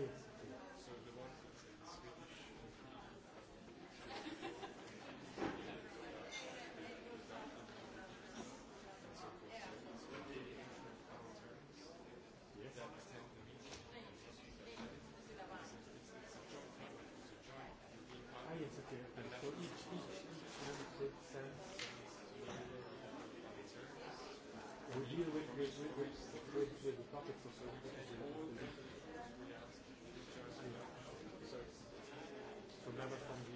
yes. So the one that's in Swedish. Yes. That attend the meeting. Ah, yes, okay. okay. So each, each, each member state sends. We deal with, with, with, with, with, with the topics of the member from the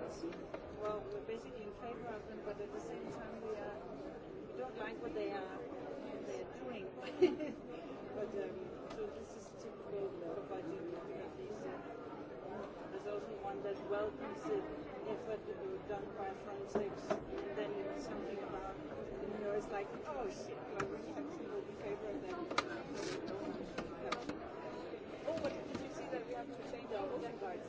rights, well, we're basically in favor of them, but at the same time, we, are, we don't like what they are they're doing. but um, so this is typical of ideologies. There's also one that welcomes the effort to be done by Frontex, and then you know something about you know it's like oh shit, well, we actually will be favor that. Oh, but did you see that we have to change our voting rights?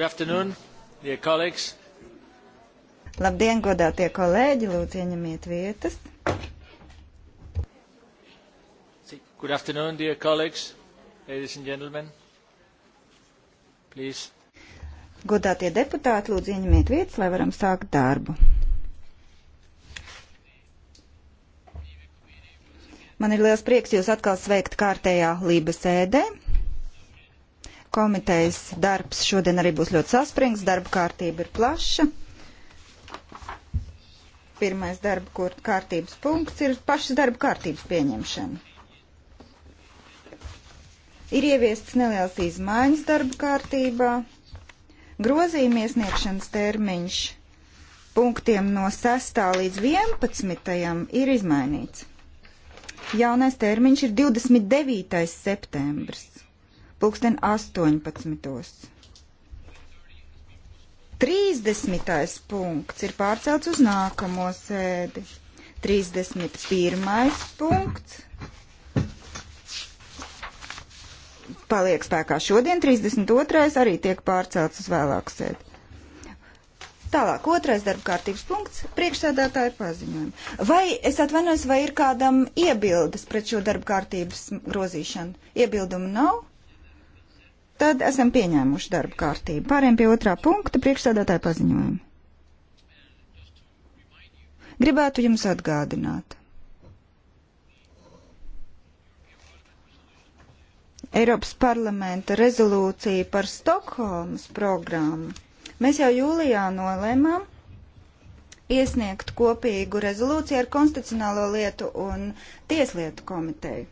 Good afternoon, dear colleagues. Labdien, godātie kolēģi, lūdzu ieņemiet vietas. Good afternoon, dear colleagues, ladies and gentlemen. Please. Godātie deputāti, lūdzu ieņemiet vietas, lai varam sākt darbu. Man ir liels prieks jūs atkal sveikt kārtējā Lībijas sēdē. Komitejas darbs šodien arī būs ļoti saspringts, darba kārtība ir plaša. Pirmais darba kārtības punkts ir pašas darba kārtības pieņemšana. Ir ieviestas nelielas izmaiņas darba kārtībā. Grozījuma iesniegšanas termiņš punktiem no 6. līdz 11. ir izmainīts. Jaunais termiņš ir 29. septembris pulksten 18. 30. punkts ir pārcelts uz nākamo sēdi. 31. punkts paliek spēkā šodien, 32. arī tiek pārcelts uz vēlāku sēdi. Tālāk, otrais darba kārtības punkts - priekšsēdētāja paziņojumi. Vai es atvainojos, vai ir kādam iebildes pret šo darba kārtības grozīšanu? Iebildumu nav? Tad esam pieņēmuši darba kārtību. Pāriem pie otrā punkta priekšsēdētāja paziņojuma. Gribētu jums atgādināt. Eiropas parlamenta rezolūcija par Stokholmas programmu. Mēs jau jūlijā nolēmām iesniegt kopīgu rezolūciju ar Konstitucionālo lietu un Tieslietu komiteju.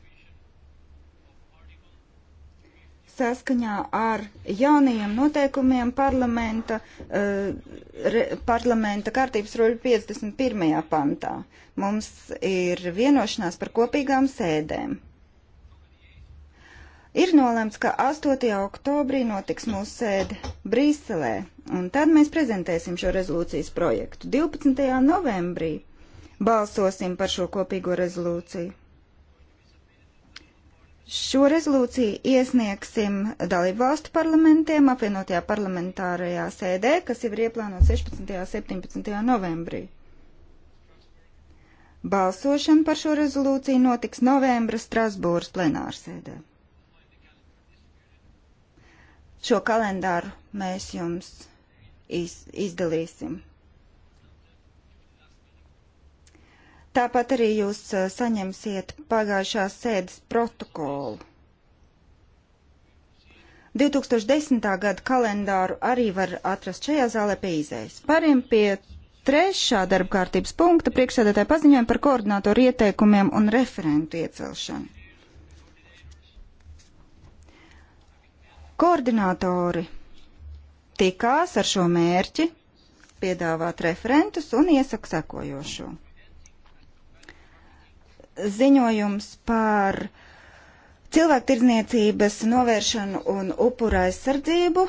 saskaņā ar jaunajiem noteikumiem parlamenta, uh, re, parlamenta kārtības roļu 51. pantā. Mums ir vienošanās par kopīgām sēdēm. Ir nolēmts, ka 8. oktobrī notiks mūsu sēde Brīselē, un tad mēs prezentēsim šo rezolūcijas projektu. 12. novembrī balsosim par šo kopīgo rezolūciju. Šo rezolūciju iesniegsim dalību valstu parlamentiem apvienotajā parlamentārajā sēdē, kas jau ir ieplānota 16. un 17. novembrī. Balsošana par šo rezolūciju notiks novembra Strasbūras plenārsēdē. Šo kalendāru mēs jums iz, izdalīsim. Tāpat arī jūs saņemsiet pagājušās sēdes protokolu. 2010. gada kalendāru arī var atrast šajā zālē pie izējas. Pāriem pie trešā darba kārtības punkta priekšsēdētāja paziņojuma par koordinātoru ieteikumiem un referentu iecelšanu. Koordinātori tikās ar šo mērķi piedāvāt referentus un iesaka sekojošo ziņojums par cilvēktirdzniecības novēršanu un upura aizsardzību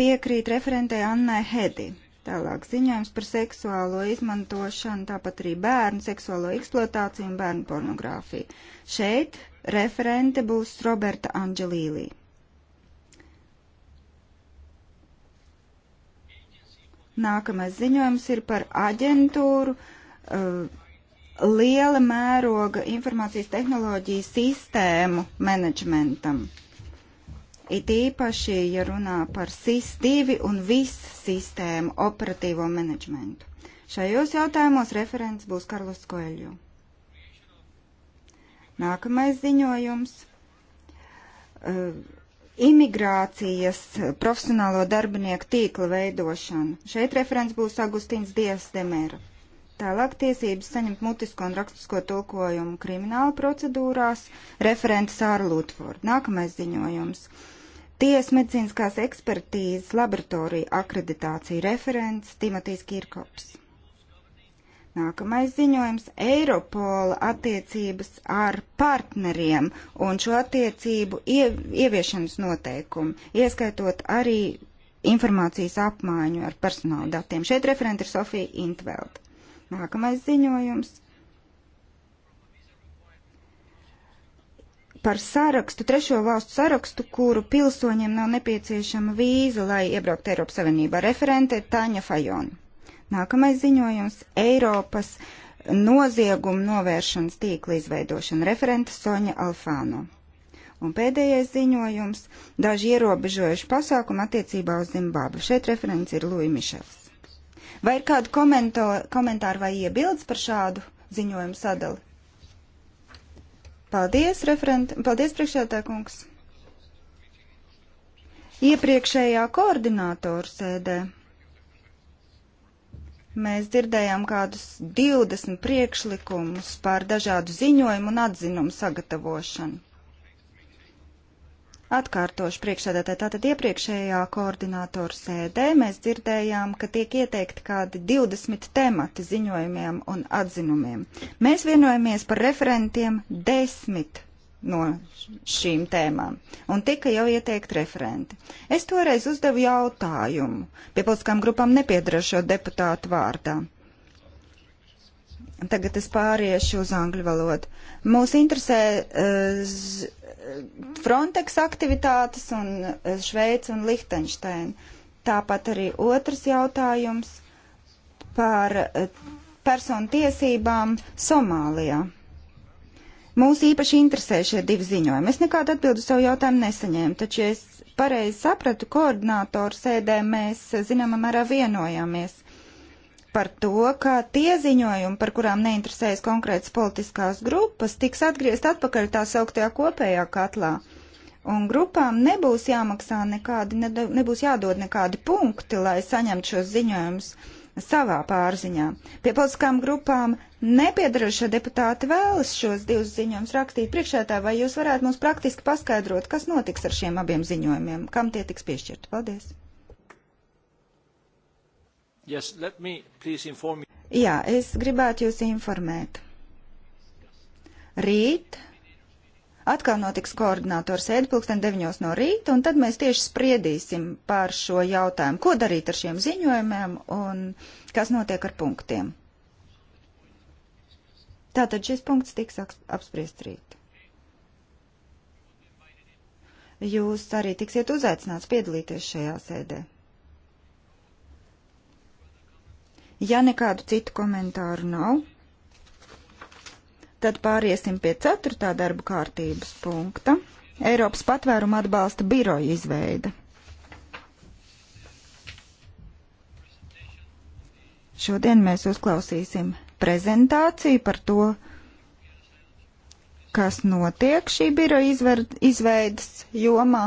piekrīt referentē Annai Hedi. Tālāk ziņojums par seksuālo izmantošanu, tāpat arī bērnu seksuālo eksploatāciju un bērnu pornogrāfiju. Šeit referente būs Roberta Anģelīlī. Nākamais ziņojums ir par aģentūru uh, liela mēroga informācijas tehnoloģiju sistēmu menedžmentam. It īpaši, ja runā par SIS-2 un VIS sistēmu operatīvo menedžmentu. Šajos jautājumos referents būs Karlos Koeļu. Nākamais ziņojums. Uh, imigrācijas profesionālo darbinieku tīkla veidošana. Šeit referents būs Agustīns Dievs Demēra. Tālāk tiesības saņemt mutisko un rakstisko tulkojumu krimināla procedūrās, referents Sāra Lutford. Nākamais ziņojums. Tiesa medicīniskās ekspertīzes laboratorija akreditācija referents Timotīs Kirkops. Nākamais ziņojums - Eiropola attiecības ar partneriem un šo attiecību ieviešanas noteikumu, ieskaitot arī informācijas apmaiņu ar personāla datiem. Šeit referenti ir Sofija Intveld. Nākamais ziņojums. par sarakstu, trešo valstu sarakstu, kuru pilsoņiem nav nepieciešama vīza, lai iebraukt Eiropas Savienībā. Referente Tāņa Fajona. Nākamais ziņojums - Eiropas noziegumu novēršanas tīkla izveidošana. Referente Soņa Alfāno. Un pēdējais ziņojums - daži ierobežojuši pasākumi attiecībā uz Zimbabvu. Šeit referents ir Lui Mišels. Vai ir kādu komentāru vai iebildes par šādu ziņojumu sadali? Paldies, referent, paldies, priekšētā kungs. Iepriekšējā koordinātoru sēdē mēs dzirdējām kādus 20 priekšlikumus par dažādu ziņojumu un atzinumu sagatavošanu. Atkārtošu priekšsēdētāji, tātad iepriekšējā koordinātoru sēdē mēs dzirdējām, ka tiek ieteikti kādi 20 temati ziņojumiem un atzinumiem. Mēs vienojamies par referentiem 10 no šīm tēmām, un tika jau ieteikt referenti. Es toreiz uzdevu jautājumu pie politiskām grupām nepiedrašo deputātu vārdā. Tagad es pāriešu uz angļu valodu. Mūs interesē uh, Frontex aktivitātes un eh, Šveica un Lihtenšteina. Tāpat arī otrs jautājums par eh, personu tiesībām Somālijā. Mūs īpaši interesē šie divi ziņojumi. Es nekādu atbildu savu jautājumu nesaņēmu, taču, ja es pareizi sapratu koordinātoru sēdē, mēs eh, zināmā mērā vienojāmies par to, ka tie ziņojumi, par kurām neinteresējas konkrētas politiskās grupas, tiks atgriezt atpakaļ tā sauktajā kopējā katlā. Un grupām nebūs jāmaksā nekādi, ne, nebūs jādod nekādi punkti, lai saņemtu šos ziņojumus savā pārziņā. Pie politiskām grupām nepiedarošie deputāti vēlas šos divus ziņojumus rakstīt priekšētā, vai jūs varētu mums praktiski paskaidrot, kas notiks ar šiem abiem ziņojumiem, kam tie tiks piešķirti. Paldies! Yes, Jā, es gribētu jūs informēt. Rīt atkal notiks koordinātors sēde pulksten 9 no rīta, un tad mēs tieši spriedīsim par šo jautājumu, ko darīt ar šiem ziņojumiem un kas notiek ar punktiem. Tātad šis punkts tiks apspriest rīt. Jūs arī tiksiet uzaicināts piedalīties šajā sēdē. Ja nekādu citu komentāru nav, tad pāriesim pie ceturtā darba kārtības punkta - Eiropas patvēruma atbalsta biroja izveida. Šodien mēs uzklausīsim prezentāciju par to, kas notiek šī biroja izveidas jomā.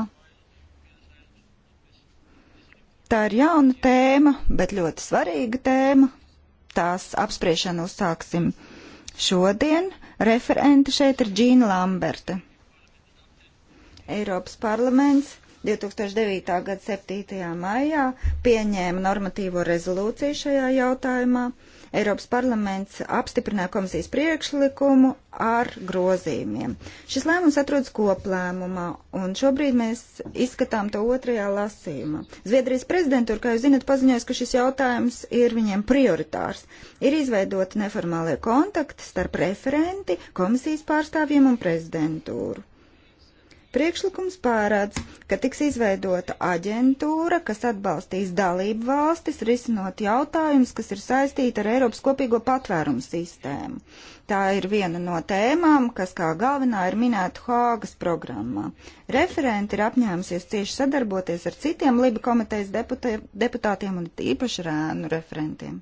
Tā ir jauna tēma, bet ļoti svarīga tēma. Tās apspriešanu uzsāksim šodien. Referente šeit ir Džīna Lamberta. Eiropas parlaments 2009. gada 7. maijā pieņēma normatīvo rezolūciju šajā jautājumā. Uh, Eiropas parlaments apstiprināja komisijas priekšlikumu ar grozījumiem. Šis lēmums atrodas koplēmumā, un šobrīd mēs izskatām to otrajā lasījumā. Zviedrijas prezidentūra, kā jūs zinat, paziņojas, ka šis jautājums ir viņiem prioritārs. Ir izveidoti neformālie kontakti starp referenti, komisijas pārstāvjiem un prezidentūru. Priekšlikums pārāds, ka tiks izveidota aģentūra, kas atbalstīs dalību valstis, risinot jautājumus, kas ir saistīti ar Eiropas kopīgo patvērumu sistēmu. Tā ir viena no tēmām, kas kā galvenā ir minēta Hāgas programmā. Referenti ir apņēmusies cieši sadarboties ar citiem Liba komitejas deputē, deputātiem un īpaši rēnu referentiem.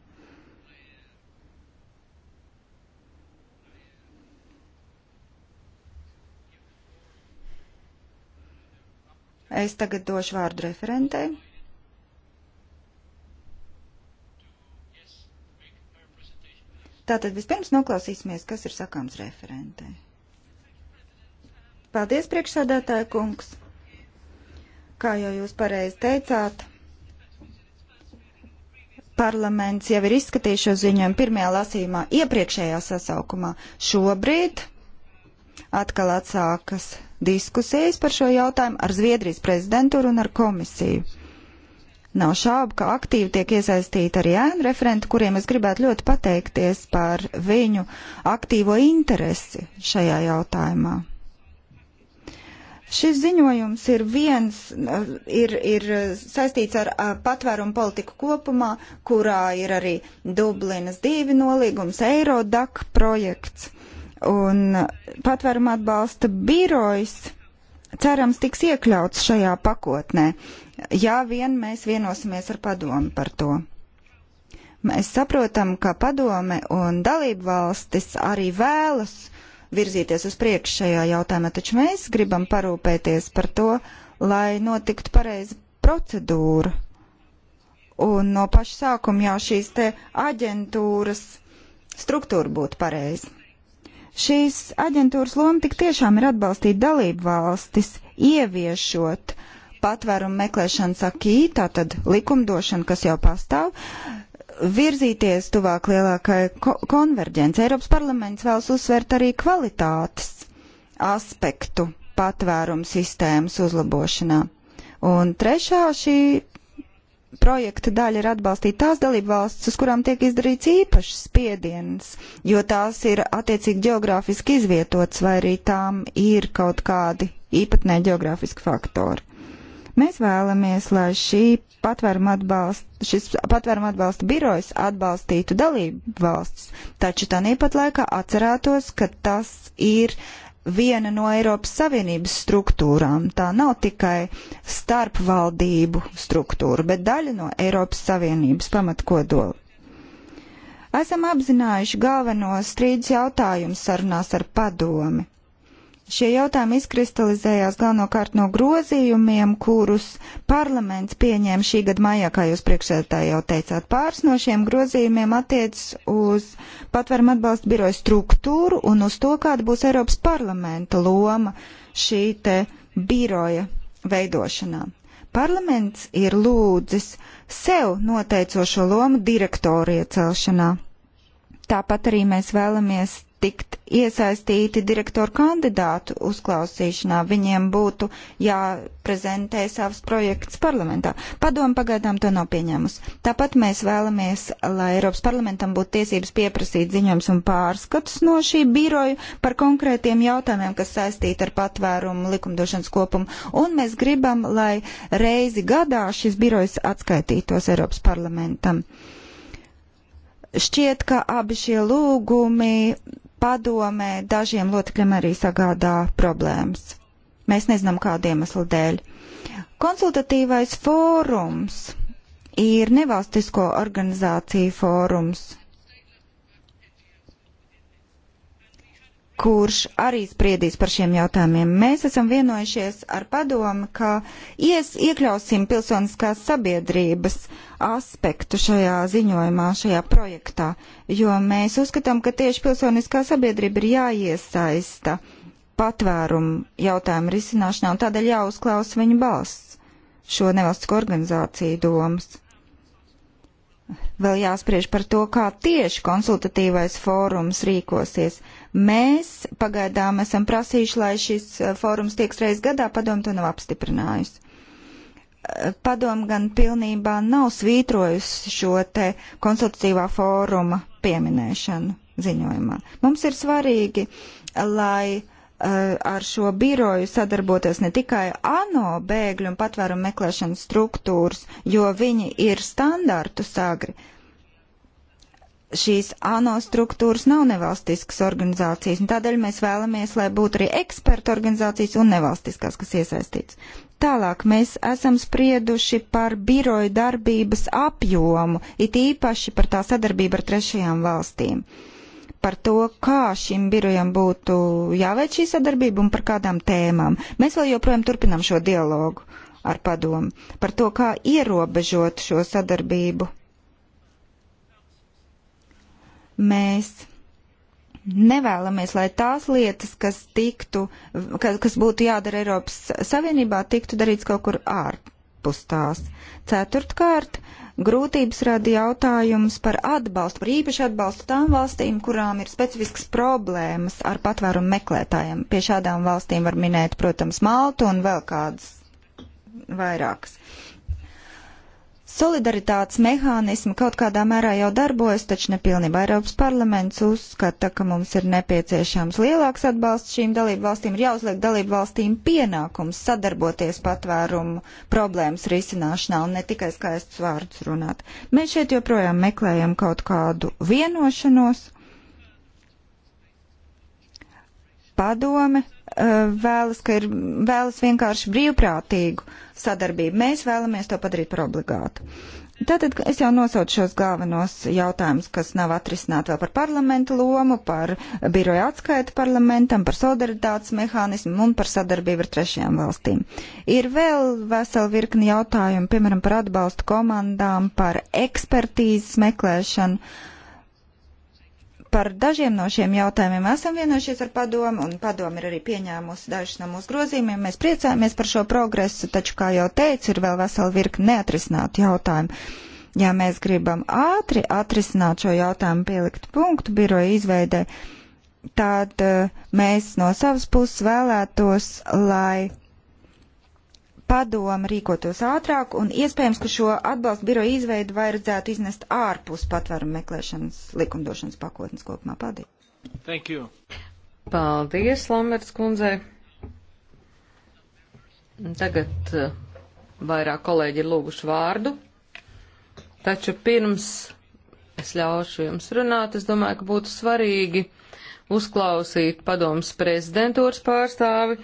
Es tagad došu vārdu referentei. Tātad vispirms noklausīsimies, kas ir sakāms referentē. Paldies, priekšsādātāja kungs. Kā jau jūs pareizi teicāt, parlaments jau ir izskatījis šo ziņojumu pirmajā lasījumā iepriekšējā sasaukumā. Šobrīd atkal atsākas diskusijas par šo jautājumu ar Zviedrijas prezidentūru un ar komisiju. Nav šaubu, ka aktīvi tiek iesaistīti arī ēnu referenti, kuriem es gribētu ļoti pateikties par viņu aktīvo interesi šajā jautājumā. Šis ziņojums ir viens, ir, ir saistīts ar patvērumu politiku kopumā, kurā ir arī Dublinas divi nolīgums, Eirodak projekts. Uh, un patvēruma atbalsta birojs cerams tiks iekļauts šajā pakotnē, ja vien mēs vienosimies ar padomu par to. Mēs saprotam, ka padome un dalību valstis arī vēlas virzīties uz priekšu šajā jautājumā, taču mēs gribam parūpēties par to, lai notiktu pareiza procedūra. Un no paša sākuma jau šīs te aģentūras struktūra būtu pareiza. Šīs aģentūras loma tik tiešām ir atbalstīt dalību valstis, ieviešot patvērumu meklēšanas akī, tātad likumdošanu, kas jau pastāv, virzīties tuvāk lielākai ko konverģence. Eiropas parlaments vēlas uzsvērt arī kvalitātes aspektu patvērumu sistēmas uzlabošanā. Un trešā šī projekta daļa ir atbalstīt tās dalību valsts, uz kurām tiek izdarīts īpašs spiediens, jo tās ir attiecīgi geogrāfiski izvietotas vai arī tām ir kaut kādi īpatnē geogrāfiski faktori. Mēs vēlamies, lai šī patvēruma atbalsta, šis patvēruma atbalsta birojs atbalstītu dalību valsts, taču tā nepat laikā atcerētos, ka tas ir viena no Eiropas Savienības struktūrām. Tā nav tikai starpvaldību struktūra, bet daļa no Eiropas Savienības pamatkodola. Esam apzinājuši galvenos strīdus jautājumus sarunās ar padomi. Šie jautājumi izkristalizējās galvenokārt no grozījumiem, kurus parlaments pieņēma šī gada maijā, kā jūs priekšsēdētāji jau teicāt. Pāris no šiem grozījumiem attiecas uz patvērumu atbalstu biroju struktūru un uz to, kāda būs Eiropas parlamenta loma šī te biroja veidošanā. Parlaments ir lūdzis sev noteicošo lomu direktoru iecelšanā. Tāpat arī mēs vēlamies tikt iesaistīti direktoru kandidātu uzklausīšanā. Viņiem būtu jāprezentē savs projekts parlamentā. Padoma pagaidām to nav pieņēmusi. Tāpat mēs vēlamies, lai Eiropas parlamentam būtu tiesības pieprasīt ziņojums un pārskatus no šī biroja par konkrētiem jautājumiem, kas saistīti ar patvērumu likumdošanas kopumu. Un mēs gribam, lai reizi gadā šis birojs atskaitītos Eiropas parlamentam šķiet, ka abi šie lūgumi padomē dažiem locekļiem arī sagādā problēmas. Mēs nezinām, kāda iemesla dēļ. Konsultatīvais fórums ir nevalstisko organizāciju fórums kurš arī spriedīs par šiem jautājumiem. Mēs esam vienojušies ar padomu, ka ies, iekļausim pilsoniskās sabiedrības aspektu šajā ziņojumā, šajā projektā, jo mēs uzskatām, ka tieši pilsoniskā sabiedrība ir jāiesaista patvērumu jautājumu risināšanā un tādēļ jāuzklausa viņu balss šo nevalstisko organizāciju domas. Vēl jāspriež par to, kā tieši konsultatīvais fórums rīkosies Mēs pagaidām esam prasījuši, lai šis uh, fórums tiek reiz gadā, padomu to nav apstiprinājusi. Uh, padomu gan pilnībā nav svītrojusi šo te konsultatīvā fóruma pieminēšanu ziņojumā. Mums ir svarīgi, lai uh, ar šo biroju sadarboties ne tikai ANO bēgļu un patvērumu meklēšanas struktūras, jo viņi ir standartu sagri, šīs ANO struktūras nav nevalstiskas organizācijas, un tādēļ mēs vēlamies, lai būtu arī ekspertu organizācijas un nevalstiskās, kas iesaistīts. Tālāk mēs esam sprieduši par biroju darbības apjomu, it īpaši par tā sadarbību ar trešajām valstīm. Par to, kā šim birojam būtu jāveic šī sadarbība un par kādām tēmām. Mēs vēl joprojām turpinām šo dialogu ar padomu par to, kā ierobežot šo sadarbību Mēs nevēlamies, lai tās lietas, kas, tiktu, kas, kas būtu jādara Eiropas Savienībā, tiktu darīts kaut kur ārpus tās. Ceturtkārt, grūtības rada jautājums par atbalstu, par īpašu atbalstu tām valstīm, kurām ir specifiskas problēmas ar patvērumu meklētājiem. Pie šādām valstīm var minēt, protams, Maltu un vēl kādas vairākas. Uh, Solidaritātes mehānismi kaut kādā mērā jau darbojas, taču nepilnībā Eiropas parlaments uzskata, ka mums ir nepieciešams lielāks atbalsts šīm dalību valstīm, ir jāuzliek dalību valstīm pienākums sadarboties patvērumu problēmas risināšanā un ne tikai skaistus vārdus runāt. Mēs šeit joprojām meklējam kaut kādu vienošanos. Padome Eh, vēlas, ka ir, vēlas vienkārši brīvprātīgu sadarbību. Mēs vēlamies to padarīt par obligātu. Tātad es jau nosaucu šos galvenos jautājumus, kas nav atrisināti vēl par parlamentu lomu, par biroja atskaitu parlamentam, par solidaritātes mehānismu un par sadarbību ar trešajām valstīm. Ir vēl vesela virkni jautājumu, piemēram, par atbalstu komandām, par ekspertīzes meklēšanu. Uh, par dažiem no šiem jautājumiem esam vienojušies ar padomu, un padomu ir arī pieņēmusi dažus no mūsu grozījumiem. Mēs priecājamies par šo progresu, taču, kā jau teicu, ir vēl vesela virkne neatrisinātu jautājumu. Ja mēs gribam ātri atrisināt šo jautājumu, pielikt punktu biroja izveidē, tad uh, mēs no savas puses vēlētos, lai padoma rīkotos ātrāk un iespējams, ka šo atbalstu biroju izveidu vajadzētu iznest ārpus patvērumu meklēšanas likumdošanas pakotnes kopumā. Paldies! Thank you. Paldies, Lamberts kundzei! Tagad eh, vairāk kolēģi ir lūguši vārdu, taču pirms es ļaušu jums runāt, es domāju, ka būtu svarīgi uzklausīt padomas prezidentūras pārstāvi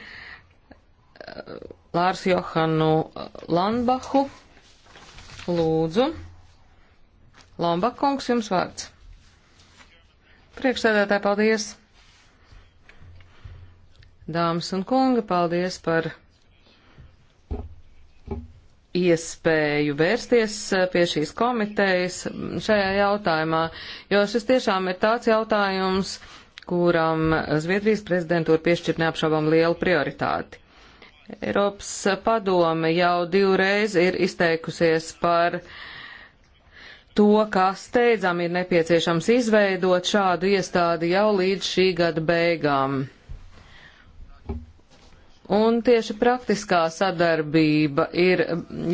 Lārs Johanu uh, Lambahu. Lūdzu. Lambakungs, jums vārds. Priekšsēdētāji, paldies. Dāmas un kungi, paldies par iespēju vērsties uh, pie šīs komitejas mm, šajā jautājumā, jo šis tiešām ir tāds jautājums, kuram Zviedrijas prezidentūra piešķir neapšaubām lielu prioritāti. Eiropas padome jau divreiz ir izteikusies par to, ka steidzam ir nepieciešams izveidot šādu iestādi jau līdz šī gada beigām. Un tieši praktiskā sadarbība ir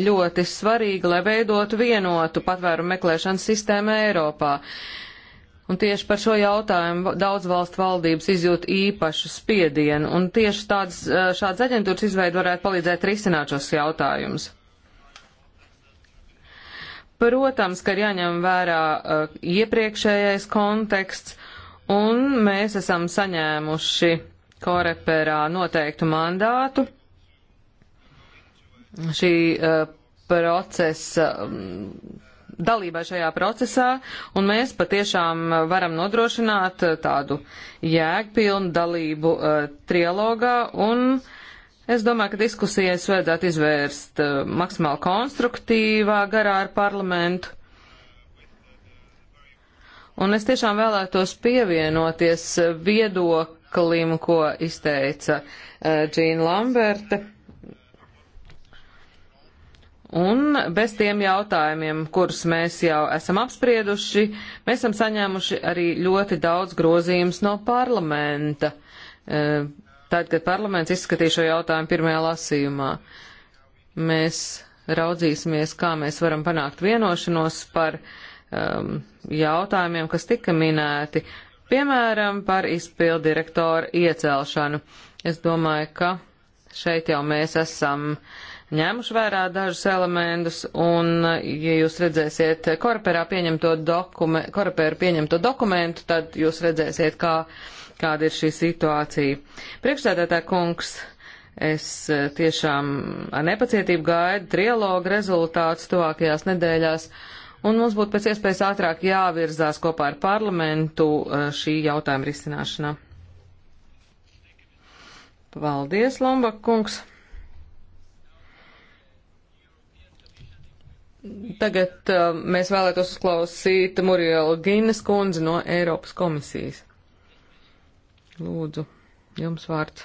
ļoti svarīga, lai veidotu vienotu patvērumu meklēšanas sistēmu Eiropā. Uh, Un tieši par šo jautājumu daudz valstu valdības izjūt īpašu spiedienu, un tieši tāds, šāds aģentūras izveida varētu palīdzēt risināt šos jautājumus. Protams, ka ir jāņem vērā uh, iepriekšējais konteksts, un mēs esam saņēmuši koreperā noteiktu mandātu. Šī uh, procesa um, dalībai šajā procesā, un mēs patiešām varam nodrošināt tādu jēgpilnu dalību uh, trialogā, un es domāju, ka diskusijas vajadzētu izvērst uh, maksimāli konstruktīvā garā ar parlamentu. Un es tiešām vēlētos pievienoties uh, viedoklim, ko izteica uh, Džīna Lamberta Un bez tiem jautājumiem, kurus mēs jau esam apsprieduši, mēs esam saņēmuši arī ļoti daudz grozījumus no parlamenta, e, tad, kad parlaments izskatīja šo jautājumu pirmajā lasījumā. Mēs raudzīsimies, kā mēs varam panākt vienošanos par um, jautājumiem, kas tika minēti, piemēram, par izpildu direktoru iecelšanu. Es domāju, ka šeit jau mēs esam uh, ņēmuši vērā dažus elementus, un, ja jūs redzēsiet korporā pieņemto, dokume, pieņemto dokumentu, tad jūs redzēsiet, kā, kāda ir šī situācija. Priekšstādātā kungs, es eh, tiešām ar nepacietību gaidu trilogu rezultātus tuvākajās nedēļās, un mums būtu pēc iespējas ātrāk jāvirzās kopā ar parlamentu eh, šī jautājuma risināšanā. Paldies, Lombak kungs! Tagad uh, mēs vēlētos uzklausīt Murielu Gīnes kundzi no Eiropas komisijas. Lūdzu, jums vārds.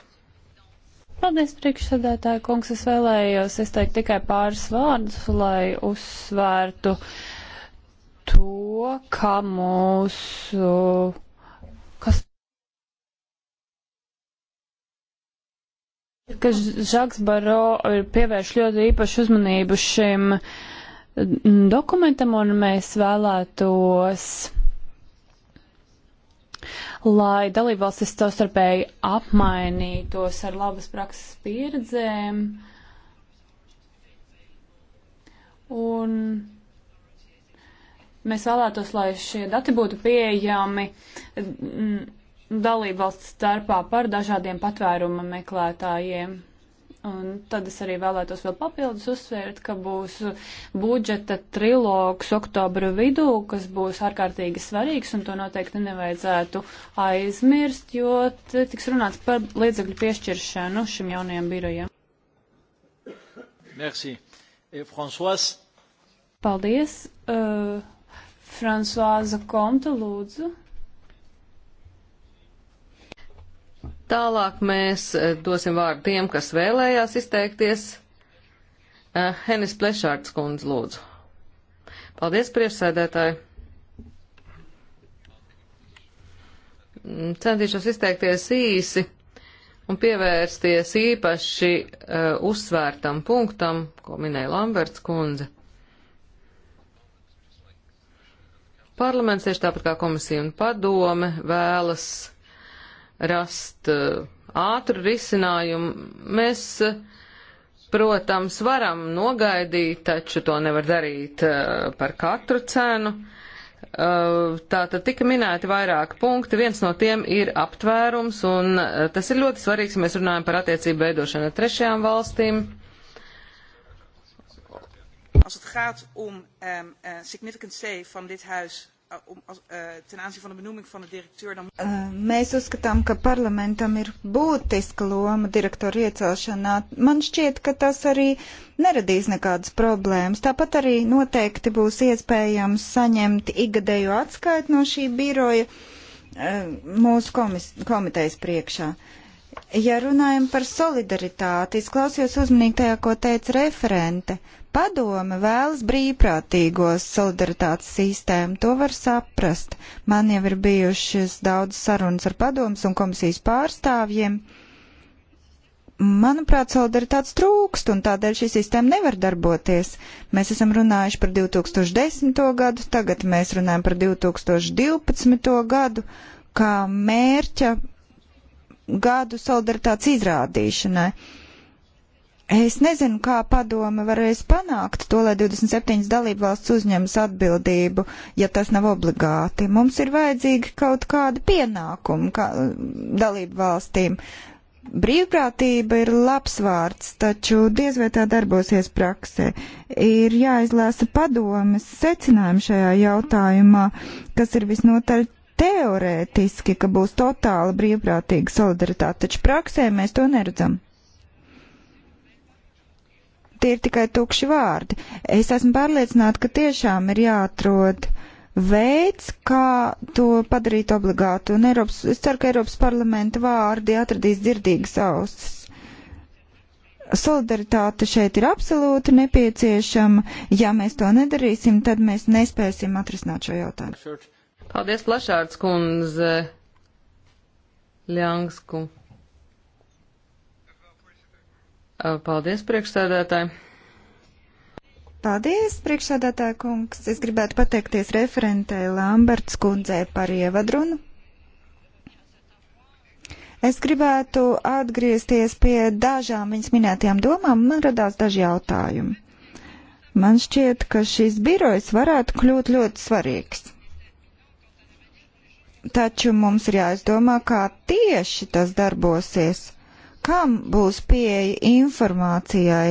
Paldies, priekšsēdētāji kungs. Es vēlējos izteikt tikai pāris vārdus, lai uzsvērtu to, ka mūsu. Kas ka Žaks Baro pievērš ļoti īpašu uzmanību šim uh, dokumentam, un mēs vēlētos, lai dalībvalstis to starpēji apmainītos ar labas prakses pieredzēm. Un mēs vēlētos, lai šie dati būtu pieejami mm, dalībvalsts starpā par dažādiem patvēruma meklētājiem. Un tad es arī vēlētos vēl papildus uzsvērt, ka būs budžeta trilogs oktobra vidū, kas būs ārkārtīgi svarīgs, un to noteikti nevajadzētu aizmirst, jo tiks runāts par līdzekļu piešķiršanu šim jaunajam birojam. Merci. Et Françoise. Paldies. Uh, Fransuāza Konta, lūdzu. Tālāk mēs eh, dosim vārdu tiem, kas vēlējās izteikties. Eh, Henis Plešārds kundze, lūdzu. Paldies, priekšsēdētāji. Mm, centīšos izteikties īsi un pievērsties īpaši uh, uzsvērtam punktam, ko minēja Lamberts kundze. Parlaments, tieši tāpat kā komisija un padome, vēlas rast uh, ātru risinājumu. Mēs, uh, protams, varam nogaidīt, taču to nevar darīt uh, par katru cenu. Tātad tika minēti vairāki punkti, viens no tiem ir aptvērums, un tas ir ļoti svarīgs, ja mēs runājam par attiecību veidošanu ar trešajām valstīm. Als het gaat om um, uh, significant say van dit huis Eh, om, als, uh, ten aanzien van de benoeming van de directeur dan... Uh, mēs uzskatām, ka parlamentam ir būtiska loma direktoru iecelšanā. Man šķiet, ka tas arī neradīs nekādas problēmas. Tāpat arī noteikti būs iespējams saņemt igadēju atskaitu no šī biroja uh, mūsu komis, komitejas priekšā. Ja runājam par solidaritāti, es klausījos uzmanīgi tajā, ko teica referente. Uh, Padome vēlas brīvprātīgos solidaritātes sistēmu, to var saprast. Man jau ir bijušas daudz sarunas ar padomas un komisijas pārstāvjiem. Manuprāt, solidaritātes trūkst, un tādēļ šī sistēma nevar darboties. Mēs esam runājuši par 2010. gadu, tagad mēs runājam par 2012. gadu, kā mērķa gadu solidaritātes izrādīšanai. Es nezinu, kā padome varēs panākt to, lai 27 dalību valsts uzņemas atbildību, ja tas nav obligāti. Mums ir vajadzīgi kaut kāda pienākuma kā dalību valstīm. Brīvprātība ir labs vārds, taču diez vai tā darbosies praksē. Ir jāizlēsa padomes secinājumi šajā jautājumā, kas ir visnotaļ teorētiski, ka būs totāla brīvprātīga solidaritāte, taču praksē mēs to neredzam tie ir tikai tukši vārdi. Es esmu pārliecināta, ka tiešām ir jāatrod veids, kā to padarīt obligātu. Un Eiropas, es ceru, ka Eiropas parlamenta vārdi atradīs dzirdīgas ausis solidaritāte šeit ir absolūti nepieciešama. Ja mēs to nedarīsim, tad mēs nespēsim atrisināt šo jautājumu. Paldies, Plašārds kundze, Ļangsku. Uh, paldies, priekšsēdētāji! Paldies, priekšsēdētāja kungs. Es gribētu pateikties referentei Lamberts kundzei par ievadrunu. Es gribētu atgriezties pie dažām viņas minētajām domām. Man radās daži jautājumi. Man šķiet, ka šis birojs varētu kļūt ļoti svarīgs. Taču mums ir jāizdomā, kā tieši tas darbosies Kam būs pieeja informācijai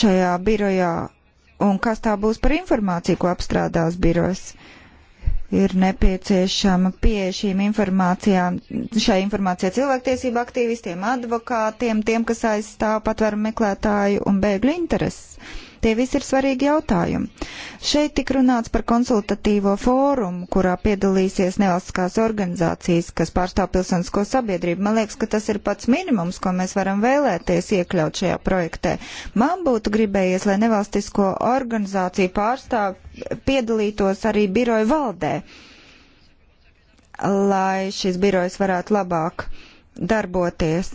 šajā birojā un kas tā būs par informāciju, ko apstrādās birojas? ir nepieciešama pieeja šīm informācijām, šai informācijai cilvēktiesību aktīvistiem, advokātiem, tiem, kas aizstāv patvērumu meklētāju un bēgļu intereses. Tie visi ir svarīgi jautājumi. Šeit tik runāts par konsultatīvo fórumu, kurā piedalīsies nevalstiskās organizācijas, kas pārstāv pilsonisko sabiedrību. Man liekas, ka tas ir pats minimums, ko mēs varam vēlēties iekļaut šajā projektē. Man būtu gribējies, lai nevalstisko organizāciju pārstāv piedalītos arī biroja valdē, lai šis birojs varētu labāk darboties,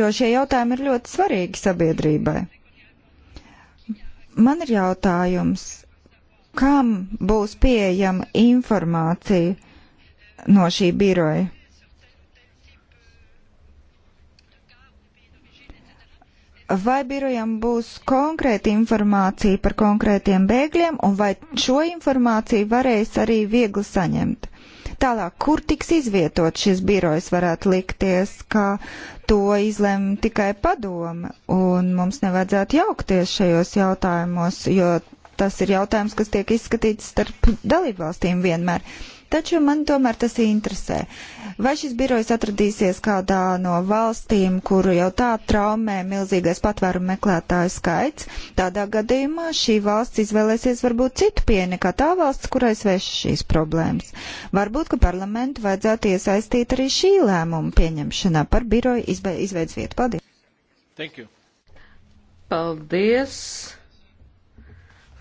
jo šie jautājumi ir ļoti svarīgi sabiedrībai. Man ir jautājums, kam būs pieejama informācija no šī biroja? vai birojam būs konkrēta informācija par konkrētiem bēgļiem, un vai šo informāciju varēs arī viegli saņemt. Tālāk, kur tiks izvietot šis birojs, varētu likties, ka to izlem tikai padome, un mums nevajadzētu jaukties šajos jautājumos, jo tas ir jautājums, kas tiek izskatīts starp dalībvalstīm vienmēr. Uh, Taču man tomēr tas interesē. Vai šis birojs atradīsies kādā no valstīm, kuru jau tā traumē milzīgais patvērumu meklētāju skaits? Tādā gadījumā šī valsts izvēlēsies varbūt citu pieeju nekā tā valsts, kurai sveš šīs problēmas. Varbūt, ka parlamentu vajadzētu iesaistīt arī šī lēmuma pieņemšanā par biroju izve izveids vietu. Paldies! Thank you. Paldies!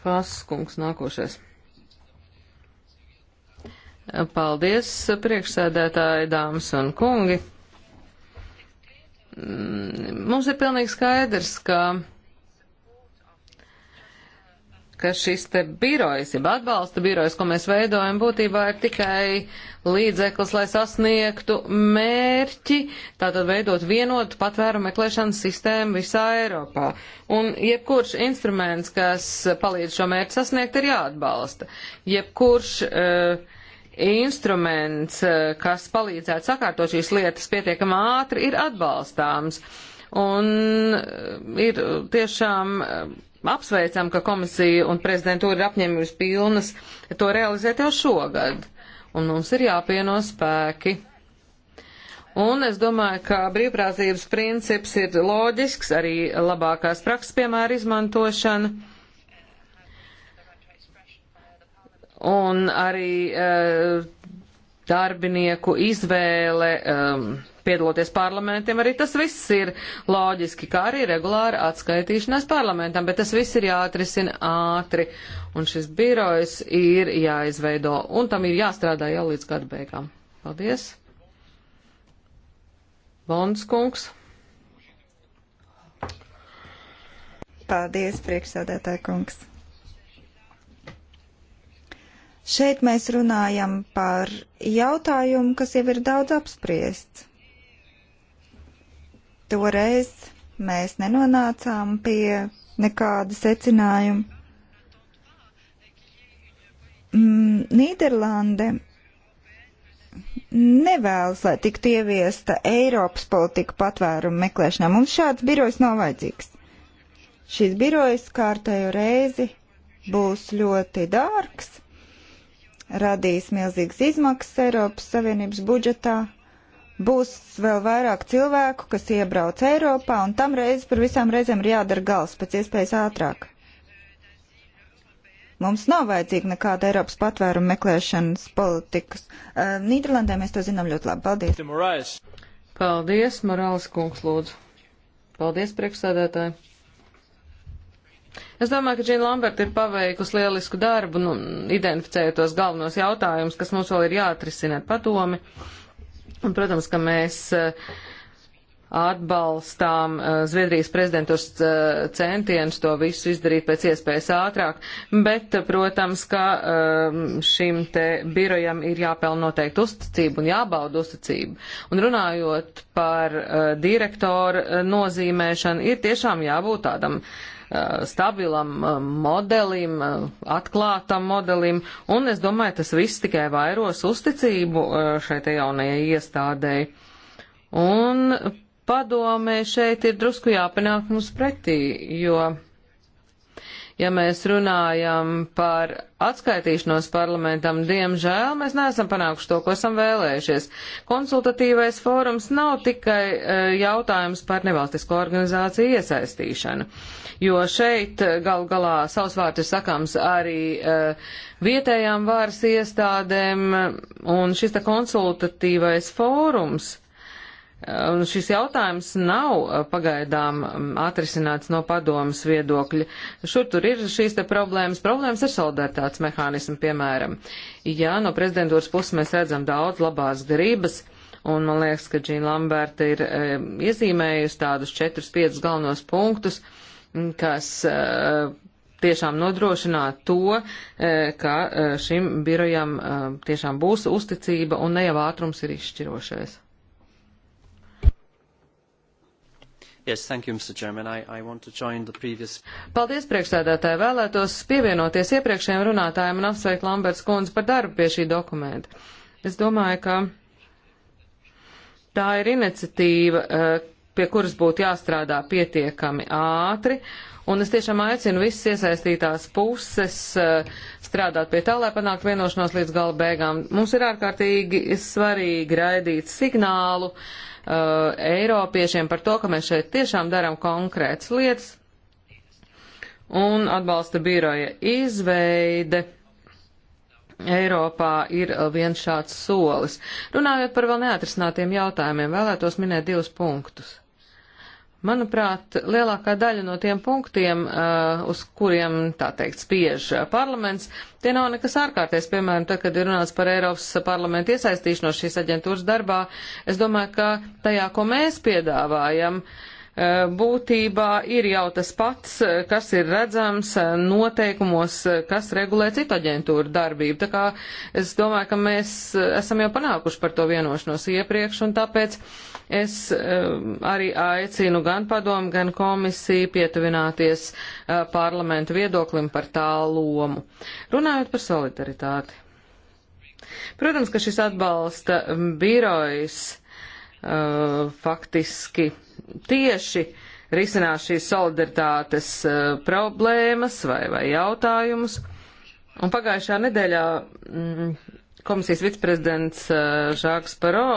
Fāsas kungs nākošais. Paldies, priekšsēdētāji, dāmas un kungi. Mm, mums ir pilnīgi skaidrs, ka, ka šis te birojs, jeb atbalsta birojs, ko mēs veidojam, būtībā ir tikai līdzeklis, lai sasniegtu mērķi, tātad veidot vienotu patvērumu meklēšanas sistēmu visā Eiropā. Un jebkurš instruments, kas palīdz šo mērķi sasniegt, ir jāatbalsta. Jebkurš uh, instruments, eh, kas palīdzētu sakārtot šīs lietas pietiekam ātri, ir atbalstāms. Un eh, ir tiešām eh, apsveicam, ka komisija un prezidentūra ir apņēmības pilnas to realizēt jau šogad. Un mums ir jāpieno spēki. Un es domāju, ka brīvprātības princips ir loģisks, arī labākās prakses piemēra izmantošana un arī uh, darbinieku izvēle um, piedaloties parlamentiem, arī tas viss ir loģiski, kā arī regulāra atskaitīšanās parlamentam, bet tas viss ir jāatrisina ātri, un šis birojs ir jāizveido, un tam ir jāstrādā jau līdz gada beigām. Paldies! Bonds kungs. Paldies, priekšsēdētāja kungs. Šeit mēs runājam par jautājumu, kas jau ir daudz apspriests. Toreiz mēs nenonācām pie nekāda secinājuma. Mm, Nīderlande nevēlas, lai tiktu ieviesta Eiropas politika patvērumu meklēšanā. Mums šāds birojs nav vajadzīgs. Šis birojs kārtējo reizi būs ļoti dārgs radīs milzīgas izmaksas Eiropas Savienības budžetā. Būs vēl vairāk cilvēku, kas iebrauc Eiropā, un tam reiz par visām reizēm ir jādara gals pēc iespējas ātrāk. Mums nav vajadzīga nekāda Eiropas patvērumu meklēšanas politikas. Uh, Nīderlandē mēs to zinām ļoti labi. Paldies! Paldies, Morāles kungs, lūdzu! Paldies, priekšsēdētāji! Es domāju, ka Džina Lamberta ir paveikusi lielisku darbu, nu, identificējot tos galvenos jautājumus, kas mums vēl ir jāatrisina ar padomi. Un, protams, ka mēs eh, atbalstām eh, Zviedrijas prezidentūras eh, centienus to visu izdarīt pēc iespējas ātrāk, bet, protams, ka šim te birojam ir jāpelna noteikti uzticība un jābauda uzticība. Un runājot par direktoru nozīmēšanu, ir tiešām jābūt tādam uh, stabilam modelim, atklātam modelim, un es domāju, tas viss tikai vairos uzticību šai te jaunajai iestādēji. Un padomē šeit ir drusku jāpanāk mums pretī, jo Ja mēs runājam par atskaitīšanos parlamentam, diemžēl mēs neesam panākuši to, ko esam vēlējušies. Konsultatīvais fórums nav tikai uh, jautājums par nevalstisko organizāciju iesaistīšanu, jo šeit e, gal galā savs vārds ir sakams arī uh, vietējām varas iestādēm, un šis te konsultatīvais fórums Un šis jautājums nav uh, pagaidām um, atrisināts no padomas viedokļa. Šur tur ir šīs te problēmas. Problēmas ar solidaritātes mehānismu, piemēram. Jā, no prezidentūras puses mēs redzam daudz labās grības. Un man liekas, ka Džīna Lamberta ir e, iezīmējusi tādus 4-5 galvenos punktus, mm, kas e, tiešām nodrošināt to, uh, ka šim birojam tiešām būs uzticība un ne jau ātrums ir izšķirošais. Yes, thank you, Mr. Chairman. I, I want to join the previous... Paldies, priekšsēdētāji. Vēlētos pievienoties iepriekšējiem runātājiem un apsveikt Lamberts kundzi par darbu pie šī dokumenta. Es domāju, ka tā ir iniciatīva, eh, pie kuras būtu jāstrādā pietiekami ātri. Un es tiešām aicinu visas iesaistītās puses eh, strādāt pie tā, lai panāktu vienošanos līdz gala beigām. Mums ir ārkārtīgi svarīgi raidīt signālu uh, Uh, Eiropiešiem par to, ka mēs šeit tiešām darām konkrētas lietas un atbalsta biroja izveide. Eiropā ir viens šāds solis. Runājot par vēl neatrisinātiem jautājumiem, vēlētos minēt divus punktus. Manuprāt, lielākā daļa no tiem punktiem, uh, uz kuriem, tā teikt, spiež uh, parlaments, tie nav nekas ārkārtējs. Piemēram, tad, kad ir runāts par Eiropas parlamentu iesaistīšanos šīs aģentūras darbā, es domāju, ka tajā, ko mēs piedāvājam, uh, būtībā ir jau tas pats, kas ir redzams noteikumos, kas regulē citu aģentūru darbību. Tā kā es domāju, ka mēs esam jau panākuši par to vienošanos iepriekš un tāpēc Es um, arī aicinu gan padomu, gan komisiju pietuvināties uh, parlamentu viedoklim par tā lomu. Runājot par solidaritāti. Protams, ka šis atbalsta birojs uh, faktiski tieši risinās šīs solidaritātes uh, problēmas vai, vai jautājumus. Un pagājušā nedēļā mm, komisijas viceprezidents uh, Žāks Paro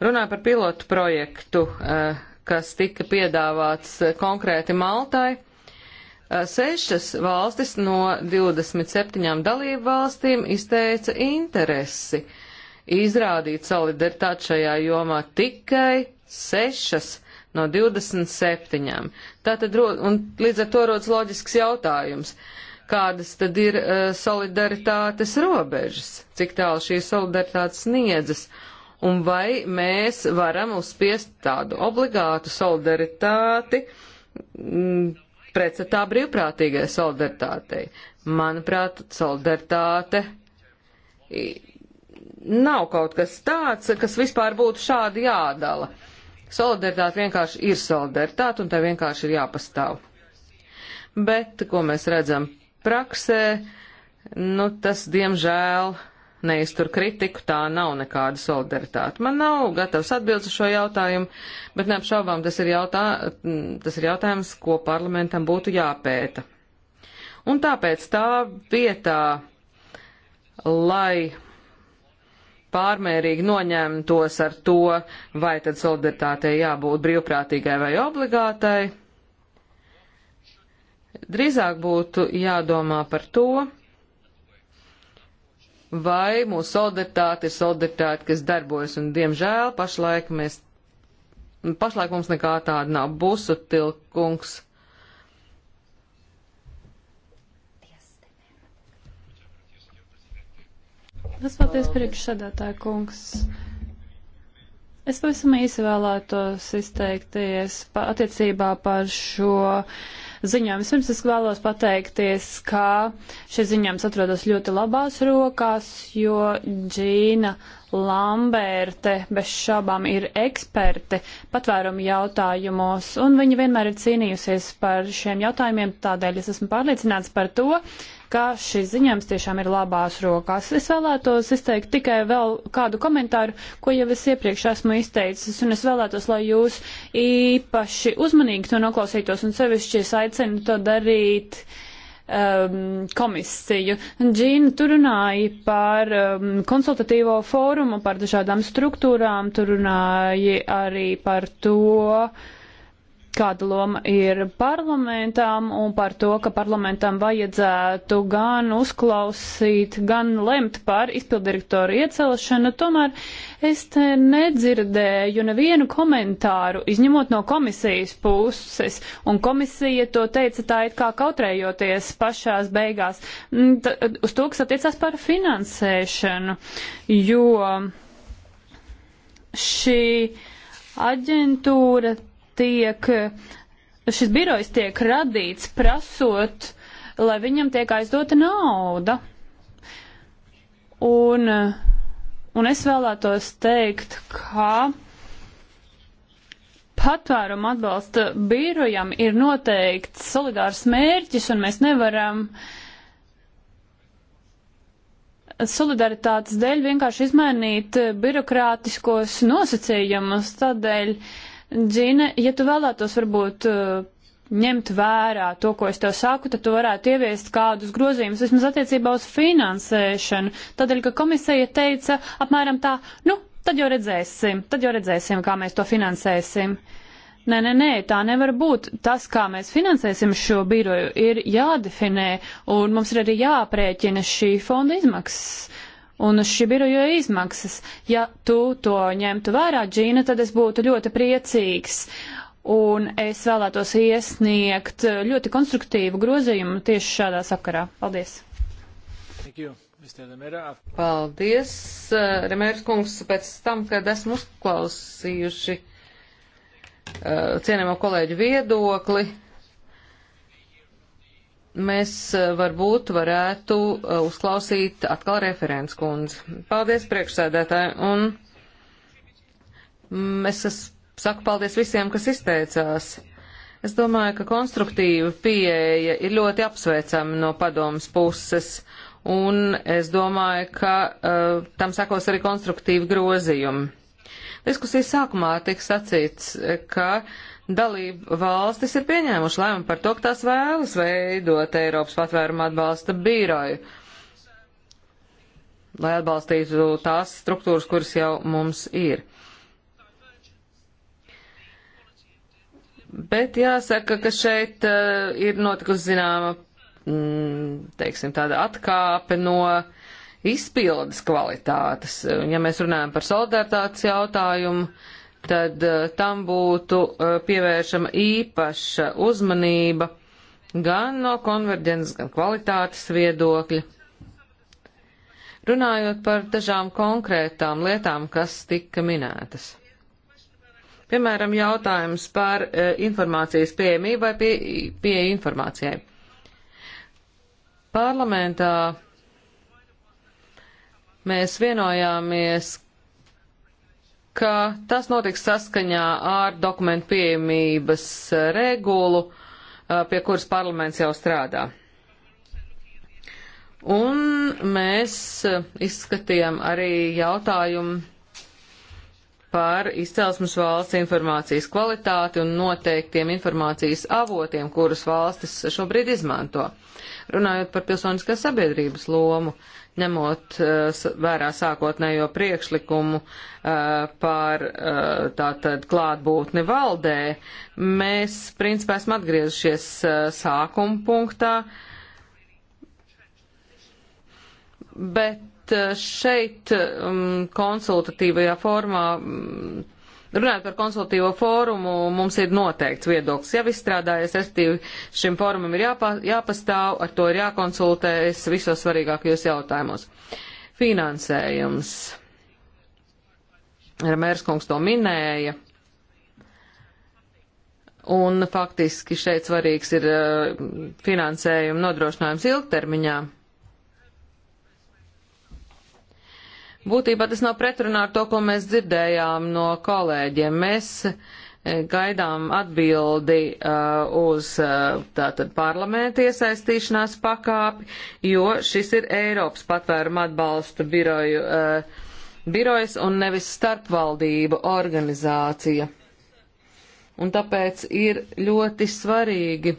Runāju par pilotu projektu, eh, kas tika piedāvāts eh, konkrēti Maltai. Eh, sešas valstis no 27 dalību valstīm izteica interesi izrādīt solidaritāti šajā jomā tikai sešas no 27. Tātad, un līdz ar to rodas loģisks jautājums, kādas tad ir uh, solidaritātes robežas, cik tālu šī solidaritāte sniedzas un vai mēs varam uzspiest tādu obligātu solidaritāti mm, pretstatā brīvprātīgai solidaritātei. Manuprāt, solidaritāte nav kaut kas tāds, kas vispār būtu šādi jādala. Solidaritāte vienkārši ir solidaritāte, un tai vienkārši ir jāpastāv. Bet, ko mēs redzam praksē, nu tas, diemžēl, uh, neiztur kritiku, tā nav nekāda solidaritāte. Man nav gatavs atbildes uz šo jautājumu, bet neapšaubām tas ir, jautā, tas ir jautājums, ko parlamentam būtu jāpēta. Un tāpēc tā vietā, lai pārmērīgi noņemtos ar to, vai tad solidaritātei jābūt brīvprātīgai vai obligātai. Drīzāk būtu jādomā par to, vai mūsu solidaritāte ir solidaritāte, kas darbojas, un diemžēl pašlaik mēs, pašlaik mums nekā tāda nav. Busu tilkungs. Tas paties priekšsēdētāja kungs. Es pavisam īsi vēlētos izteikties pa, attiecībā par šo uh, ziņojumu. Pirms es vēlos pateikties, ka šis ziņojums atrodas ļoti labās rokās, jo Džīna Lamberte bez šabām ir eksperte patvērumu jautājumos, un viņa vienmēr ir cīnījusies par šiem jautājumiem, tādēļ es esmu pārliecināts par to, ka šis ziņojums tiešām ir labās rokās. Es vēlētos izteikt tikai vēl kādu komentāru, ko jau es iepriekš esmu izteicis, un es vēlētos, lai jūs īpaši uzmanīgi to noklausītos, un sevišķi es aicinu to darīt um, komisiju. Džīna tur runāja par um, konsultatīvo fórumu, par dažādām struktūrām, tur runāja arī par to, uh, kāda loma ir parlamentām un par to, ka parlamentam vajadzētu gan uzklausīt, gan lemt par izpildirektoru iecelšanu, tomēr es te nedzirdēju nevienu komentāru, izņemot no komisijas puses, un komisija to teica tā it kā kautrējoties pašās beigās, T uz to, kas attiecās par finansēšanu, jo šī aģentūra tiek, šis birojs tiek radīts prasot, lai viņam tiek aizdota nauda. Un, un es vēlētos teikt, ka patvērumu atbalsta birojam ir noteikts solidārs mērķis, un mēs nevaram solidaritātes dēļ vienkārši izmainīt birokrātiskos nosacījumus. Tādēļ uh, Dzine, ja tu vēlētos varbūt uh, ņemt vērā to, ko es tev saku, tad tu varētu ieviest kādus grozījumus vismaz attiecībā uz finansēšanu. Tādēļ, ka komisija teica apmēram tā, nu, tad jau redzēsim, tad jau redzēsim, kā mēs to finansēsim. Nē, nē, nē, tā nevar būt. Tas, kā mēs finansēsim šo biroju, ir jādefinē, un mums ir arī jāprēķina šī fonda izmaksas un uz šī biroja izmaksas. Ja tu to ņemtu vērā, Džīna, tad es būtu ļoti priecīgs. Un es vēlētos iesniegt ļoti konstruktīvu grozījumu tieši šādā sakarā. Paldies! Thank you. Paldies, eh, Remērs kungs, pēc tam, kad esmu uzklausījuši uh, eh, cienamo kolēģu viedokli mēs eh, varbūt varētu eh, uzklausīt atkal referents kundzi. Paldies priekšsēdētāji, un mm, es saku paldies visiem, kas izteicās. Es domāju, ka konstruktīva pieeja ir ļoti apsveicama no padomas puses, un es domāju, ka uh, tam sakos arī konstruktīvi grozījumi. Diskusijas sākumā tika sacīts, ka uh, dalību valstis ir pieņēmuši lēmumu par to, ka tās vēlas veidot Eiropas patvērumu atbalsta bīroju, lai atbalstītu tās struktūras, kuras jau mums ir. Bet jāsaka, ka šeit uh, ir notikusi zināma, mm, teiksim, tāda atkāpe no izpildes kvalitātes. Ja mēs runājam par solidaritātes jautājumu, uh, tad eh, tam būtu eh, pievēršama īpaša uzmanība gan no konverģences, gan kvalitātes viedokļa. Runājot par dažām konkrētām lietām, kas tika minētas. Piemēram, jautājums par eh, informācijas pieejamību vai pie, pie informācijai. Parlamentā mēs vienojāmies, ka tas notiks saskaņā ar dokumentu pieejamības eh, regulu, eh, pie kuras parlaments jau strādā. Un mēs eh, izskatījām arī jautājumu par izcelsmes valsts informācijas kvalitāti un noteiktiem informācijas avotiem, kurus valstis šobrīd izmanto. Uh, Runājot par pilsoniskās sabiedrības lomu, ņemot uh, vērā sākotnējo priekšlikumu uh, par uh, tātad klātbūtni valdē, mēs principā esam atgriezušies uh, sākuma punktā, bet šeit um, konsultatīvajā formā um, Runājot par konsultīvo fórumu, mums ir noteikts viedoklis jau izstrādājies, respektīvi šim fórumam ir jāpā, jāpastāv, ar to ir jākonsultējas visos svarīgākajos jautājumos. Finansējums. Remērs kungs to minēja. Un faktiski šeit svarīgs ir eh, finansējuma nodrošinājums ilgtermiņā. Būtībā tas nav pretrunā ar to, ko mēs dzirdējām no kolēģiem. Mēs eh, gaidām atbildi uh, uz uh, tātad parlamenta iesaistīšanās pakāpi, jo šis ir Eiropas patvēruma atbalsta biroju, uh, birojas un nevis starpvaldību organizācija. Un tāpēc ir ļoti svarīgi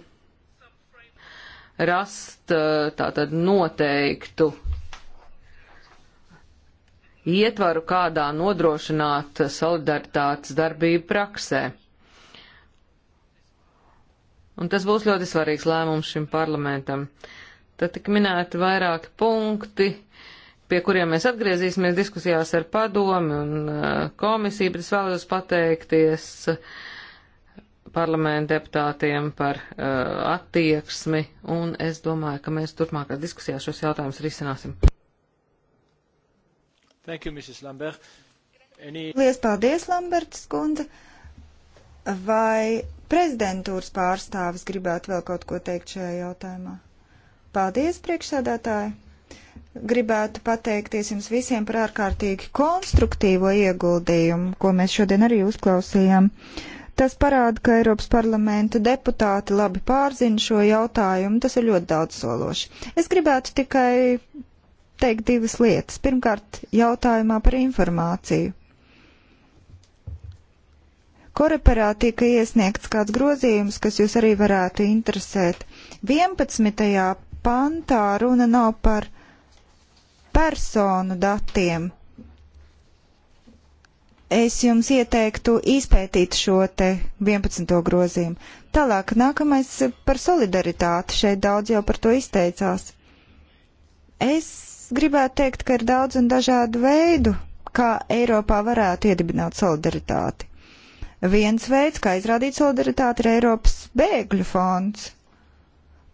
rast tātad noteiktu uh, ietvaru, kādā nodrošināt solidaritātes darbību praksē. Un tas būs ļoti svarīgs lēmums šim parlamentam. Tad tik minēti vairāki punkti, pie kuriem mēs atgriezīsimies diskusijās ar padomi un uh, komisiju, bet es vēlos pateikties uh, parlamenta deputātiem par uh, attieksmi, un es domāju, ka mēs turpmākās diskusijās šos jautājumus risināsim. Thank you, Mrs. Lambert. Any... Lies paldies, Lamberts kundze. Vai prezidentūras pārstāvis gribētu vēl kaut ko teikt šajā jautājumā? Paldies, priekšsēdētāji! Gribētu pateikties jums visiem par ārkārtīgi konstruktīvo ieguldījumu, ko mēs šodien arī uzklausījām. Tas parāda, ka Eiropas parlamenta deputāti labi pārzina šo jautājumu, tas ir ļoti daudz sološi. Es gribētu tikai teikt divas lietas. Pirmkārt, jautājumā par informāciju. Koreperā tika iesniegts kāds grozījums, kas jūs arī varētu interesēt. 11. pantā runa nav par personu datiem. Es jums ieteiktu izpētīt šo te 11. grozījumu. Tālāk, nākamais par solidaritāti. Šeit daudz jau par to izteicās. Es gribētu teikt, ka ir daudz un dažādu veidu, kā Eiropā varētu iedibināt solidaritāti. Viens veids, kā izrādīt solidaritāti, ir Eiropas bēgļu fonds.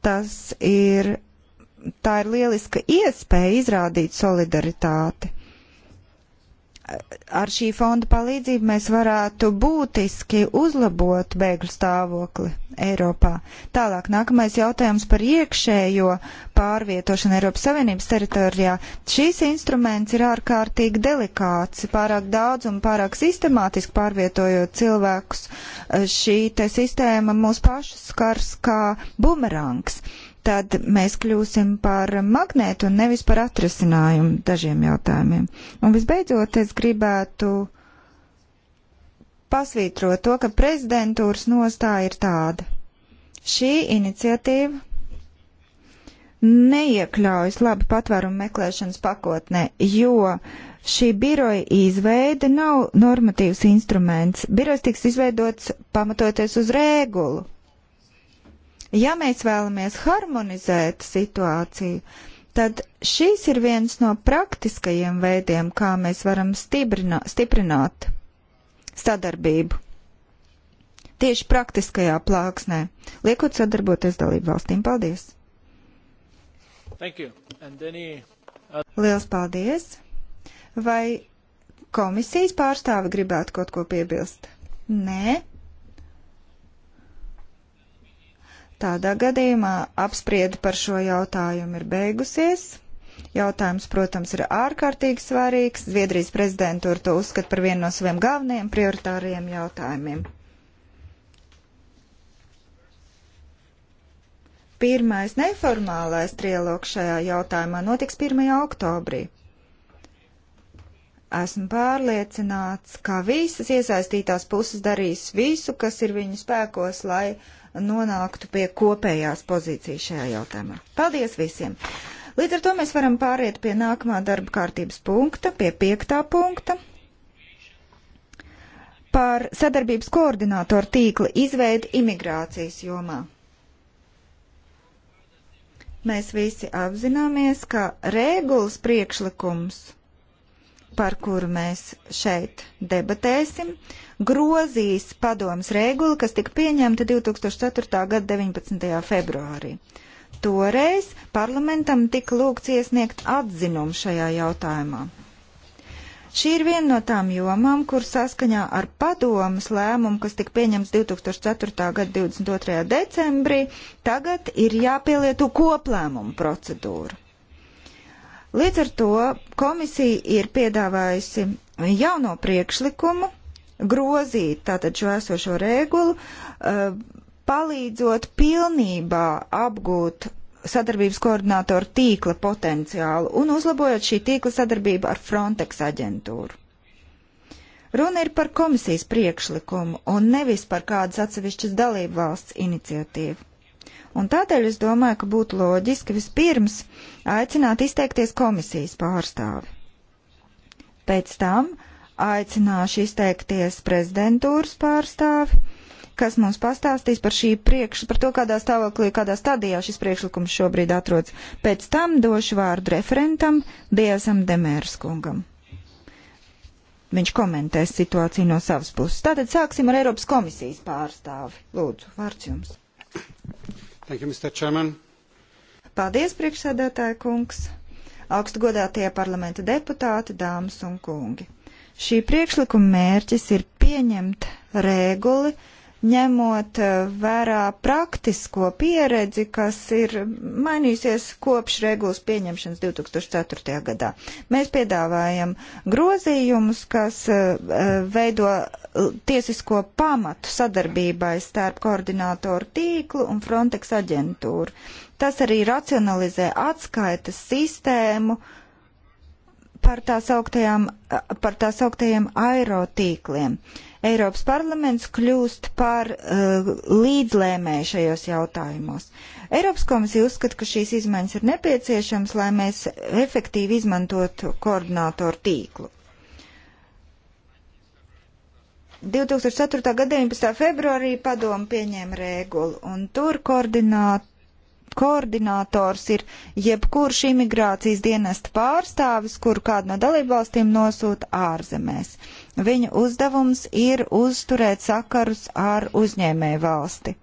Tas ir, tā ir lieliska iespēja izrādīt solidaritāti ar šī fonda palīdzību mēs varētu būtiski uzlabot bēgļu stāvokli Eiropā. Tālāk nākamais jautājums par iekšējo pārvietošanu Eiropas Savienības teritorijā. Šīs instruments ir ārkārtīgi delikāts, pārāk daudz un pārāk sistemātiski pārvietojot cilvēkus. Šī te sistēma mūs pašus skars kā bumerangs. Uh, tad mēs kļūsim par magnētu un nevis par atrisinājumu dažiem jautājumiem. Un visbeidzot, es gribētu pasvītrot to, ka prezidentūras nostāja ir tāda. Šī iniciatīva neiekļaujas labi patvērumu meklēšanas pakotnē, jo šī biroja izveide nav normatīvs instruments. Birojs tiks izveidots pamatoties uz rēgulu Ja mēs vēlamies harmonizēt situāciju, tad šīs ir viens no praktiskajiem veidiem, kā mēs varam stiprina, stiprināt sadarbību. Tieši praktiskajā plāksnē, liekot sadarboties dalību valstīm. Paldies! Any... Liels paldies! Vai komisijas pārstāve gribētu kaut ko piebilst? Nē. Tādā gadījumā apspriedi par šo jautājumu ir beigusies. Jautājums, protams, ir ārkārtīgi svarīgs. Zviedrijas prezidentūra to uzskata par vienu no saviem galvenajiem prioritāriem jautājumiem. Pirmais neformālais trialogs šajā jautājumā notiks 1. oktobrī. Esmu pārliecināts, ka visas iesaistītās puses darīs visu, kas ir viņu spēkos, lai uh, nonāktu pie kopējās pozīcijas šajā jautājumā. Paldies visiem! Līdz ar to mēs varam pāriet pie nākamā darba kārtības punkta, pie piektā punkta par sadarbības koordinātoru tīkla izveidi imigrācijas jomā. Mēs visi apzināmies, ka regulas priekšlikums, par kuru mēs šeit debatēsim, uh, grozīs padomas regulu, kas tika pieņemta 2004. gada 19. februārī. Toreiz parlamentam tika lūgts iesniegt atzinumu šajā jautājumā. Šī ir viena no tām jomām, kur saskaņā ar padomas lēmumu, kas tika pieņemts 2004. gada 22. decembrī, tagad ir jāpielieto koplēmumu procedūra. Līdz ar to komisija ir piedāvājusi jauno priekšlikumu, grozīt tātad šo esošo regulu, eh, palīdzot pilnībā apgūt sadarbības koordinātoru tīkla potenciālu un uzlabojot šī tīkla sadarbību ar Frontex aģentūru. Runa ir par komisijas priekšlikumu un nevis par kādas atsevišķas dalību valsts iniciatīvu. Un tādēļ es domāju, ka būtu loģiski vispirms aicināt izteikties komisijas pārstāvi. Pēc tam aicināšu izteikties prezidentūras pārstāvi, kas mums pastāstīs par, priekš, par to, kādā stāvoklī, kādā stadijā šis priekšlikums šobrīd atrodas. Pēc tam došu vārdu referentam Diezam Demērs kungam. Viņš komentēs situāciju no savas puses. Tātad sāksim ar Eiropas komisijas pārstāvi. Lūdzu, vārds jums. Thank you, Mr. Chairman. Paldies, priekšsēdētāja kungs, augstu godātie parlamenta deputāti, dāmas un kungi. Šī priekšlikuma mērķis ir pieņemt reguli, ņemot eh, vērā praktisko pieredzi, kas ir mainīsies kopš regulas pieņemšanas 2004. gadā. Mēs piedāvājam grozījumus, kas eh, eh, veido tiesisko pamatu sadarbībai starp koordinātoru tīklu un Frontex aģentūru. Tas arī racionalizē atskaitas sistēmu, uh, par tā sauktajām, par tā sauktajiem aero tīkliem. Eiropas parlaments kļūst par uh, līdzlēmēju šajos jautājumos. Eiropas komisija uzskata, ka šīs izmaiņas ir nepieciešams, lai mēs efektīvi izmantotu koordinātoru tīklu. 2004. gada 19. februārī padomu pieņēma regulu, un tur koordinātu koordinators ir jebkurš imigrācijas dienesta pārstāvis, kuru kādu no dalībvalstīm nosūta ārzemēs. Viņa uzdevums ir uzturēt sakarus ar uzņēmēju valsti.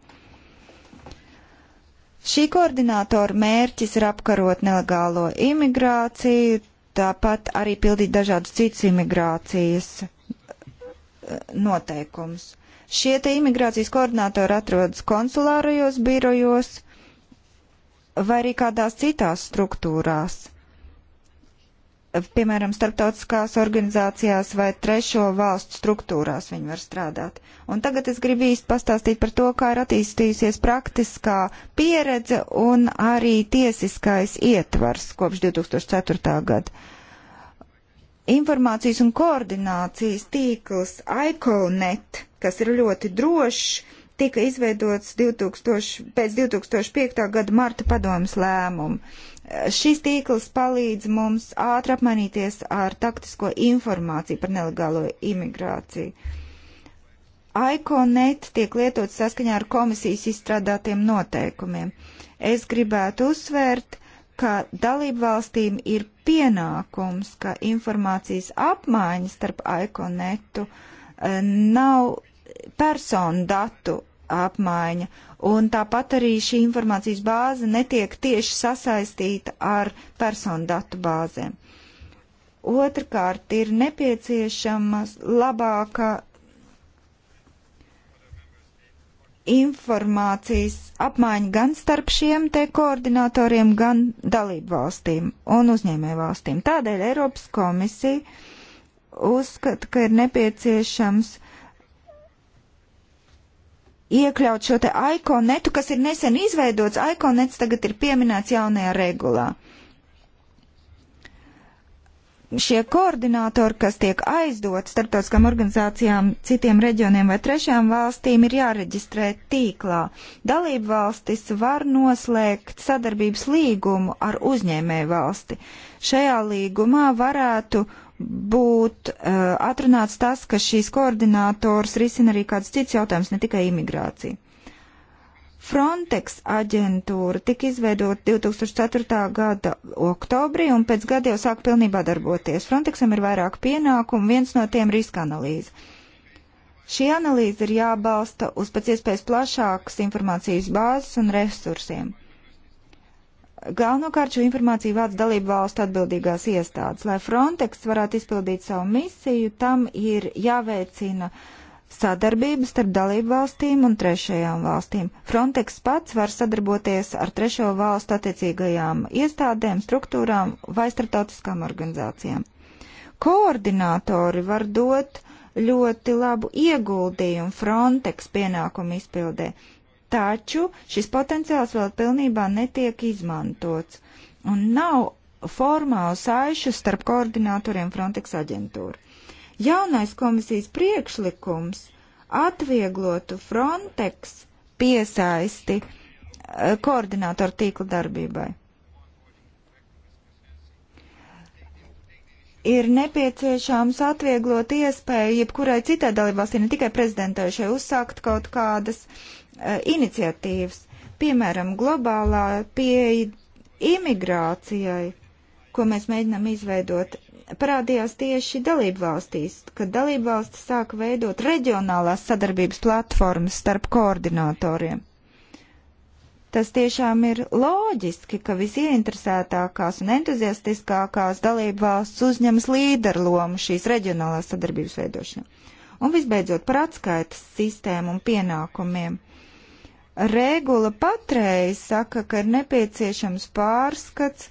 Šī koordinātora mērķis ir apkarot nelegālo imigrāciju, tāpat arī pildīt dažādus citus imigrācijas eh, noteikumus. Šie te imigrācijas koordinātori atrodas konsulārajos birojos, vai arī kādās citās struktūrās, piemēram, starptautiskās organizācijās vai trešo valstu struktūrās viņi var strādāt. Un tagad es gribu īsti pastāstīt par to, kā ir attīstījusies praktiskā pieredze un arī tiesiskais ietvars kopš 2004. gada. Informācijas un koordinācijas tīkls ICONET, kas ir ļoti drošs, tika izveidots 2000, pēc 2005. gada marta padomas lēmumu. Šis tīkls palīdz mums ātri apmainīties ar taktisko informāciju par nelegālo imigrāciju. ICONET tiek lietots saskaņā ar komisijas izstrādātiem noteikumiem. Es gribētu uzsvērt, ka dalību valstīm ir pienākums, ka informācijas apmaiņa starp ICONETu eh, nav personu datu apmaiņa. Un tāpat arī šī informācijas bāze netiek tieši sasaistīta ar personu datu bāzēm. Otrakārt, ir nepieciešama labāka informācijas apmaiņa gan starp šiem te koordinatoriem, gan dalību valstīm un uzņēmē valstīm. Tādēļ Eiropas komisija uzskata, ka ir nepieciešams uh, iekļaut šo te ikonetu, kas ir nesen izveidots. Ikonets tagad ir pieminēts jaunajā regulā. Šie koordinātori, kas tiek aizdot starptautiskām organizācijām, citiem reģioniem vai trešām valstīm, ir jāreģistrē tīklā. Dalību valstis var noslēgt sadarbības līgumu ar uzņēmēju valsti. Šajā līgumā varētu būt uh, atrunāts tas, ka šīs koordinātors risina arī kāds cits jautājums, ne tikai imigrācija. Frontex aģentūra tika izveidota 2004. gada oktobrī un pēc gada jau sāk pilnībā darboties. Frontexam ir vairāk pienākumu, viens no tiem riska analīze. Šī analīze ir jābalsta uz pēc iespējas plašākas informācijas bāzes un resursiem. Galvenokārt šo informāciju vāc dalību valstu atbildīgās iestādes. Lai Frontex varētu izpildīt savu misiju, tam ir jāveicina sadarbības starp dalību valstīm un trešajām valstīm. Frontex pats var sadarboties ar trešo valstu attiecīgajām iestādēm, struktūrām vai starptautiskām organizācijām. Koordinātori var dot ļoti labu ieguldījumu Frontex pienākumu izpildē taču šis potenciāls vēl pilnībā netiek izmantots un nav formālu saišu starp koordinatoriem Frontex aģentūru. Jaunais komisijas priekšlikums atvieglotu Frontex piesaisti eh, koordinātoru tīkla darbībai. ir nepieciešams atvieglot iespēju jebkurai citai dalībvalstī, ne tikai prezidentējušai, uzsākt kaut kādas uh, Eh, iniciatīvas, piemēram, globālā pieeja imigrācijai, ko mēs mēģinām izveidot, parādījās tieši dalību valstīs, kad dalību valstis sāka veidot reģionālās sadarbības platformas starp koordinatoriem. Tas tiešām ir loģiski, ka visieinteresētākās un entuziastiskākās dalību valsts uzņemas līderlomu šīs reģionālās sadarbības veidošanā. Un visbeidzot par atskaitas sistēmu un pienākumiem. Regula patreiz saka, ka ir nepieciešams pārskats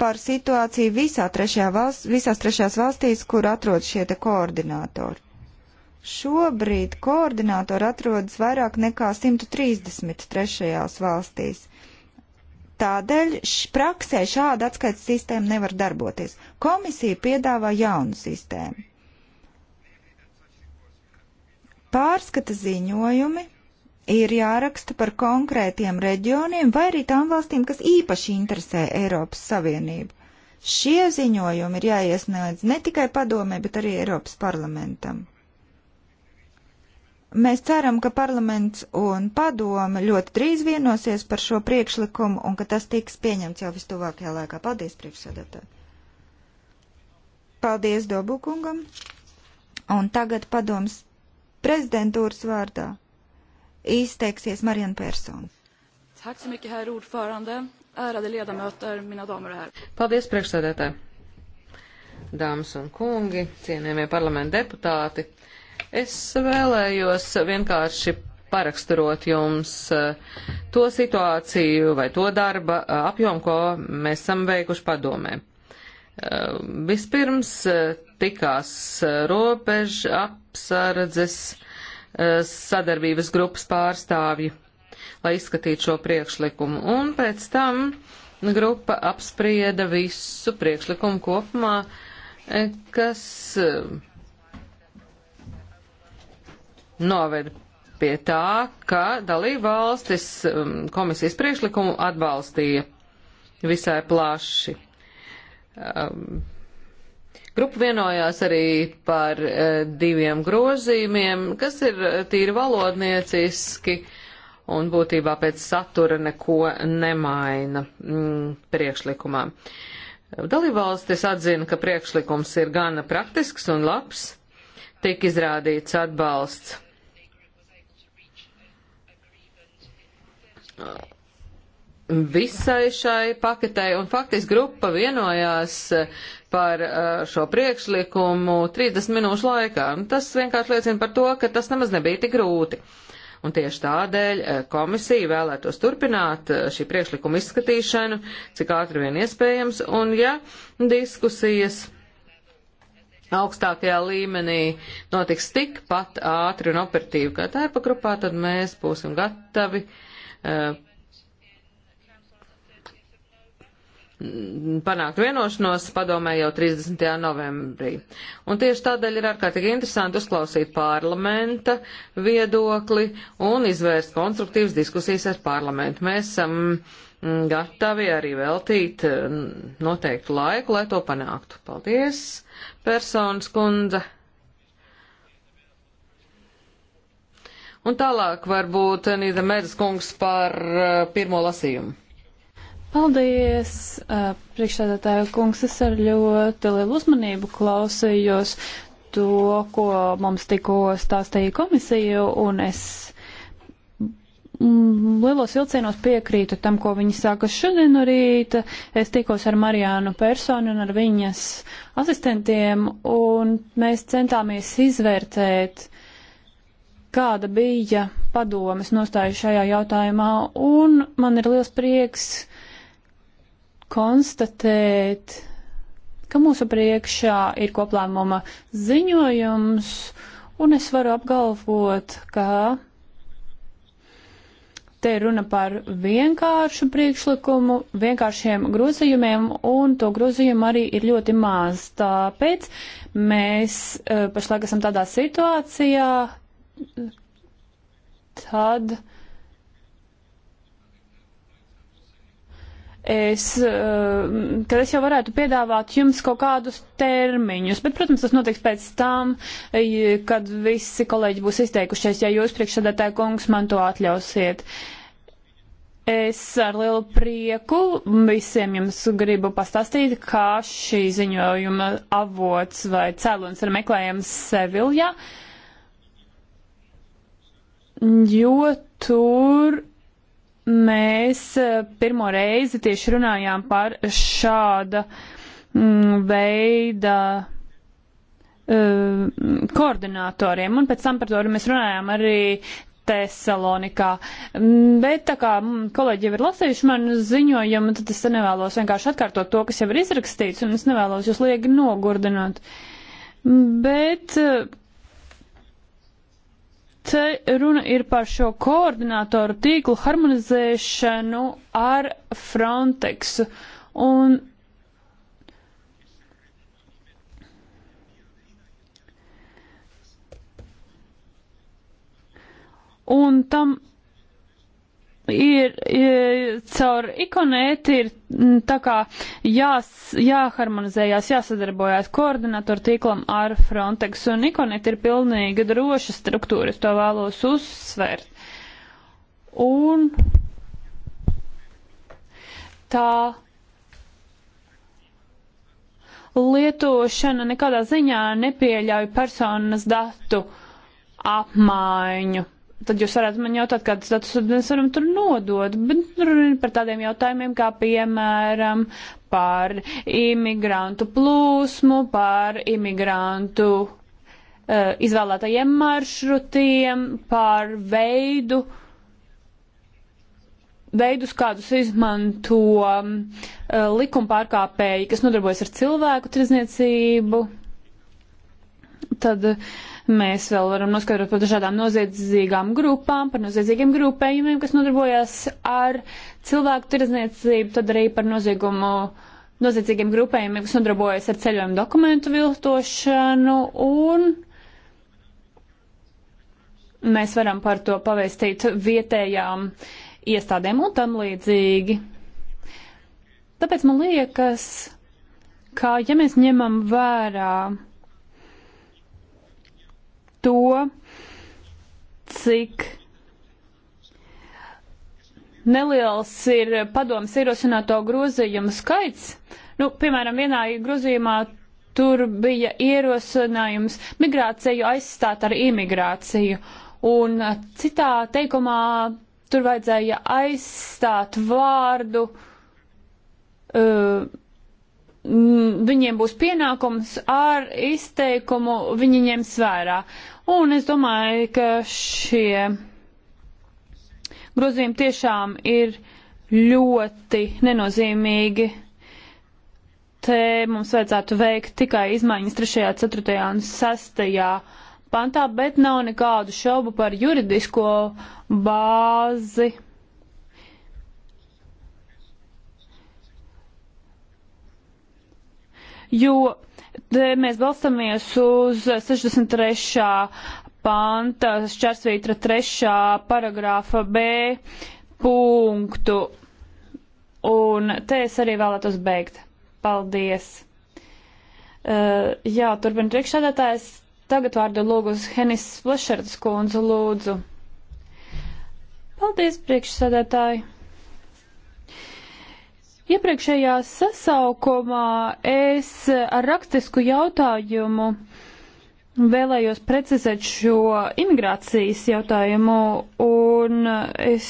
par situāciju visā trešajā valsts, visās trešās valstīs, kur atrodas šie te koordinātori. Šobrīd koordinātori atrodas vairāk nekā 133 valstīs. Tādēļ praksē šāda atskaites sistēma nevar darboties. Komisija piedāvā jaunu sistēmu. Pārskata ziņojumi ir jāraksta par konkrētiem reģioniem vai arī tām valstīm, kas īpaši interesē Eiropas Savienību. Šie ziņojumi ir jāiesniedz ne tikai padomē, bet arī Eiropas parlamentam. Mēs ceram, ka parlaments un padome ļoti drīz vienosies par šo priekšlikumu un ka tas tiks pieņemts jau vistuvākajā laikā. Paldies, priekšsēdētāji! Paldies Dobukungam! Un tagad padoms prezidentūras vārdā izteiksies Mariana Persona. Paldies, priekšsēdētāji! Dāmas un kungi, cienījamie parlamenta deputāti, es vēlējos vienkārši paraksturot jums eh, to situāciju vai to darba eh, apjomu, ko mēs esam veikuši padomē. Eh, vispirms tikās robeža apsardzes Eh, sadarbības grupas pārstāvju, lai izskatītu šo priekšlikumu. Un pēc tam grupa apsprieda visu priekšlikumu kopumā, eh, kas eh, noveda pie tā, ka dalība valstis mm, komisijas priekšlikumu atbalstīja visai plaši. Um, Grupa vienojās arī par eh, diviem grozījumiem, kas ir eh, tīri valodnieciski un būtībā pēc satura neko nemaina mm, priekšlikumā. Dalībvalstis atzina, ka priekšlikums ir gana praktisks un labs, tiek izrādīts atbalsts visai šai paketei, un faktiski grupa vienojās eh, par eh, šo priekšlikumu 30 minūšu laikā. Un tas vienkārši liecina par to, ka tas nemaz nebija tik grūti. Un tieši tādēļ eh, komisija vēlētos turpināt šī priekšlikuma izskatīšanu, cik ātri vien iespējams, un ja diskusijas augstākajā līmenī notiks tikpat ātri un operatīvi kā tēpa grupā, tad mēs būsim gatavi uh, panākt vienošanos padomē jau 30. novembrī. Un tieši tādēļ ir ārkārtīgi interesanti uzklausīt parlamenta viedokli un izvērst konstruktīvas diskusijas ar parlamentu. Mēs esam gatavi arī veltīt noteiktu laiku, lai to panāktu. Paldies, personas kundze. Un tālāk varbūt Nīda Medas kungs par eh, pirmo lasījumu. Paldies, priekšsēdētāju kungs. Es ar ļoti lielu uzmanību klausījos to, ko mums tikko stāstīja komisija, un es lielos vilcienos piekrītu tam, ko viņi sāka šodien no rīta. Es tikos ar Marijānu personu un ar viņas asistentiem, un mēs centāmies izvērtēt, kāda bija padomas nostāja šajā jautājumā, un man ir liels prieks, konstatēt, ka mūsu priekšā ir koplēmuma ziņojums, un es varu apgalvot, ka te ir runa par vienkāršu priekšlikumu, vienkāršiem grozījumiem, un to grozījumu arī ir ļoti maz. Tāpēc mēs eh, pašlaik esam tādā situācijā, tad es, tad eh, es jau varētu piedāvāt jums kaut kādus termiņus, bet, protams, tas notiks pēc tam, eh, kad visi kolēģi būs izteikušies, ja jūs priekšsēdētāja kungs man to atļausiet. Es ar lielu prieku visiem jums gribu pastāstīt, kā šī ziņojuma avots vai cēlons ir meklējams Seviljā, jo tur mēs eh, pirmo reizi tieši runājām par šāda mm, veida eh, koordinatoriem, un pēc tam par to mēs runājām arī Tesalonikā. Mm, bet tā kā mm, kolēģi jau ir lasījuši manu ziņojumu, tad es nevēlos vienkārši atkārtot to, kas jau ir izrakstīts, un es nevēlos jūs liegi nogurdināt. Bet eh, Te runa ir par šo koordinātoru tīklu harmonizēšanu ar Frontex. Un Un tam ir, ir caur ikonēti ir tā kā jās, jāharmonizējās, jāsadarbojās koordinatoru tīklam ar Frontex, un ikonēti ir pilnīgi droša struktūra, es to vēlos uzsvērt. Un tā lietošana nekādā ziņā nepieļauj personas datu apmaiņu tad jūs varētu man jautāt, kādas datus mēs varam tur nodot. Bet runa par tādiem jautājumiem, kā piemēram par imigrantu plūsmu, par imigrantu uh, izvēlētajiem maršrutiem, par veidu, veidus, kādus izmanto um, uh, likumpārkāpēji, kas nodarbojas ar cilvēku tirdzniecību. Tad uh, Mēs vēl varam noskaidrot par dažādām noziedzīgām grupām, par noziedzīgiem grupējumiem, kas nodarbojas ar cilvēku tirdzniecību, tad arī par noziegumu noziedzīgiem grupējumiem, kas nodarbojas ar ceļojumu dokumentu viltošanu un mēs varam par to pavēstīt vietējām iestādēm un tam līdzīgi. Tāpēc man liekas, ka ja mēs ņemam vērā to, cik neliels ir padomas ierosināto grozījumu skaits. Nu, piemēram, vienā grozījumā tur bija ierosinājums migrāciju aizstāt ar imigrāciju, un citā teikumā tur vajadzēja aizstāt vārdu. Uh, Mm, viņiem būs pienākums ar izteikumu, viņi ņems vērā. Un es domāju, ka šie grozījumi tiešām ir ļoti nenozīmīgi. Te mums vajadzētu veikt tikai izmaiņas 3., 4. un 6. pantā, bet nav nekādu šaubu par juridisko bāzi jo mēs balstamies uz 63. panta, šķērsvītra 3. paragrāfa B punktu. Un te es arī vēlētos beigt. Paldies! Uh, jā, turpina priekšsādātājs. Tagad vārdu lūgu uz Henis Flešerts kundzu lūdzu. Paldies, priekšsādātāji! Iepriekšējā sasaukumā es ar rakstisku jautājumu vēlējos precizēt šo imigrācijas jautājumu, un es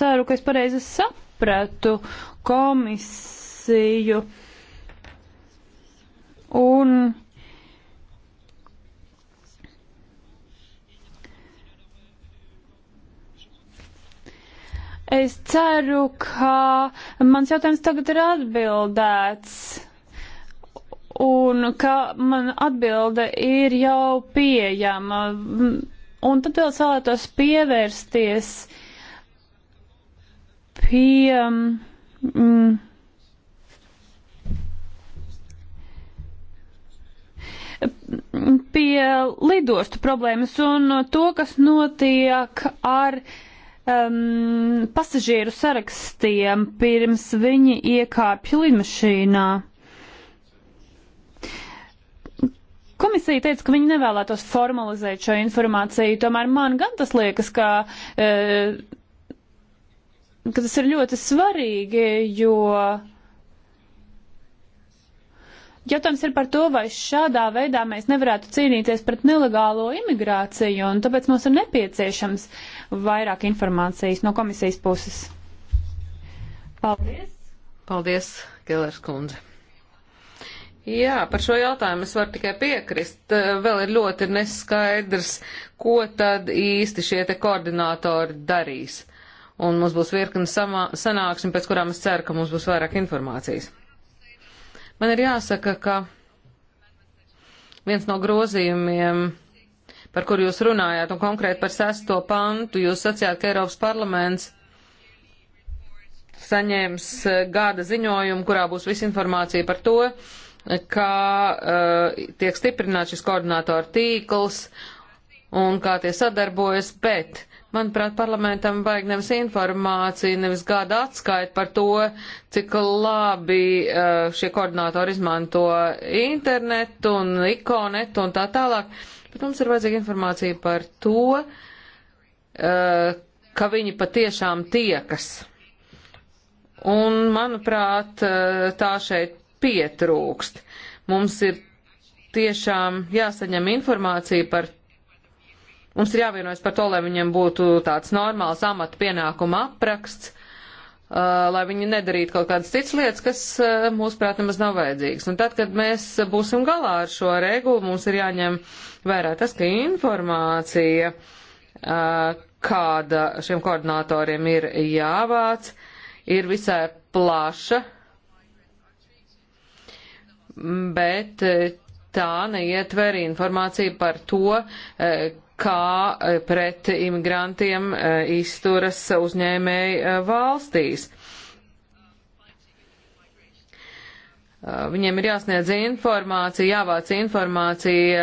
ceru, ka es pareizi sapratu komisiju. Un Es ceru, ka mans jautājums tagad ir atbildēts un ka man atbilde ir jau pieejama. Un tad vēl vēlētos pievērsties pie. Mm, pie lidostu problēmas un to, kas notiek ar uh, um, pasažieru sarakstiem pirms viņi iekāpja lidmašīnā. Komisija teica, ka viņi nevēlētos formalizēt šo informāciju, tomēr man gan tas liekas, ka, e, ka tas ir ļoti svarīgi, jo jautājums ir par to, vai šādā veidā mēs nevarētu cīnīties pret nelegālo imigrāciju, un tāpēc mums ir nepieciešams uh, vairāk informācijas no komisijas puses. Paldies! Paldies, Gelers kundze! Jā, par šo jautājumu es varu tikai piekrist. Eh, vēl ir ļoti neskaidrs, ko tad īsti šie te koordinātori darīs. Un mums būs virkni sanāksmi, pēc kurām es ceru, ka mums būs vairāk informācijas. Man ir jāsaka, ka viens no grozījumiem par kur jūs runājāt, un konkrēti par sesto pantu, jūs sacījāt, ka Eiropas parlaments saņēms e, gada ziņojumu, kurā būs visa informācija par to, kā uh, tiek stiprināts šis koordinātoru tīkls un kā tie sadarbojas, bet uh, manuprāt, parlamentam vajag nevis informāciju, nevis gada atskaita par to, cik labi e, šie koordinātori izmanto internetu un ikonetu un tā tālāk bet mums ir vajadzīga informācija par to, eh, ka viņi patiešām tiekas. Un, manuprāt, eh, tā šeit pietrūkst. Mums ir tiešām jāsaņem informācija par Mums ir jāvienojas par to, lai viņiem būtu tāds normāls amata pienākuma apraksts, Uh, lai viņi nedarītu kaut kādas citas lietas, kas uh, mūsuprāt nemaz nav vajadzīgas. Un tad, kad mēs būsim galā ar šo regulu, mums ir jāņem vērā tas, ka informācija, uh, kāda šiem koordinatoriem ir jāvāc, ir visai plaša, mm, bet tā neietver informāciju par to, kā e, pret imigrantiem e, izturas uzņēmēji e, valstīs. Viņiem ir jāsniedz informācija, jāvāc informācija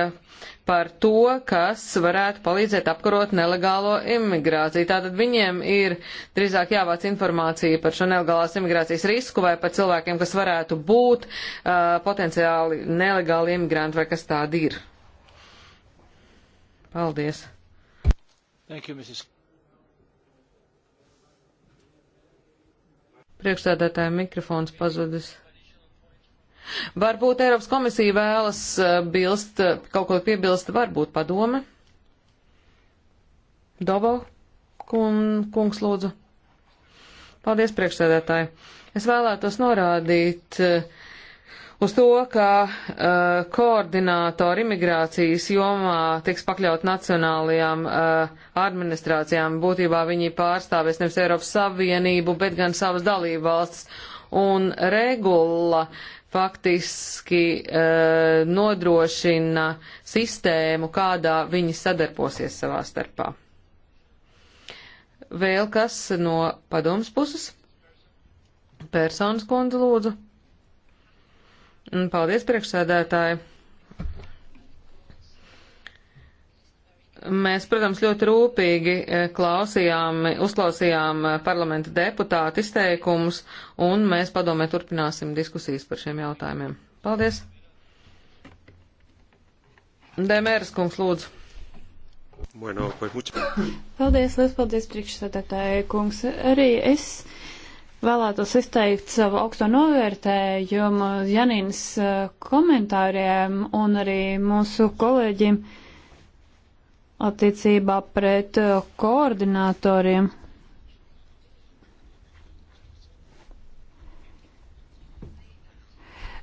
par to, kas varētu palīdzēt apkarot nelegālo imigrāciju. Tātad viņiem ir drīzāk jāvāc informācija par šo nelegālās imigrācijas risku vai par cilvēkiem, kas varētu būt uh, potenciāli nelegāli imigranti vai kas tādi ir. Paldies! Thank you, Mrs. Priekšstādātāja mikrofons pazudis. Varbūt Eiropas komisija vēlas uh, bilst, uh, kaut ko piebilst, varbūt padome. Dobo, kun, kungs lūdzu. Paldies, priekšsēdētāji. Es vēlētos norādīt uh, uz to, ka uh, koordinātori imigrācijas jomā tiks pakļaut nacionālajām uh, administrācijām. Būtībā viņi pārstāvēs nevis Eiropas Savienību, bet gan savas dalību valsts. Un regula faktiski uh, nodrošina sistēmu, kādā viņi sadarbosies savā starpā. Vēl kas no padomas puses? Personas kundze lūdzu. Paldies, priekšsēdētāji! Mēs, protams, ļoti rūpīgi e, klausījām, uzklausījām e, parlamenta deputātu izteikumus, un mēs padomē turpināsim diskusijas par šiem jautājumiem. Paldies! Demērs kungs, lūdzu. Bueno, pues much... Paldies, liels paldies priekšsēdētāji kungs. Arī es vēlētos izteikt savu augsto novērtējumu Janīnas eh, komentāriem un arī mūsu kolēģim attiecībā pret eh, koordinatoriem.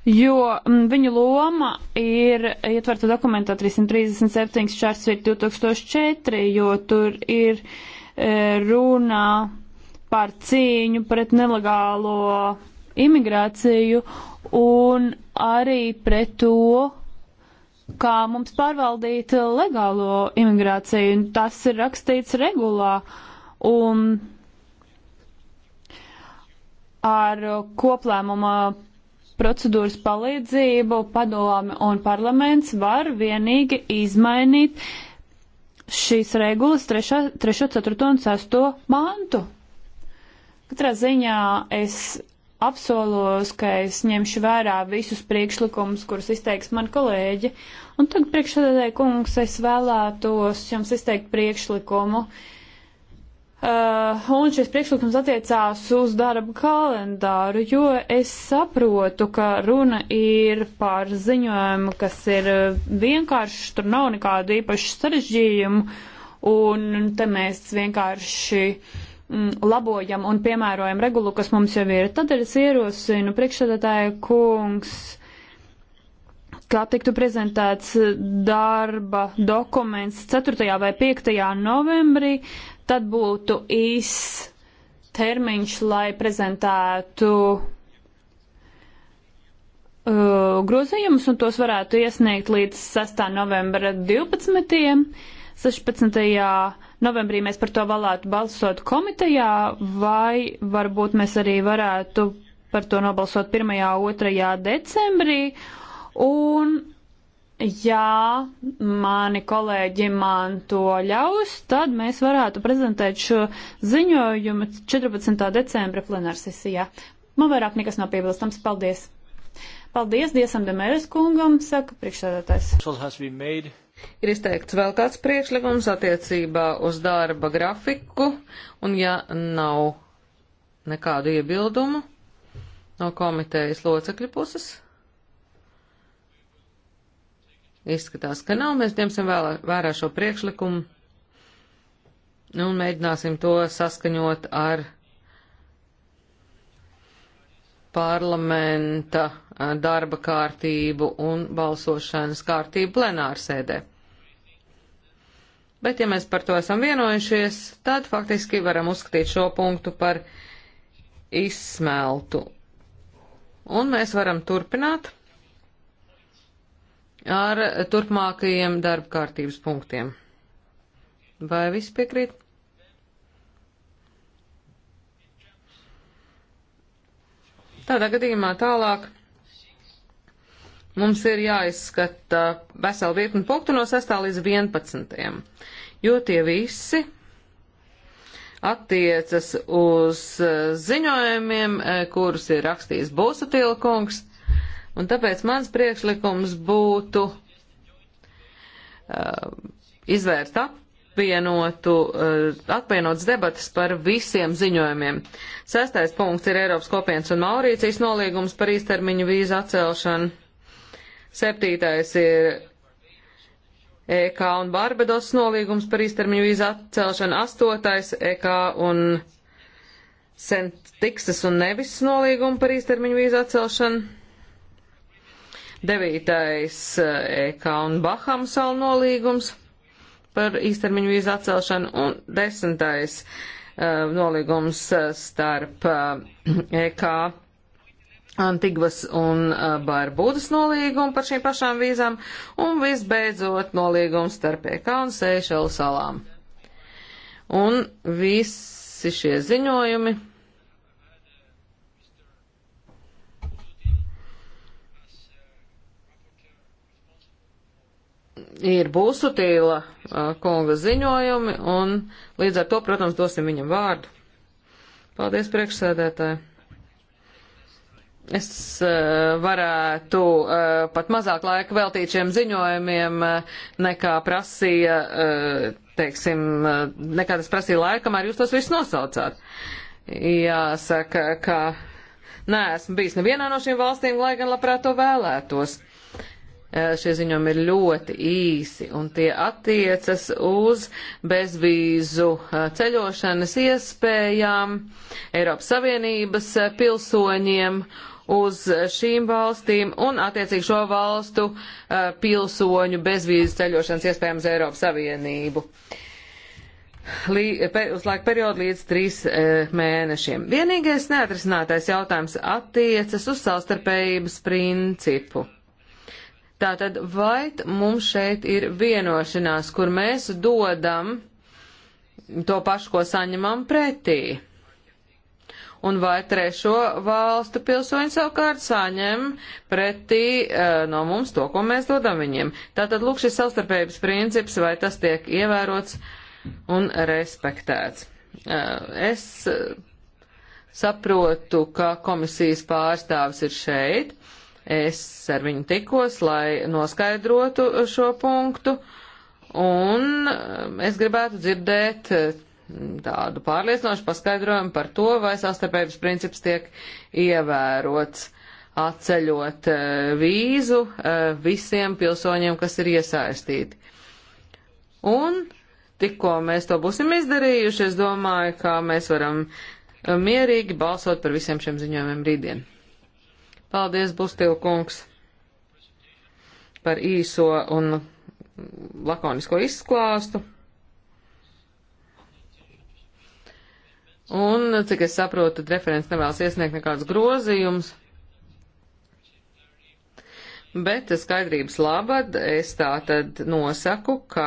jo mm, viņu loma ir ietverta dokumentā 337 šķērsvīt 2004, jo tur ir e, eh, runā par cīņu pret nelegālo imigrāciju un arī pret to, kā mums pārvaldīt legālo imigrāciju. Tas ir rakstīts regulā. Un ar koplēmuma procedūras palīdzību padomi un parlaments var vienīgi izmainīt šīs regulas 3, 3 4 un 6 mantu. Katrā ziņā es apsolos, ka es ņemšu vērā visus priekšlikumus, kurus izteiks man kolēģi. Un tagad priekšsēdētāji kungs, es vēlētos jums izteikt priekšlikumu. Uh, un šis priekšlikums attiecās uz darba kalendāru, jo es saprotu, ka runa ir par ziņojumu, kas ir vienkāršs, tur nav nekādu īpašu sarežģījumu, un te mēs vienkārši uh, Mm, labojam un piemērojam regulu, kas mums jau ir. Tad es ierosinu priekšsēdētāja kungs, kā tiktu prezentēts darba dokuments 4. vai 5. novembrī, tad būtu īs termiņš, lai prezentētu uh, grozījumus, un tos varētu iesniegt līdz 6. novembra 12. 16 novembrī mēs par to valētu balsot komitejā, vai varbūt mēs arī varētu par to nobalsot 1. un 2. decembrī. Un ja mani kolēģi man to ļaus, tad mēs varētu prezentēt šo ziņojumu 14. decembra plenārsesijā. Man vairāk nekas nav piebilstams. Paldies! Paldies Diezam Demēres kungam, saka priekšsēdētājs. Ir izteikts vēl kāds priekšlikums attiecībā uz darba grafiku, un ja nav nekādu iebildumu no komitejas locekļu puses, izskatās, ka nav, mēs ņemsim vērā šo priekšlikumu un mēģināsim to saskaņot ar parlamenta eh, darba kārtību un balsošanas kārtību plenārsēdē bet ja mēs par to esam vienojušies, tad faktiski varam uzskatīt šo punktu par izsmeltu. Un mēs varam turpināt ar turpmākajiem darba kārtības punktiem. Vai viss piekrīt? Tādā gadījumā tālāk. Mums ir jāizskata vesela virkni punktu no 6. līdz 11. jo tie visi attiecas uz eh, ziņojumiem, eh, kurus ir rakstījis Būsatila kungs, un tāpēc mans priekšlikums būtu uh, izvērst apvienotu, uh, apvienotas debatas par visiem ziņojumiem. Sestais punkts ir Eiropas kopienas un Maurīcijas nolīgums par īstermiņu vīzu atcelšanu. Septītais ir EK un Barbados nolīgums par īstermiņu vīzu atcelšanu. Astotais EK un Sentiksas un Nevis nolīgumu par īstermiņu vīzu atcelšanu. Devītais EK eh, e un Bahamsal nolīgums par īstermiņu vīzu atcelšanu. Un desmitais eh, nolīgums eh, starp EK e Antigvas un Barbudas nolīgumu par šīm pašām vīzām un visbeidzot nolīgumu starp EK un Seišelu salām. Un visi šie ziņojumi. Ir būsutīla kunga ziņojumi, un līdz ar to, protams, dosim viņam vārdu. Paldies, priekšsēdētāji! es eh, varētu eh, pat mazāk laika veltīt šiem ziņojumiem, eh, nekā prasīja, teiksim, nekā tas prasīja laika, kamēr jūs tos visus nosaucāt. Jāsaka, ka neesmu bijis nevienā no šīm valstīm, lai gan labprāt to vēlētos. Šie ziņojumi ir ļoti īsi, un tie attiecas uz bezvīzu ceļošanas iespējām Eiropas Savienības pilsoņiem uz šīm valstīm un attiecīgi šo valstu uh, pilsoņu bezvīzes ceļošanas iespējams Eiropas Savienību. Lī, pe, uz laika periodu līdz trīs e, uh, mēnešiem. Vienīgais neatrisinātais jautājums attiecas uz savstarpējības principu. Tātad, vai mums šeit ir vienošanās, kur mēs dodam to pašu, ko saņemam pretī? un vai trešo valstu pilsoņi savukārt saņem pretī uh, no mums to, ko mēs dodam viņiem. Tātad, lūk, šis savstarpējības princips, vai tas tiek ievērots un respektēts. Uh, es eh, saprotu, ka komisijas pārstāvis ir šeit. Es ar viņu tikos, lai noskaidrotu šo punktu, un es gribētu dzirdēt tādu pārliecinošu paskaidrojumu par to, vai sastarpējums princips tiek ievērots atceļot eh, vīzu eh, visiem pilsoņiem, kas ir iesaistīti. Un tikko mēs to būsim izdarījuši, es domāju, ka mēs varam eh, mierīgi balsot par visiem šiem ziņojumiem rītdien. Paldies, Bustil kungs, par īso un lakonisko izklāstu. Un, cik es saprotu, tad referents nevēlas iesniegt nekādus grozījumus. Bet skaidrības labad es tā tad nosaku, ka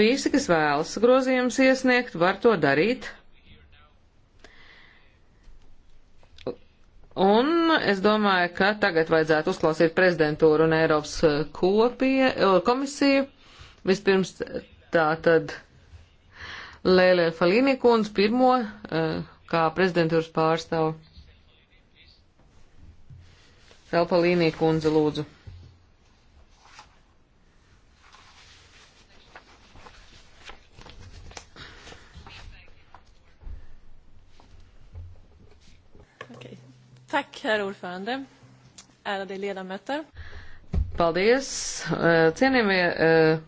visi, kas vēlas grozījumus iesniegt, var to darīt. Un es domāju, ka tagad vajadzētu uzklausīt prezidentūru un Eiropas kopie, komisiju. Vispirms tā tad. Lēlē Falīnī kundz pirmo eh, kā prezidentūras pārstāvu. Felpalīnī kundze lūdzu. Okay. Tack, herr ordförande, ärade ledamöter. Paldies, eh, cienījamie eh,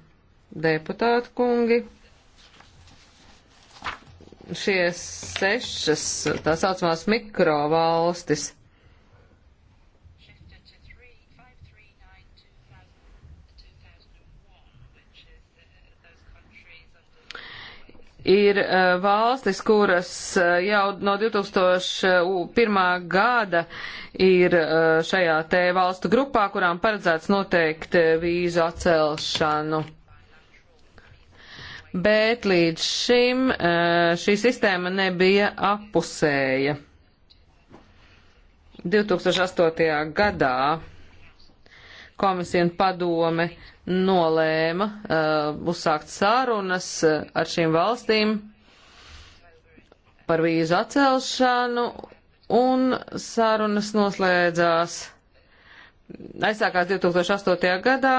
deputāti kungi šie sešas tā saucamās mikrovalstis. ir uh, valstis, kuras uh, jau no 2001. gada ir uh, šajā te valstu grupā, kurām paredzēts noteikti vīzu atcelšanu bet līdz šim e, šī sistēma nebija apusēja. 2008. gadā komisija un padome nolēma uh, uzsākt sārunas ar šīm valstīm par vīzu atcelšanu, un sārunas noslēdzās, aizsākās 2008. gadā,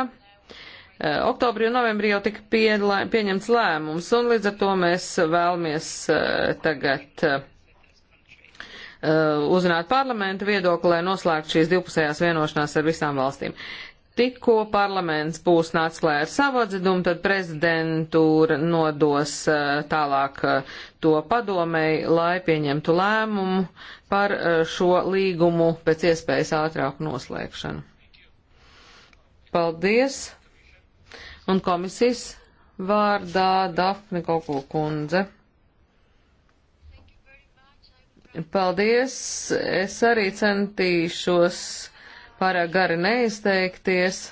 Eh, oktobrī un novembrī jau tika pielē, pieņemts lēmums, un līdz ar to mēs vēlamies eh, tagad eh, uzrunāt parlamentu viedokli, lai noslēgtu šīs divpusējās vienošanās ar visām valstīm. Tikko parlaments būs nācis klāj ar savu atzidumu, tad prezidentūra nodos tālāk to padomēji, lai pieņemtu lēmumu par šo līgumu pēc iespējas ātrāku noslēgšanu. Paldies! Un komisijas vārdā Dafni Koku kundze. Paldies! Es arī centīšos pārāk gari neizteikties.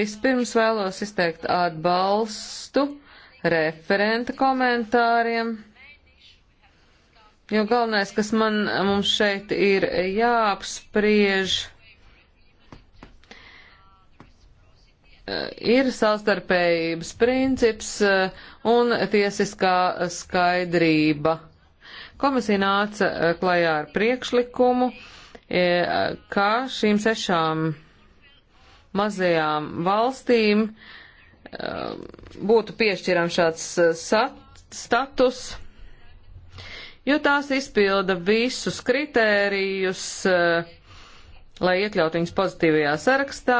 Vispirms vēlos izteikt atbalstu referenta komentāriem, jo galvenais, kas man mums šeit ir jāapspriež, Eh, ir savstarpējības princips eh, un tiesiskā skaidrība. Komisija nāca eh, klajā ar priekšlikumu, ka šīm sešām mazajām valstīm būtu piešķiram šāds status, jo tās izpilda visus kritērijus, lai iekļaut viņus pozitīvajā sarakstā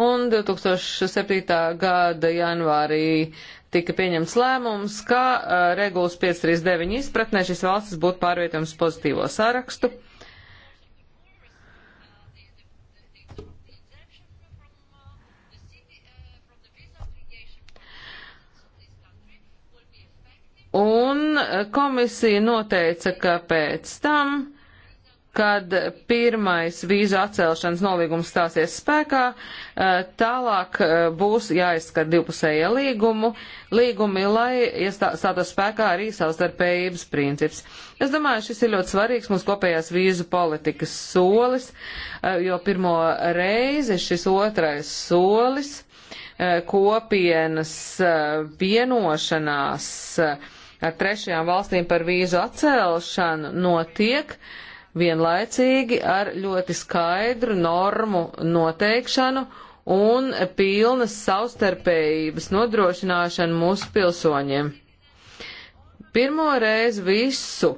un 2007. gada janvārī tika pieņemts lēmums, ka uh, regulas 539 izpratnē šis valstis būtu pārvietojams pozitīvo sarakstu. Un komisija noteica, ka pēc tam kad pirmais vīzu atcelšanas nolīgums stāsies spēkā, eh, tālāk eh, būs jāizskat divpusējie līgumu, līgumi, lai iestātos spēkā arī savstarpējības princips. Es domāju, šis ir ļoti svarīgs mūsu kopējās vīzu politikas solis, eh, jo pirmo reizi šis otrais solis kopienas vienošanās ar trešajām valstīm par vīzu atcelšanu notiek, uh, vienlaicīgi ar ļoti skaidru normu noteikšanu un pilnas savstarpējības nodrošināšanu mūsu pilsoņiem. Pirmo reizi visu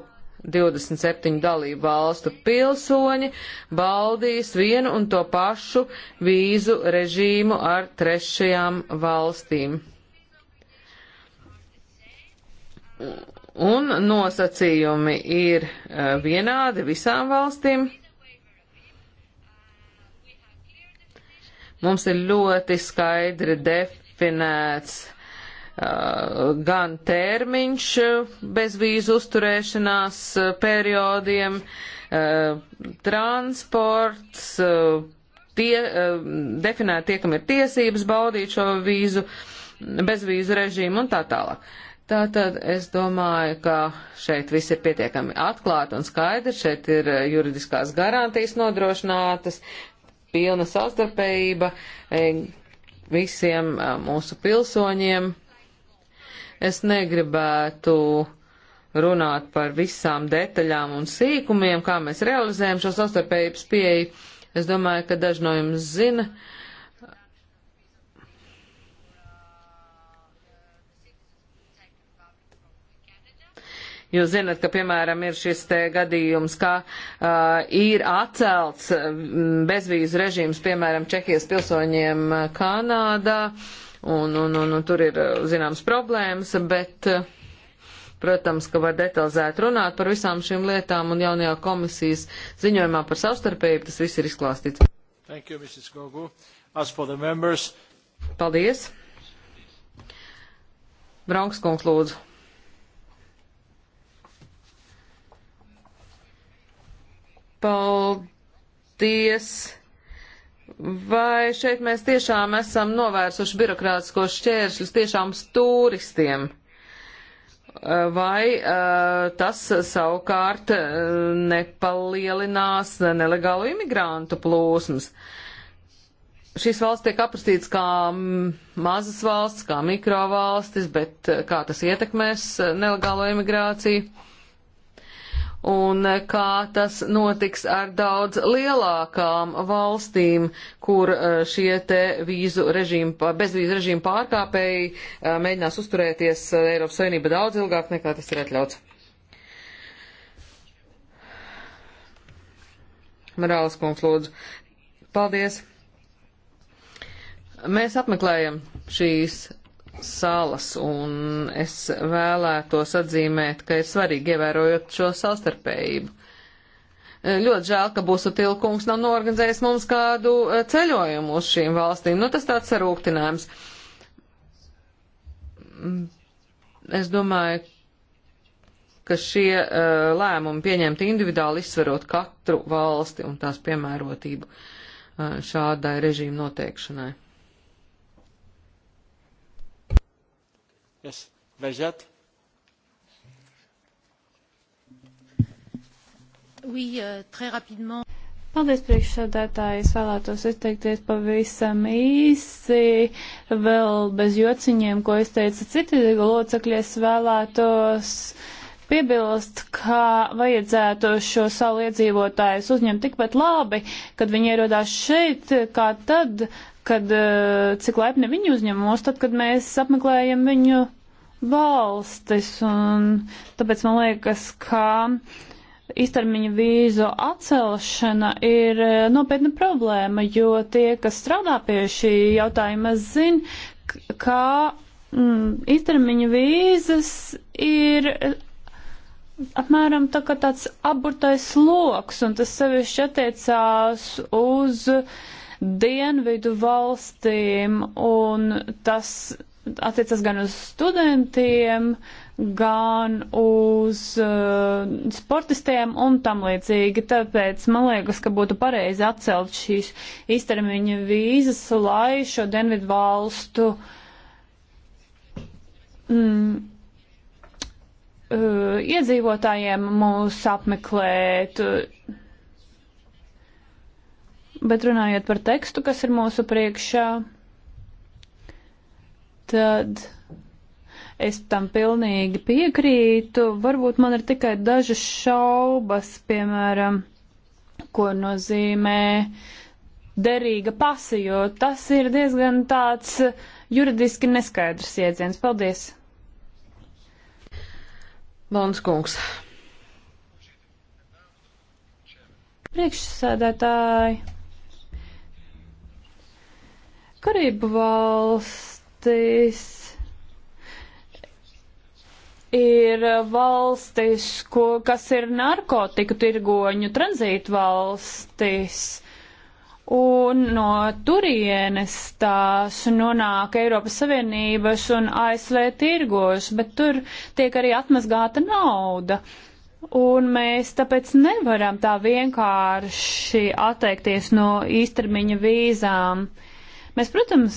27 dalību valstu pilsoņi baudīs vienu un to pašu vīzu režīmu ar trešajām valstīm un nosacījumi ir eh, vienādi visām valstīm. Mums ir ļoti skaidri definēts uh, gan termiņš eh, bezvīzu uzturēšanās periodiem, uh, transports, uh, tie, definēt tie, kam ir tiesības baudīt šo vīzu, bezvīzu režīmu un tā tālāk. Tātad es domāju, ka šeit viss ir pietiekami atklāti un skaidrs, šeit ir eh, juridiskās garantijas nodrošinātas, pilna savstarpējība eh, visiem eh, mūsu pilsoņiem. Es negribētu runāt par visām detaļām un sīkumiem, kā mēs realizējam šo savstarpējības pieeju. Es domāju, ka daži no jums zina, uh, Jūs zinat, ka, piemēram, ir šis te gadījums, ka uh, ir atcelts bezvīzu režīms, piemēram, Čehijas pilsoņiem Kanādā, un, un, un, un tur ir zināms problēmas, bet. Uh, Protams, ka var detalizēt runāt par visām šīm lietām un jaunajā komisijas ziņojumā par savstarpējību tas viss ir izklāstīts. Thank you, Mrs. Gogu. As for the members. Paldies. Braunskungs lūdzu. Paldies! Vai šeit mēs tiešām esam novērsuši birokrātiskos šķēršļus tiešām turistiem? Vai tas savukārt nepalielinās nelegālu imigrantu plūsmas? Šīs valsts tiek aprakstīts kā mazas valsts, kā mikrovalstis, bet kā tas ietekmēs nelegālo imigrāciju? un kā tas notiks ar daudz lielākām valstīm, kur eh, šie te vīzu režīmu, bezvīzu režīmu pārkāpēji eh, mēģinās uzturēties eh, Eiropas Savienība daudz ilgāk nekā tas ir atļauts. Morāles kungs lūdzu. Paldies! Mēs apmeklējam šīs salas, un es vēlētos atzīmēt, ka ir svarīgi ievērojot šo savstarpējību. Ļoti žēl, ka būsu tilkungs nav norganizējis mums kādu eh, ceļojumu uz šīm valstīm. Nu, tas tāds sarūktinājums. Es domāju, ka šie uh, lēmumi pieņemti individuāli izsverot katru valsti un tās piemērotību uh, šādai režīmu noteikšanai. Yes, Najat. Oui, euh, très rapidement. Paldies, priekšsēdētāji. Es vēlētos izteikties pavisam īsi, vēl bez jociņiem, ko izteica citi locekļi. Es vēlētos piebilst, ka vajadzētu šo salu iedzīvotājus uzņemt tikpat labi, kad viņi ierodās šeit, kā tad, kad eh, cik laipni viņi uzņemos, tad, kad mēs apmeklējam viņu valstis. Un tāpēc man liekas, ka īstermiņa vīzu atcelšana ir eh, nopietna problēma, jo tie, kas strādā pie šī jautājuma, zina, kā mm, īstermiņa vīzas ir eh, apmēram tā kā tāds aburtais loks, un tas sevišķi attiecās uz uh, dienvidu valstīm, un tas attiecas gan uz studentiem, gan uz uh, sportistiem un tam līdzīgi. Tāpēc man liekas, ka būtu pareizi atcelt šīs īstermiņa vīzas, lai šo dienvidu valstu mm, uh, iedzīvotājiem mūs apmeklēt. Uh, Bet runājot par tekstu, kas ir mūsu priekšā, tad es tam pilnīgi piekrītu. Varbūt man ir tikai dažas šaubas, piemēram, ko nozīmē derīga pasa, jo tas ir diezgan tāds juridiski neskaidrs jēdziens. Paldies! Valns kungs. Priekšsēdētāji. Karību valstis ir valstis, ko, kas ir narkotiku tirgoņu tranzītu valstis. Un no turienes tās nonāk Eiropas Savienības un ASV tirgos, bet tur tiek arī atmazgāta nauda. Un mēs tāpēc nevaram tā vienkārši atteikties no īstermiņa vīzām. Uh, Mēs, protams,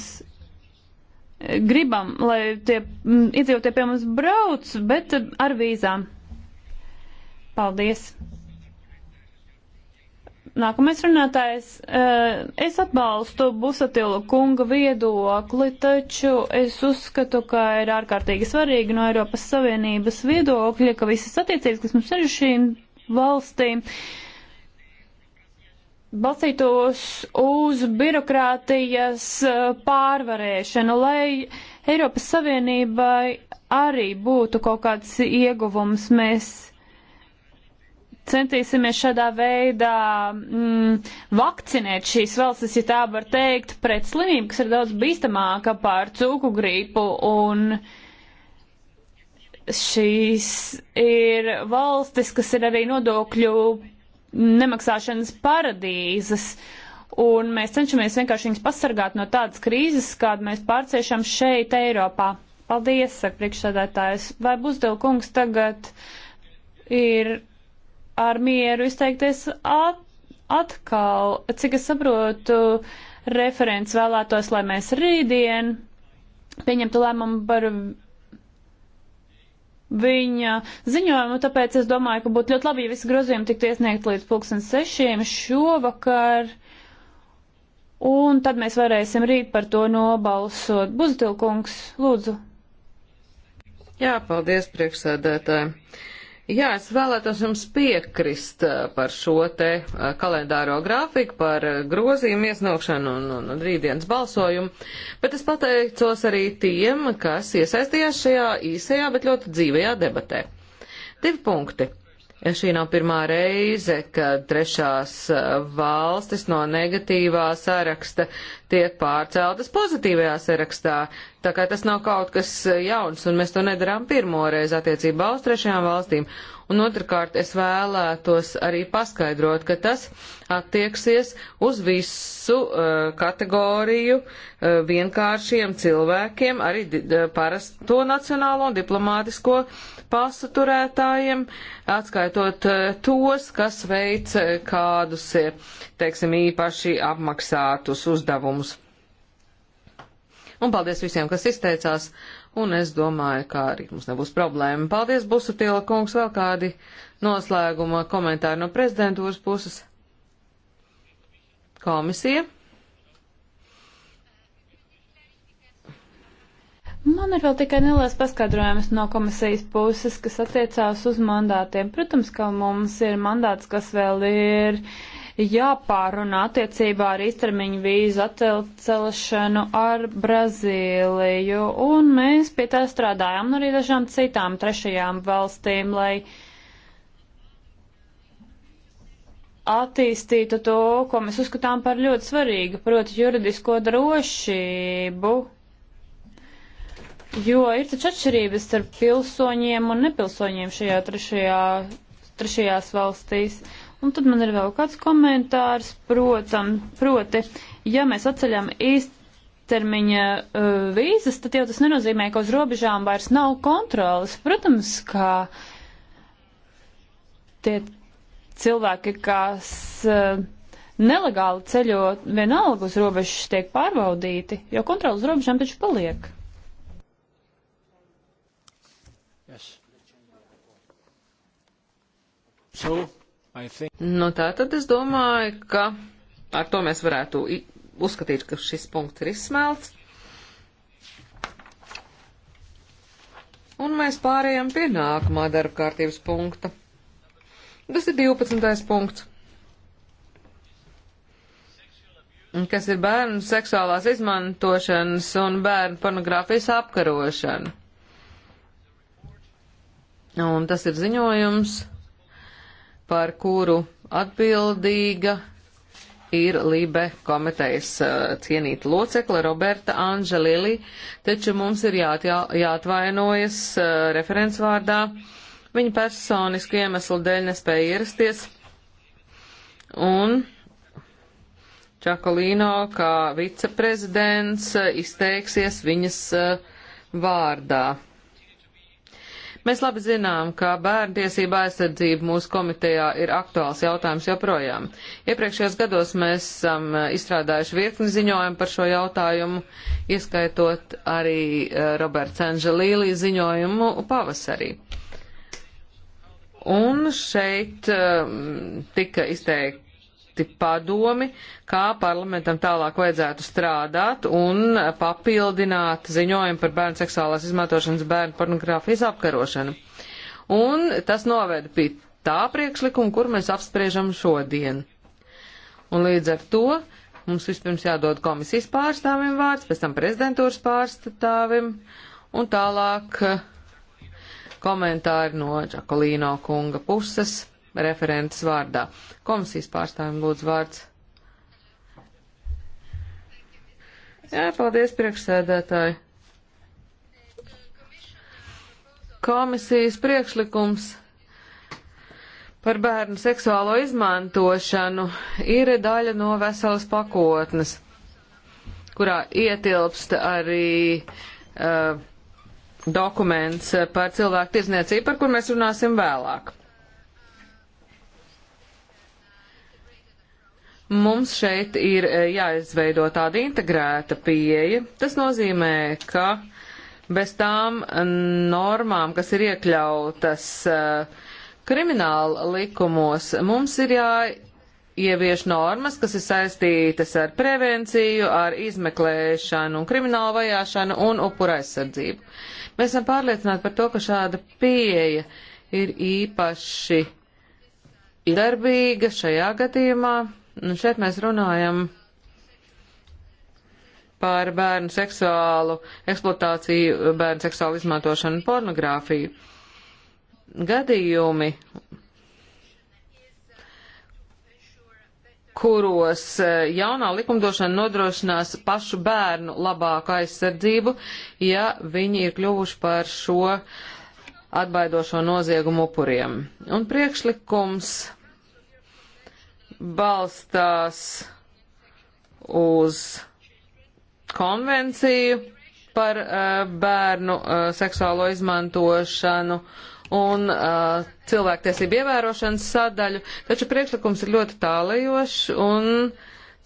gribam, lai tie mm, iedzīvotie pie mums brauc, bet ar vīzām. Paldies! Nākamais runātājs. Eh, es atbalstu Busatilu kunga viedokli, taču es uzskatu, ka ir ārkārtīgi svarīgi no Eiropas Savienības viedokļa, ka visas attiecības, kas mums ir šīm valstīm, uh, balstītos uz birokrātijas eh, pārvarēšanu, lai Eiropas Savienībai arī būtu kaut kāds ieguvums. Mēs centīsimies šādā veidā mm, vakcinēt šīs valstis, ja tā var teikt, pret slimību, kas ir daudz bīstamāka par cūku grīpu un šīs ir valstis, kas ir arī nodokļu nemaksāšanas paradīzes. Un mēs cenšamies vienkārši viņus pasargāt no tādas krīzes, kādu mēs pārciešam šeit, Eiropā. Paldies, saka priekšsādātājs. Vai Buzdila kungs tagad ir ar mieru izteikties at atkal? Cik es saprotu, referents vēlētos, lai mēs rītdien pieņemtu lēmumu par viņa ziņojumu, tāpēc es domāju, ka būtu ļoti labi, ja visi grozījumi tiktu iesniegt līdz pulksten sešiem šovakar. Un tad mēs varēsim rīt par to nobalsot. Buzitilkungs, lūdzu. Jā, paldies priekšsēdētāji. Jā, es vēlētos jums piekrist eh, par šo te eh, kalendāro grafiku, par eh, grozījumu iesniegšanu un, un, un rītdienas balsojumu, bet es pateicos arī tiem, kas iesaistījās šajā īsajā, bet ļoti dzīvajā debatē. Divi punkti. Ja šī nav pirmā reize, kad trešās valstis no negatīvā saraksta tiek pārceltas pozitīvajā sarakstā, Tā kā tas nav kaut kas e, jauns, un mēs to nedarām pirmoreiz attiecībā uz trešajām valstīm. Un otrkārt, es vēlētos arī paskaidrot, ka tas attieksies uz visu uh, kategoriju uh, vienkāršiem cilvēkiem, arī uh, parasto nacionālo un diplomātisko pasu turētājiem, atskaitot uh, tos, kas veic uh, kādus, teiksim, īpaši apmaksātus uzdevumus. Un paldies visiem, kas izteicās, un es domāju, ka arī mums nebūs problēma. Paldies, Busutila kungs, vēl kādi noslēguma komentāri no prezidentūras puses. Komisija. Man ir vēl tikai neliels paskaidrojums no komisijas puses, kas attiecās uz mandātiem. Protams, ka mums ir mandāts, kas vēl ir uh, jāpārunā attiecībā ar īstermiņu vīzu atcelšanu ar Brazīliju, un mēs pie tā strādājam, un arī dažām citām trešajām valstīm, lai attīstītu to, ko mēs uzskatām par ļoti svarīgu, proti juridisko drošību. Jo ir taču atšķirības starp pilsoņiem un nepilsoņiem šajā trešajā, trešajās valstīs. Un tad man ir vēl kāds komentārs, protam, proti, ja mēs atceļam īstermiņa uh, vīzas, tad jau tas nenozīmē, ka uz robežām vairs nav kontrolas. Protams, kā tie cilvēki, kas uh, nelegāli ceļo, vienalga uz robežas tiek pārbaudīti, jo kontrolas robežām taču paliek. Yes. So, think... Nu tā tad es domāju, ka ar to mēs varētu uzskatīt, ka šis punkts ir izsmelts. Un mēs pārējām pie nākamā darba kārtības punkta. Tas ir 12. punkts. Kas ir bērnu seksuālās izmantošanas un bērnu pornogrāfijas apkarošana. Un tas ir ziņojums par kuru atbildīga ir Lībe komitejas cienīta locekle Roberta Anželili, taču mums ir jāt, jā, jāatvainojas referents vārdā. Viņa personisku iemeslu dēļ nespēja ierasties. Un Čakolīno, kā viceprezidents, izteiksies viņas vārdā. Mēs labi zinām, ka bērnu tiesība aizsardzība mūsu komitejā ir aktuāls jautājums joprojām. Iepriekšējos gados mēs esam eh, izstrādājuši virkni ziņojumu par šo jautājumu, ieskaitot arī eh, Roberts Anželīlī ziņojumu pavasarī. Un šeit eh, tika izteikti noteikti padomi, kā parlamentam tālāk vajadzētu strādāt un papildināt ziņojumu par bērnu seksuālās izmantošanas bērnu pornogrāfijas apkarošanu. Un tas noveda pie tā priekšlikuma, kur mēs apspriežam šodien. Un līdz ar to mums vispirms jādod komisijas pārstāvim vārds, pēc tam prezidentūras pārstāvim un tālāk eh, komentāri no Čakolīno kunga puses referentes vārdā. Komisijas pārstāvim lūdzu vārds. Jā, paldies priekšsēdētāji. Komisijas priekšlikums par bērnu seksuālo izmantošanu ir daļa no veselas pakotnes, kurā ietilpst arī uh, dokuments par cilvēku tirzniecību, par kur mēs runāsim vēlāk. Mums šeit ir e, jāizveido tāda integrēta pieeja. Tas nozīmē, ka bez tām normām, kas ir iekļautas e, krimināla likumos, mums ir jāievieš normas, kas ir saistītas ar prevenciju, ar izmeklēšanu un kriminālu vajāšanu un upura aizsardzību. Mēs esam pārliecināti par to, ka šāda pieeja ir īpaši darbīga šajā gadījumā Nu, šeit mēs runājam par bērnu seksuālu eksploatāciju, bērnu seksuālu izmantošanu, pornogrāfiju. Gadījumi, kuros e, jaunā likumdošana nodrošinās pašu bērnu labāku aizsardzību, ja viņi ir kļuvuši par šo atbaidošo noziegumu upuriem. Un priekšlikums balstās uz konvenciju par uh, bērnu uh, seksuālo izmantošanu un uh, cilvēktiesību ievērošanas sadaļu, taču priekšlikums ir ļoti tālajošs un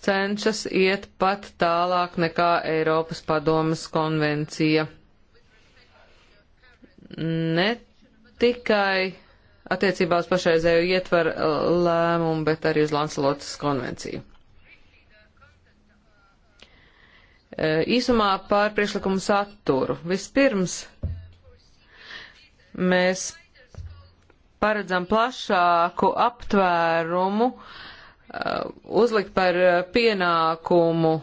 cenšas iet pat tālāk nekā Eiropas padomas konvencija. Ne tikai attiecībā uz pašreizēju ietvaru uh, lēmumu, bet arī uz Lancelotas konvenciju. Uh, īsumā pār priekšlikumu saturu. Vispirms mēs paredzam plašāku aptvērumu uh, uzlikt par pienākumu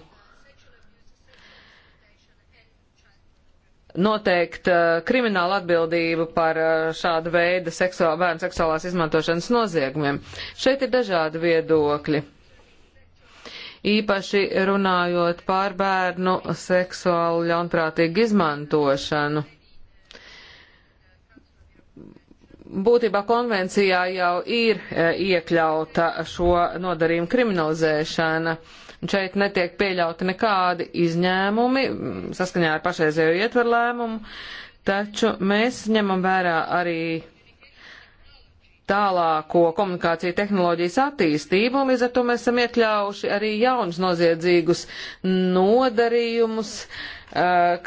noteikt uh, kriminālu atbildību par uh, šādu veidu seksuāl, bērnu seksuālās izmantošanas noziegumiem. Šeit ir dažādi viedokļi. Īpaši runājot par bērnu seksuālu ļaunprātīgu izmantošanu. Būtībā konvencijā jau ir uh, iekļauta šo nodarījumu kriminalizēšana. Uh, Un šeit netiek pieļauti nekādi izņēmumi saskaņā ar pašreizējo ietveru lēmumu, taču mēs ņemam vērā arī tālāko komunikāciju tehnoloģijas attīstību, un līdz ar to mēs esam iekļauši arī jaunus noziedzīgus nodarījumus,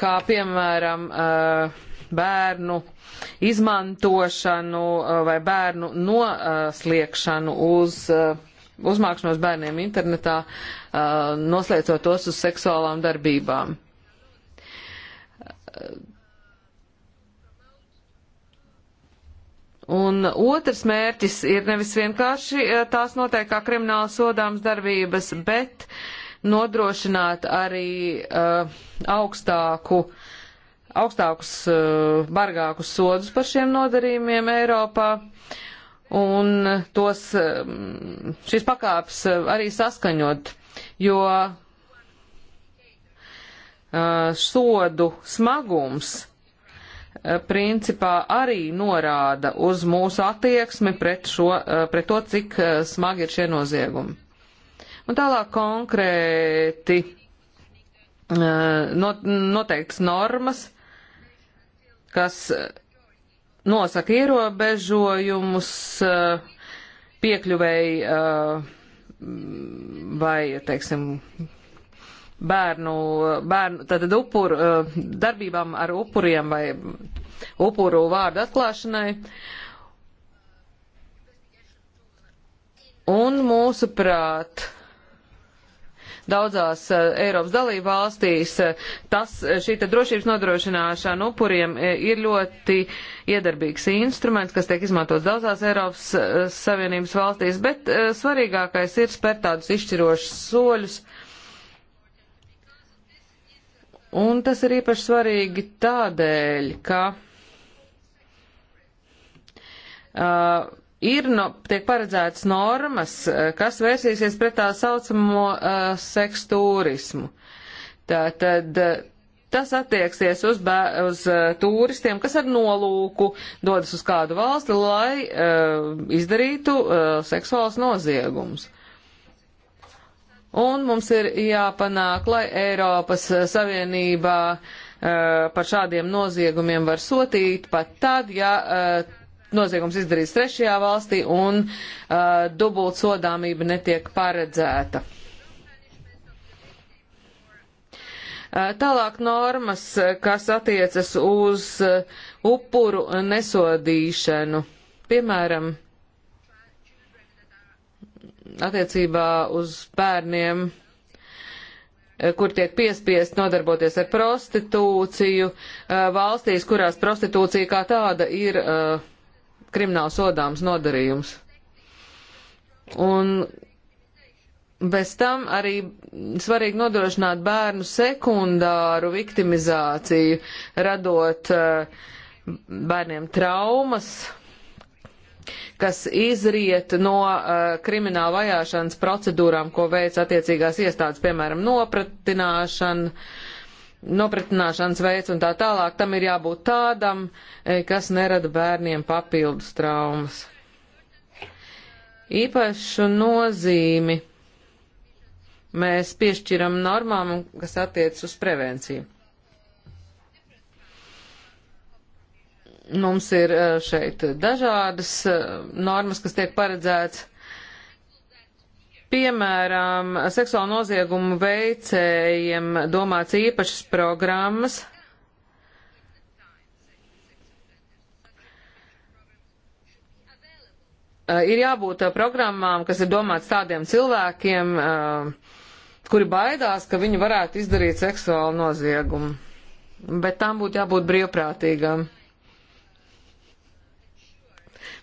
kā piemēram bērnu izmantošanu vai bērnu nosliekšanu uz uh, uzmākšanos bērniem internetā, uh, noslēdzot tos uz seksuālām darbībām. Un otrs mērķis ir nevis vienkārši tās noteikti kā krimināli sodāms darbības, bet nodrošināt arī uh, augstāku uh, augstākus, bargākus sodus par šiem nodarījumiem Eiropā un tos, um, šīs pakāpes uh, arī saskaņot, jo uh, sodu smagums uh, principā arī norāda uz mūsu attieksmi pret, šo, pret to, cik smagi ir šie noziegumi. Un tālāk konkrēti noteikts normas, kas nosaka ierobežojumus eh, piekļuvēji eh, vai, teiksim, bērnu, bērnu tātad upuru, eh, darbībām ar upuriem vai upuru vārdu atklāšanai. Un mūsuprāt, daudzās eh, Eiropas dalību valstīs eh, tas, eh, šī drošības nodrošināšana upuriem ir ļoti iedarbīgs instruments, kas tiek izmantots daudzās Eiropas Savienības valstīs, bet svarīgākais ir spērt tādus izšķirošus soļus. Un tas ir īpaši svarīgi tādēļ, ka uh, ir no, tiek paredzētas normas, eh, kas vērsīsies pret tā saucamo uh, eh, seksu turismu. Tātad eh, tas attieksies uz, bē, uz uh, turistiem, kas ar nolūku dodas uz kādu valsti, lai uh, izdarītu uh, seksuāls noziegums. Un mums ir jāpanāk, lai Eiropas Savienībā uh, par šādiem noziegumiem var sotīt pat tad, ja uh, noziegums izdarīts trešajā valstī un uh, dubult sodāmība netiek paredzēta. Uh, tālāk normas, kas attiecas uz uh, upuru nesodīšanu. Piemēram, attiecībā uz bērniem, uh, kur tiek piespiest nodarboties ar prostitūciju, uh, valstīs, kurās prostitūcija kā tāda ir uh, krimināli sodāms nodarījums. Un bez tam arī svarīgi nodrošināt bērnu sekundāru viktimizāciju, radot eh, bērniem traumas, kas izriet no uh, krimināla vajāšanas procedūrām, ko veic attiecīgās iestādes, piemēram, nopratināšana, uh, nopratināšanas veids un tā tālāk, tam ir jābūt tādam, e, kas nerada bērniem papildus traumas. Īpašu nozīmi mēs piešķiram normām, kas attiec uz prevenciju. Mums ir e, šeit dažādas e, normas, kas tiek paredzētas Piemēram, seksuālu noziegumu veicējiem domāts īpašas programmas, eh, ir jābūt eh, programmām, kas ir domāts tādiem cilvēkiem, eh, kuri baidās, ka viņi varētu izdarīt seksuālu noziegumu. Bet tam būtu jābūt brīvprātīgam.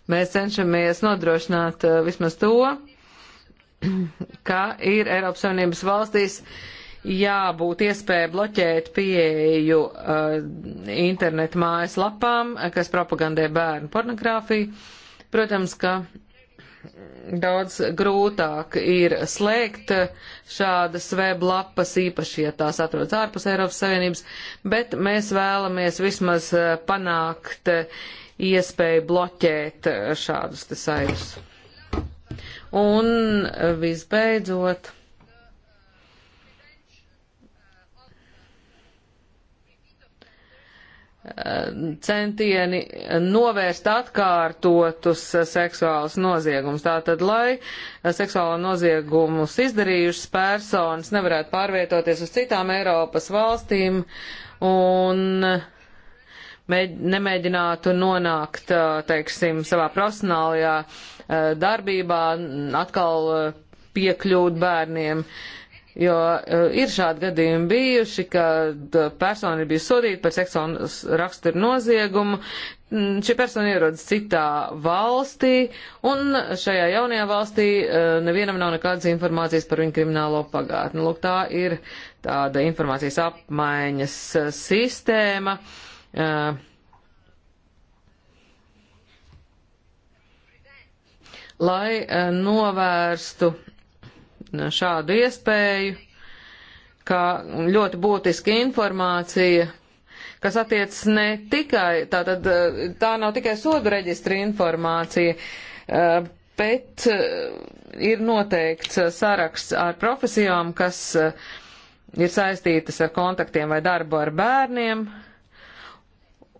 Mēs cenšamies nodrošināt vismaz to, ka ir Eiropas Savienības valstīs jābūt iespēja bloķēt pieeju uh, internetu mājas lapām, kas propagandē bērnu pornogrāfiju. Protams, ka daudz grūtāk ir slēgt šādas web lapas, īpaši, ja tās atrodas ārpus Eiropas Savienības, bet mēs vēlamies vismaz uh, panākt uh, iespēju bloķēt uh, šādus te saitus. Un eh, visbeidzot. Eh, centieni novērst atkārtotus eh, seksuālus noziegumus. Tātad, lai seksuālo noziegumus izdarījušas personas nevarētu pārvietoties uz citām Eiropas valstīm un uh, nemēģinātu nonākt, teiksim, savā profesionālajā darbībā, atkal piekļūt bērniem. Jo ir šādi gadījumi bijuši, kad persona ir bijusi sodīta par seksuālu raksturu noziegumu. Šī persona ierodas citā valstī, un šajā jaunajā valstī nevienam nav nekādas informācijas par viņu kriminālo pagātni. Lūk, tā ir tāda informācijas apmaiņas sistēma. Uh, Uh, lai uh, novērstu šādu iespēju, ka ļoti būtiska informācija, kas attiecas ne tikai, tātad uh, tā nav tikai sodu reģistra informācija, bet ir noteikts saraksts ar profesijām, kas ir saistītas ar kontaktiem vai darbu ar bērniem,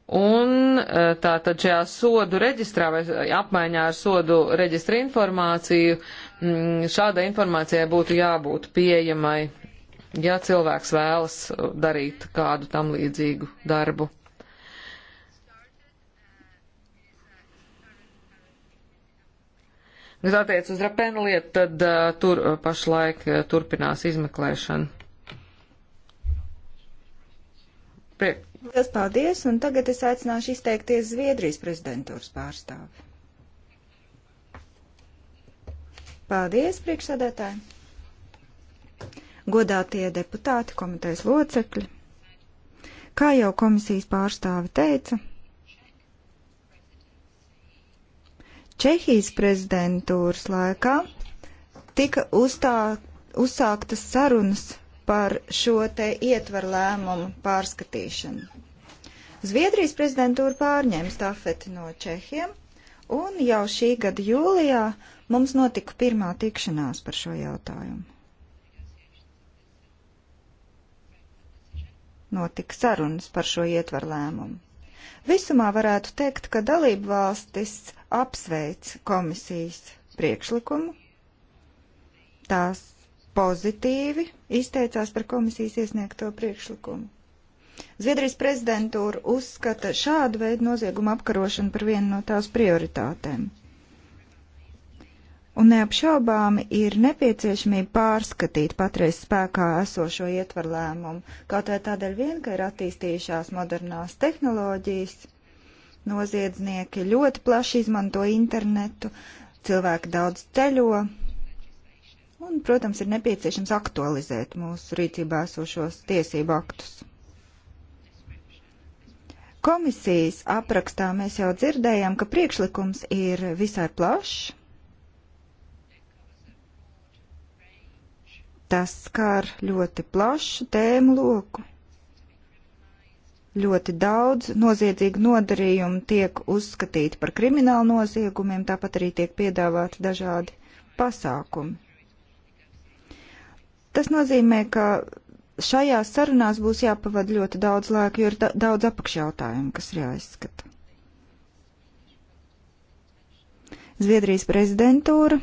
Un e, tātad šajā sodu reģistrā vai apmaiņā ar sodu reģistra informāciju mm, šādai informācijai būtu jābūt pieejamai, ja cilvēks vēlas darīt kādu tam līdzīgu darbu. Kas attiec uz rapenu lietu, tad uh, tur pašlaik uh, turpinās izmeklēšana. Priek Liels paldies, un tagad es aicināšu izteikties Zviedrijas prezidentūras pārstāvi. Paldies, priekšsēdētāji! Godātie deputāti, komitejas locekļi! Kā jau komisijas pārstāve teica, Čehijas prezidentūras laikā tika uzstā, uzsāktas sarunas par šo te ietvaru lēmumu pārskatīšanu. Zviedrijas prezidentūra pārņēma stafeti no Čehiem, un jau šī gada jūlijā mums notika pirmā tikšanās par šo jautājumu. Notika sarunas par šo ietvaru lēmumu. Visumā varētu teikt, ka dalību valstis apsveic komisijas priekšlikumu. Tās pozitīvi izteicās par komisijas iesniegto priekšlikumu. Zviedrijas prezidentūra uzskata šādu veidu noziegumu apkarošanu par vienu no tās prioritātēm. Un neapšaubāmi ir nepieciešamība pārskatīt patreiz spēkā esošo ietvaru lēmumu, kaut vai tādēļ vien, ka ir attīstījušās modernās tehnoloģijas, noziedznieki ļoti plaši izmanto internetu, cilvēki daudz ceļo, un, protams, ir nepieciešams aktualizēt mūsu rīcībā esošos tiesību aktus. Komisijas aprakstā mēs jau dzirdējām, ka priekšlikums ir visai plašs. Tas skar ļoti plašu tēmu loku. Ļoti daudz noziedzīgu nodarījumu tiek uzskatīti par kriminālu noziegumiem, tāpat arī tiek piedāvāti dažādi pasākumi. Tas nozīmē, ka šajās sarunās būs jāpavada ļoti daudz laika, jo ir da daudz apakšjautājumu, kas ir jāizskata. Zviedrijas prezidentūra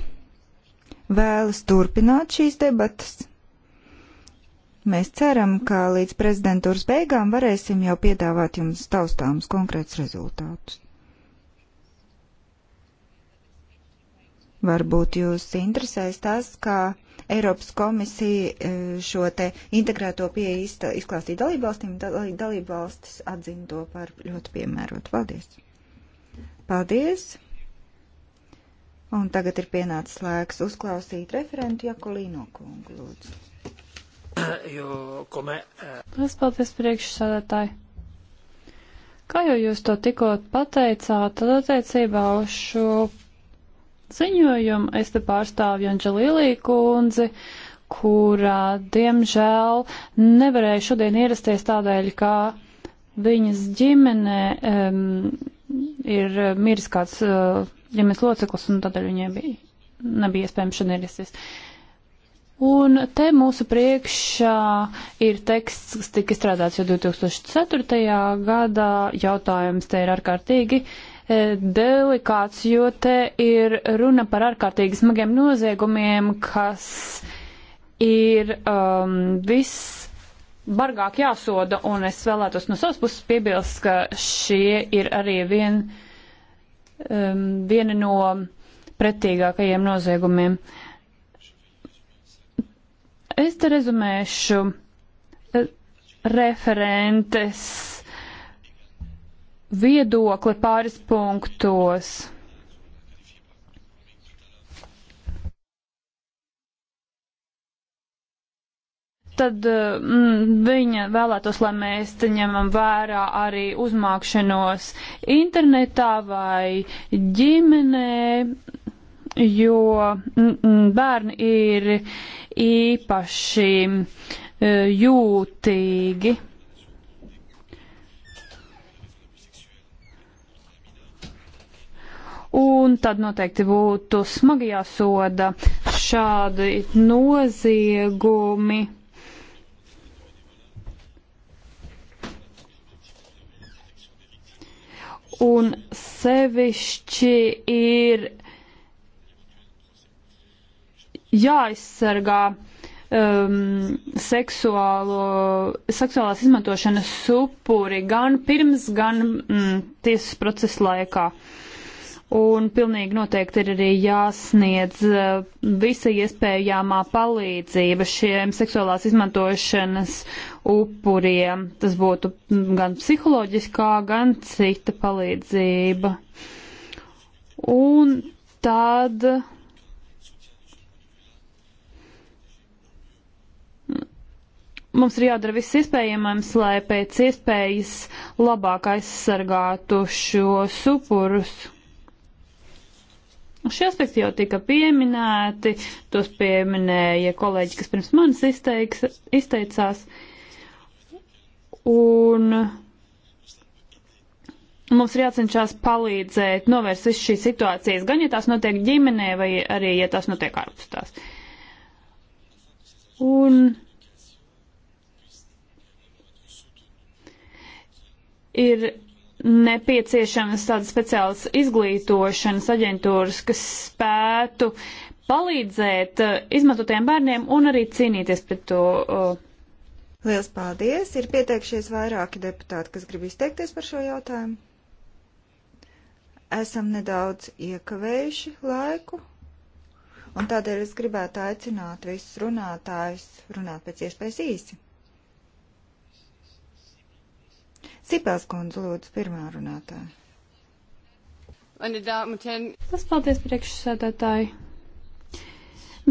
vēlas turpināt šīs debatas. Mēs ceram, ka līdz prezidentūras beigām varēsim jau piedāvāt jums taustāms konkrēts rezultātus. Varbūt jūs interesēs tas, kā Eiropas komisija e, šo te integrēto pieeju izklāstīja dalībvalstīm, dalībvalstis atzina to par ļoti piemērotu. Paldies! Paldies! Un tagad ir pienācis laiks uzklausīt referentu Jakolīno kungu, lūdzu. Eh, jo, ko mē... Eh, Lielas paldies priekšsādātāji. Kā jau jūs to tikko pateicāt, tad attiecībā uz šo ziņojumu. Es te pārstāvu Anģelīlī kundzi, kurā, diemžēl, nevarēja šodien ierasties tādēļ, kā viņas ģimenē um, ir eh, miris kāds uh, ģimenes loceklis, un tādēļ viņai bija, nebija iespējams šodien ierasties. Un te mūsu priekšā ir teksts, kas tika izstrādāts jau 2004. gadā. Jautājums te ir ārkārtīgi uh, E, delikāts, jo te ir runa par ārkārtīgi smagiem noziegumiem, kas ir um, viss bargāk jāsoda, un es vēlētos no savas puses piebilst, ka šie ir arī vien, um, viena no pretīgākajiem noziegumiem. Es te rezumēšu e, referentes viedokli pāris punktos. tad mm, viņa vēlētos, lai mēs ņemam vērā arī uzmākšanos internetā vai ģimenē, jo mm, bērni ir īpaši eh, jūtīgi. un tad noteikti būtu smagi jāsoda šādi noziegumi. Un sevišķi ir jāaizsargā um, seksuālo, seksuālās izmantošanas supuri gan pirms, gan mm, tiesas procesa laikā. Uh, un pilnīgi noteikti ir arī jāsniedz eh, visa iespējamā palīdzība šiem seksuālās izmantošanas upuriem. Tas būtu gan psiholoģiskā, gan cita palīdzība. Un tad. mums ir jādara viss iespējamais, lai pēc iespējas labāk aizsargātu šos upurus. Šie aspekti jau tika pieminēti, tos pieminēja kolēģi, kas pirms manis izteiks, izteicās. Un mums ir jācenšas palīdzēt novērst visu šīs situācijas, gan ja tās notiek ģimenē, vai arī ja tās notiek ārpus tās. Un ir nepieciešamas tādas speciālas izglītošanas aģentūras, kas spētu palīdzēt uh, izmantotiem bērniem un arī cīnīties pret to. Uh. Lielas paldies! Ir pieteikšies vairāki deputāti, kas grib izteikties par šo jautājumu. Esam nedaudz iekavējuši laiku, un tādēļ es gribētu aicināt visus runātājus runāt pēc iespējas īsi. Cipels kundze lūdzu pirmā runātāja. Tas paldies priekšsēdētāji.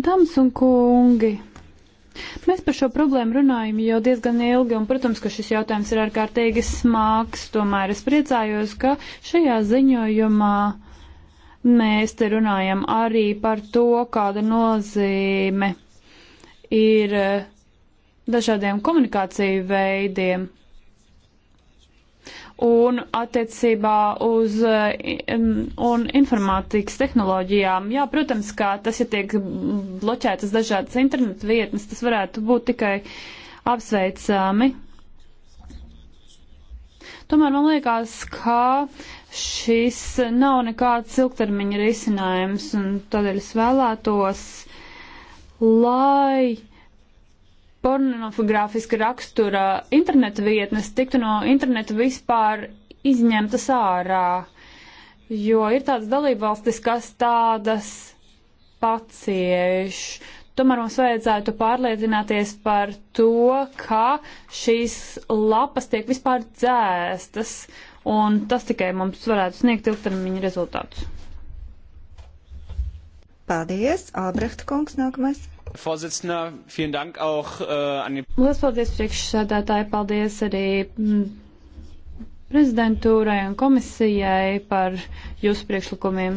Dāmas un kungi, Mēs par šo problēmu runājam jau diezgan ilgi, un, protams, ka šis jautājums ir ārkārtīgi smags. Tomēr es priecājos, ka šajā ziņojumā mēs te runājam arī par to, kāda nozīme ir eh, dažādiem komunikāciju veidiem un attiecībā uz un informātikas tehnoloģijām. Jā, protams, kā tas, ja tiek bloķētas dažādas internetu vietnes, tas varētu būt tikai apsveicami. Tomēr man liekas, ka šis nav nekāds ilgtermiņa risinājums, un tādēļ es vēlētos, lai pornogrāfiska rakstura interneta vietnes tiktu no interneta vispār izņemtas ārā, jo ir tādas dalībvalstis, kas tādas pacieš. Tomēr mums vajadzētu pārliecināties par to, ka šīs lapas tiek vispār dzēstas, un tas tikai mums varētu sniegt ilgtermiņa rezultātus. Paldies, Albrecht kungs nākamais. Vorsitzender, vielen Dank auch äh, an den. Lielas paldies priekšsēdētāji, paldies arī mm, prezidentūrai un komisijai par jūsu priekšlikumiem.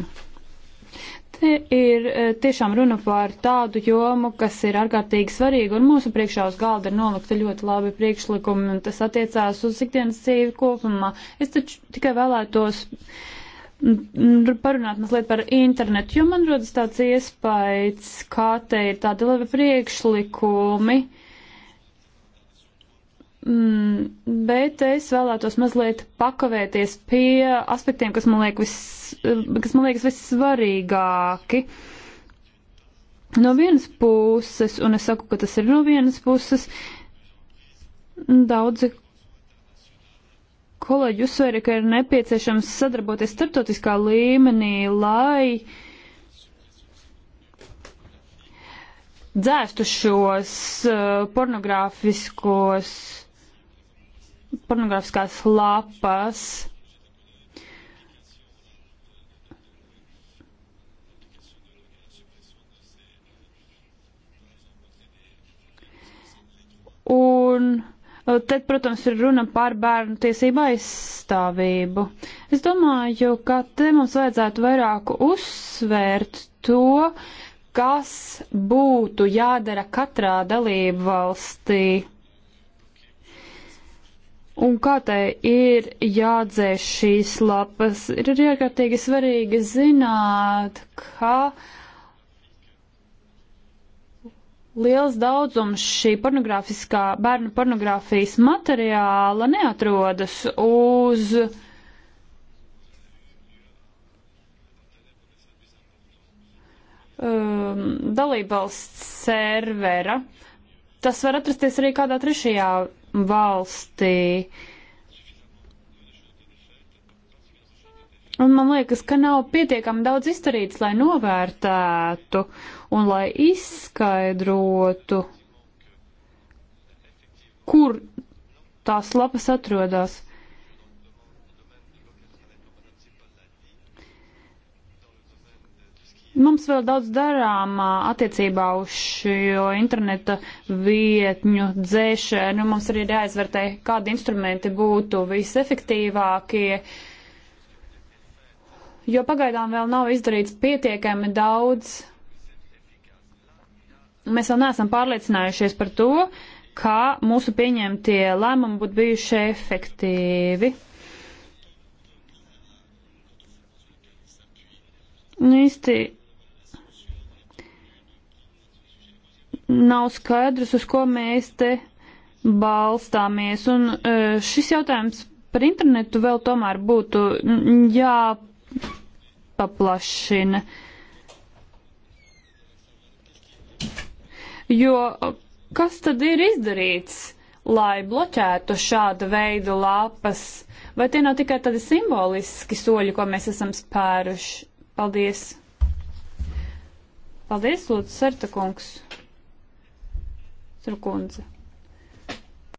Te ir e, tiešām runa par tādu jomu, kas ir ārkārtīgi svarīga, un mūsu priekšā uz galda ir nolikta ļoti labi priekšlikumi, un tas attiecās uz ikdienas dzīvi kopumā. Es taču tikai vēlētos. Uh, Mm, parunāt mazliet par internetu, jo man rodas tāds iespējas, kā te ir tādi labi priekšlikumi, mm, bet es vēlētos mazliet pakavēties pie aspektiem, kas man, liek vis, kas man liekas vissvarīgāki. No vienas puses, un es saku, ka tas ir no vienas puses, daudzi kolēģi uzsvēra, ka ir nepieciešams sadarboties starptautiskā līmenī, lai dzēstu šos uh, pornogrāfiskos, pornogrāfiskās lapas. Un Tad, protams, ir runa par bērnu tiesību aizstāvību. Es domāju, ka te mums vajadzētu vairāk uzsvērt to, kas būtu jādara katrā dalību valstī. Un kā tai ir jādzēš šīs lapas, ir ārkārtīgi svarīgi zināt, ka uh, liels daudzums šī pornogrāfiskā bērnu pornogrāfijas materiāla neatrodas uz um, dalībvalsts servera. Tas var atrasties arī kādā trešajā valstī. Un man liekas, ka nav pietiekami daudz izdarīts, lai novērtētu uh, un lai izskaidrotu, kur tās lapas atrodas. Mums vēl daudz darāmā attiecībā uz šo interneta vietņu dzēšanu. Mums arī ir jāizvērtē, kādi instrumenti būtu visefektīvākie, jo pagaidām vēl nav izdarīts pietiekami daudz, Mēs vēl neesam pārliecinājušies par to, kā mūsu pieņemtie lēmumi būtu bijuši efektīvi. Nu, īsti nav skaidrs, uz ko mēs te balstāmies. Un e, šis jautājums par internetu vēl tomēr būtu jāpaplašina. Uh, jo kas tad ir izdarīts, lai bloķētu šāda veida lapas? Vai tie nav tikai tādi simboliski soļi, ko mēs esam spēruši? Paldies! Paldies, Lūdzu, Sertakungs! Sarkundze!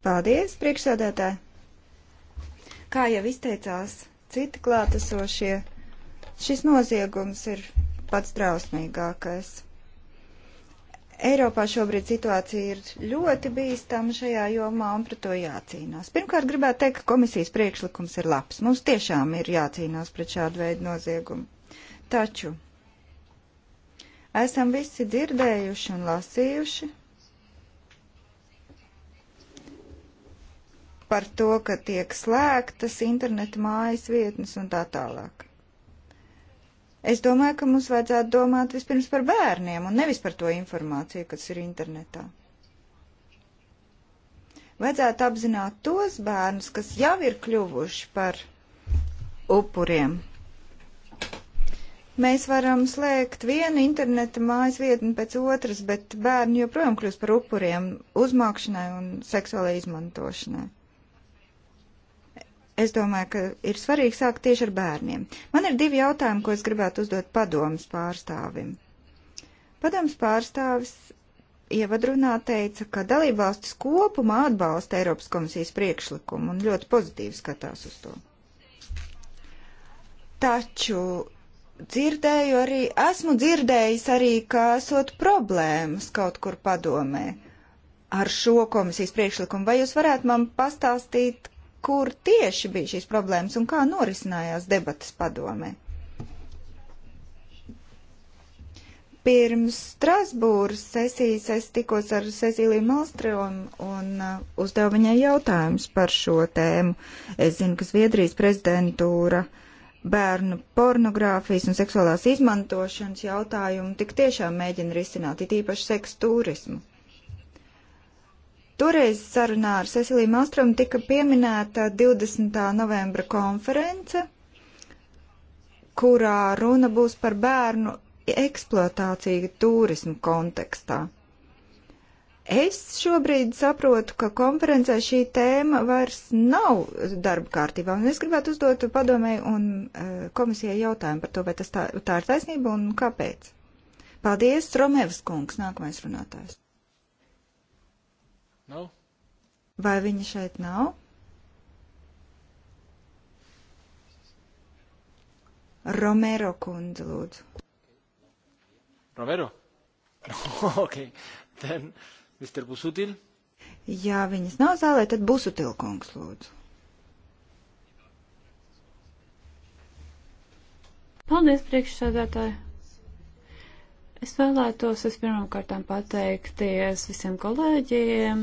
Paldies, priekšsēdētāji! Kā jau izteicās citi klātesošie, šis noziegums ir pats drausmīgākais. Eiropā šobrīd situācija ir ļoti bīstama šajā jomā un pret to jācīnās. Pirmkārt, gribētu teikt, ka komisijas priekšlikums ir labs. Mums tiešām ir jācīnās pret šādu veidu noziegumu. Taču esam visi dzirdējuši un lasījuši par to, ka tiek slēgtas interneta mājas vietnes un tā tālāk. Es domāju, ka mums vajadzētu domāt vispirms par bērniem un nevis par to informāciju, kas ir internetā. Vajadzētu apzināt tos bērnus, kas jau ir kļuvuši par upuriem. Mēs varam slēgt vienu interneta mājas vietni pēc otras, bet bērni joprojām kļūst par upuriem uzmākšanai un seksuālai izmantošanai. Es domāju, ka ir svarīgi sākt tieši ar bērniem. Man ir divi jautājumi, ko es gribētu uzdot padomas pārstāvim. Padomas pārstāvis ievadrunā teica, ka dalībvalstis kopumā atbalsta Eiropas komisijas priekšlikumu un ļoti pozitīvi skatās uz to. Taču dzirdēju arī, esmu dzirdējis arī, ka esot problēmas kaut kur padomē ar šo komisijas priekšlikumu. Vai jūs varētu man pastāstīt, kur tieši bija šīs problēmas un kā norisinājās debatas padomē. Pirms Strasbūras sesijas es tikos ar Cecīliju Malstromu un uh, uzdevu viņai jautājumus par šo tēmu. Es zinu, ka Zviedrijas prezidentūra bērnu pornogrāfijas un seksuālās izmantošanas jautājumu tik tiešām mēģina risināt, it īpaši seksu turismu. Toreiz sarunā ar Ceciliju Malstrumu tika pieminēta 20. novembra konference, kurā runa būs par bērnu eksploatāciju turismu kontekstā. Es šobrīd saprotu, ka konferencē šī tēma vairs nav darba kārtībā, un es gribētu uzdot padomēju un e, komisijai jautājumu par to, vai tas tā, tā ir taisnība un kāpēc. Paldies, Romevas kungs, nākamais runātājs. Nav? Vai viņa šeit nav? Romero kundze, lūdzu. Romero? ok. Then, Mr. Busutil? Ja viņas nav zālē, tad Busutil kungs, lūdzu. Paldies, priekšsēdētāji. Es vēlētos vispirmām kārtām pateikties visiem kolēģiem,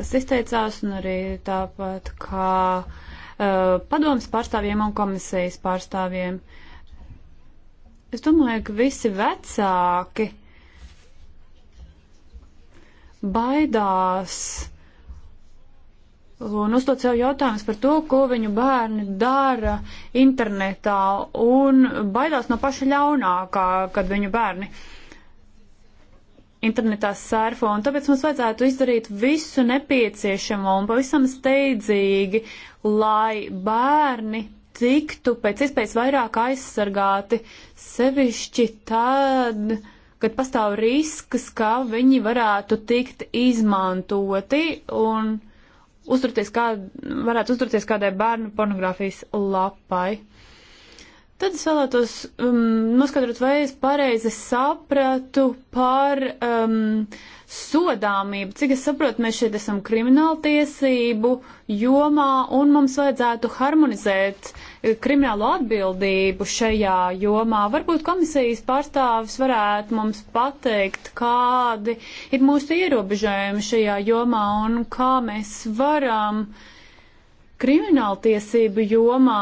kas izteicās, un arī tāpat kā uh, padomas pārstāvjiem un komisijas pārstāvjiem. Es domāju, ka visi vecāki baidās un uzdot sev jautājumus par to, ko viņu bērni dara internetā un baidās no paša ļaunākā, kad viņu bērni uh, internetā sērfo, un tāpēc mums vajadzētu izdarīt visu nepieciešamo un pavisam steidzīgi, lai bērni tiktu pēc iespējas vairāk aizsargāti, sevišķi tad, kad pastāv risks, ka viņi varētu tikt izmantoti un uzturties kā, varētu uzturties kādai bērnu pornogrāfijas lapai. Tad es vēlētos um, noskaidrot, vai es pareizi sapratu par um, sodāmību. Cik es saprotu, mēs šeit esam krimināla tiesību jomā un mums vajadzētu harmonizēt eh, kriminālu atbildību šajā jomā. Varbūt komisijas pārstāvis varētu mums pateikt, kādi ir mūsu ierobežojumi šajā jomā un kā mēs varam krimināla tiesību jomā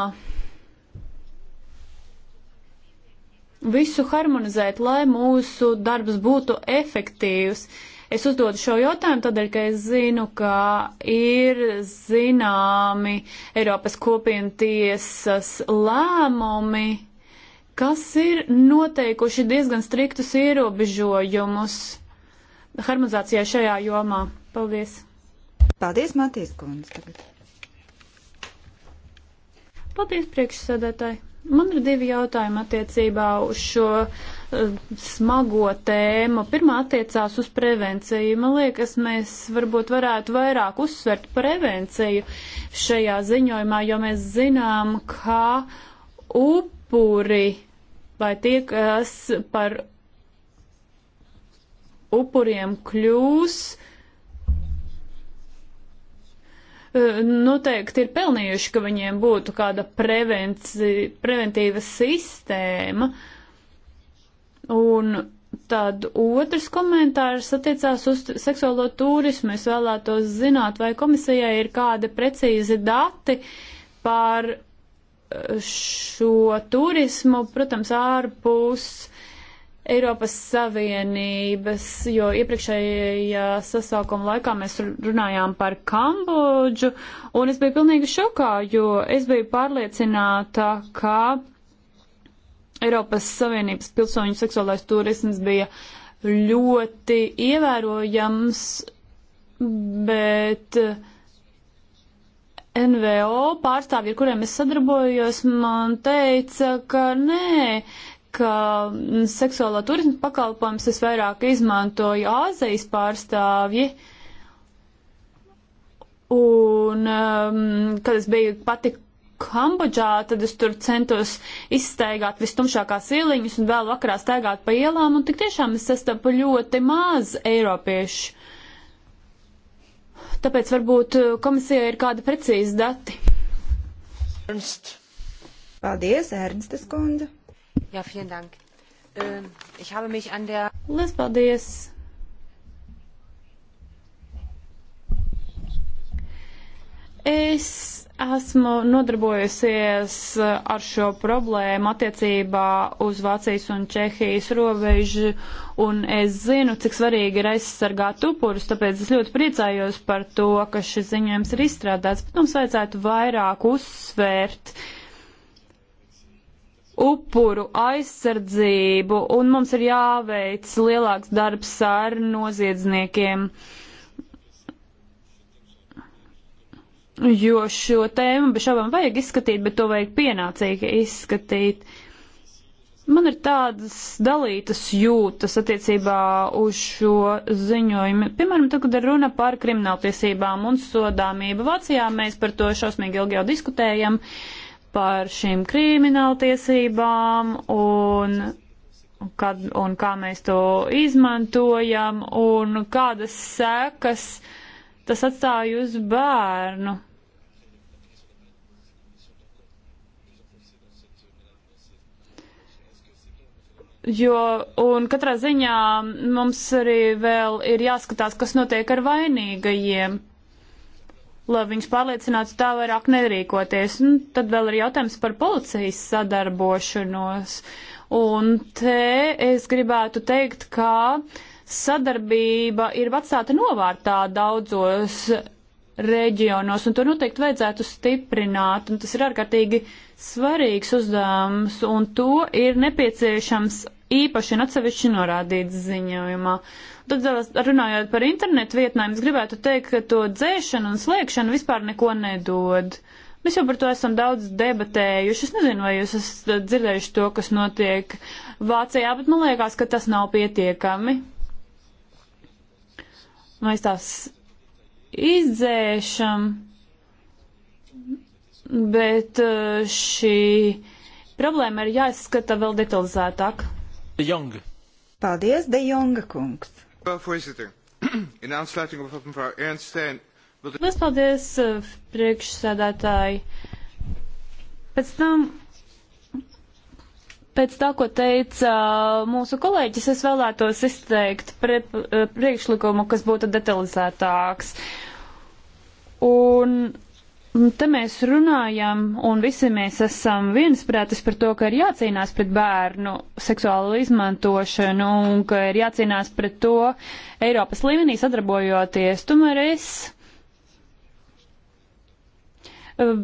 visu harmonizēt, lai mūsu darbs būtu efektīvs. Es uzdodu šo jautājumu tādēļ, ka es zinu, ka ir zināmi Eiropas kopienu tiesas lēmumi, kas ir noteikuši diezgan striktus ierobežojumus harmonizācijai šajā jomā. Paldies! Paldies, Matīs Kundze! Paldies, priekšsēdētāji! Man ir divi jautājumi attiecībā uz šo uh, smago tēmu. Pirmā attiecās uz prevenciju. Man liekas, mēs varbūt varētu vairāk uzsvert prevenciju šajā ziņojumā, jo mēs zinām, kā upuri vai tie, kas par upuriem kļūs, uh, Eh, noteikti ir pelnījuši, ka viņiem būtu kāda preventīva sistēma. Un tad otrs komentārs attiecās uz seksuālo turismu. Es vēlētos zināt, vai komisijai ir kādi precīzi dati par eh, šo turismu, protams, ārpus Eiropas Savienības, jo iepriekšējā sasaukuma laikā mēs runājām par Kambodžu, un es biju pilnīgi šokā, jo es biju pārliecināta, ka Eiropas Savienības pilsoņu seksuālais turisms bija ļoti ievērojams, bet NVO pārstāvji, ar kuriem es sadarbojos, man teica, ka nē, ka mm, seksuālā turisma pakalpojums es vairāk izmantoju Āzijas pārstāvji. Un, um, kad es biju pati Kambodžā, tad es tur centos izstaigāt vistumšākās ieliņas un vēl vakarā staigāt pa ielām, un tik tiešām es sastapu ļoti maz eiropiešu. Tāpēc varbūt komisijai ir kādi precīzi dati. Ernst. Paldies, Ernstes kundze. Jā, vielen dank. Uh, ich habe mich an der... Lies paldies! Es esmu nodarbojusies uh, ar šo problēmu attiecībā uz Vācijas un Čehijas robežu, un es zinu, cik svarīgi ir aizsargāt upurus, tāpēc es ļoti priecājos par to, ka šis ziņojums ir izstrādāts, bet mums vajadzētu vairāk uzsvērt uh, upuru aizsardzību, un mums ir jāveic lielāks darbs ar noziedzniekiem. Jo šo tēmu bez šaubām vajag izskatīt, bet to vajag pienācīgi izskatīt. Man ir tādas dalītas jūtas attiecībā uz šo ziņojumu. Piemēram, tad, kad ir runa par krimināltiesībām un sodāmību. Vācijā mēs par to šausmīgi ilgi jau diskutējam. Uh, par šīm krimināltiesībām un, kad, un kā mēs to izmantojam un kādas sekas tas atstāja uz bērnu. Jo, un katrā ziņā mums arī vēl ir jāskatās, kas notiek ar vainīgajiem lai viņus pārliecinātu tā vairāk nerīkoties. Un nu, tad vēl ir jautājums par policijas sadarbošanos. Un te es gribētu teikt, ka sadarbība ir atstāta novārtā daudzos reģionos, un to noteikti vajadzētu stiprināt, un tas ir ārkārtīgi svarīgs uzdevums, un to ir nepieciešams īpaši un atsevišķi norādīts ziņojumā. Tad, runājot par internetu vietnēm, es gribētu teikt, ka to dzēšana un slēgšana vispār neko nedod. Mēs jau par to esam daudz debatējuši. Es nezinu, vai jūs esat dzirdējuši to, kas notiek Vācijā, bet man liekas, ka tas nav pietiekami. Mēs tās izdzēšam, bet šī problēma ir jāizskata vēl detalizētāk. De Jong. Paldies, De Jonga kungs. Liels paldies, eh, priekšsēdētāji. Pēc tam, pēc tā, ko teica eh, mūsu kolēģis, es vēlētos izteikt pre, eh, priekšlikumu, kas būtu detalizētāks. Un Un mm, te mēs runājam, un visi mēs esam viensprātis par to, ka ir jācīnās pret bērnu seksuālu izmantošanu un ka ir jācīnās pret to Eiropas līmenī sadarbojoties. Tomēr es eh,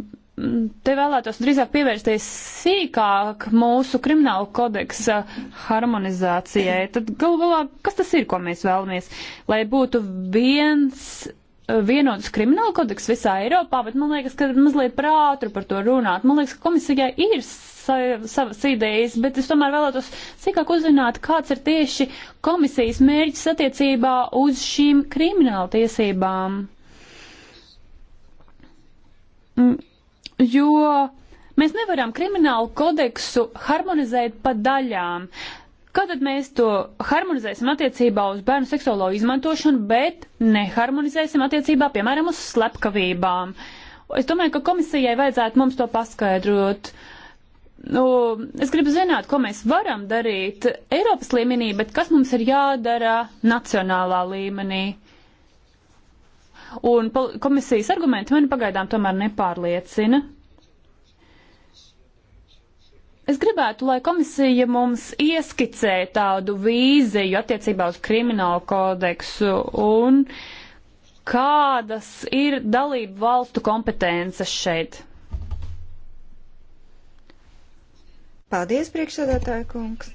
te vēlētos drīzāk pievērsties sīkāk mūsu kriminālu kodeksa harmonizācijai. Tad galu galā, kas tas ir, ko mēs vēlamies? Lai būtu viens vienots krimināla kodeks visā Eiropā, bet man liekas, ka mazliet par ātru par to runāt. Man liekas, ka komisijai ir savas idejas, bet es tomēr vēlētos sīkāk uzzināt, kāds ir tieši komisijas mērķis attiecībā uz šīm krimināla tiesībām. Mm, jo mēs nevaram kriminālu kodeksu harmonizēt pa daļām. Uh, Kā tad mēs to harmonizēsim attiecībā uz bērnu seksuālo izmantošanu, bet neharmonizēsim attiecībā, piemēram, uz slepkavībām? Es domāju, ka komisijai vajadzētu mums to paskaidrot. Nu, es gribu zināt, ko mēs varam darīt Eiropas līmenī, bet kas mums ir jādara nacionālā līmenī. Un komisijas argumenti mani pagaidām tomēr nepārliecina. Es gribētu, lai komisija mums ieskicē tādu vīziju attiecībā uz kriminālu kodeksu un kādas ir dalību valstu kompetences šeit. Paldies, priekšsēdētāja kungs.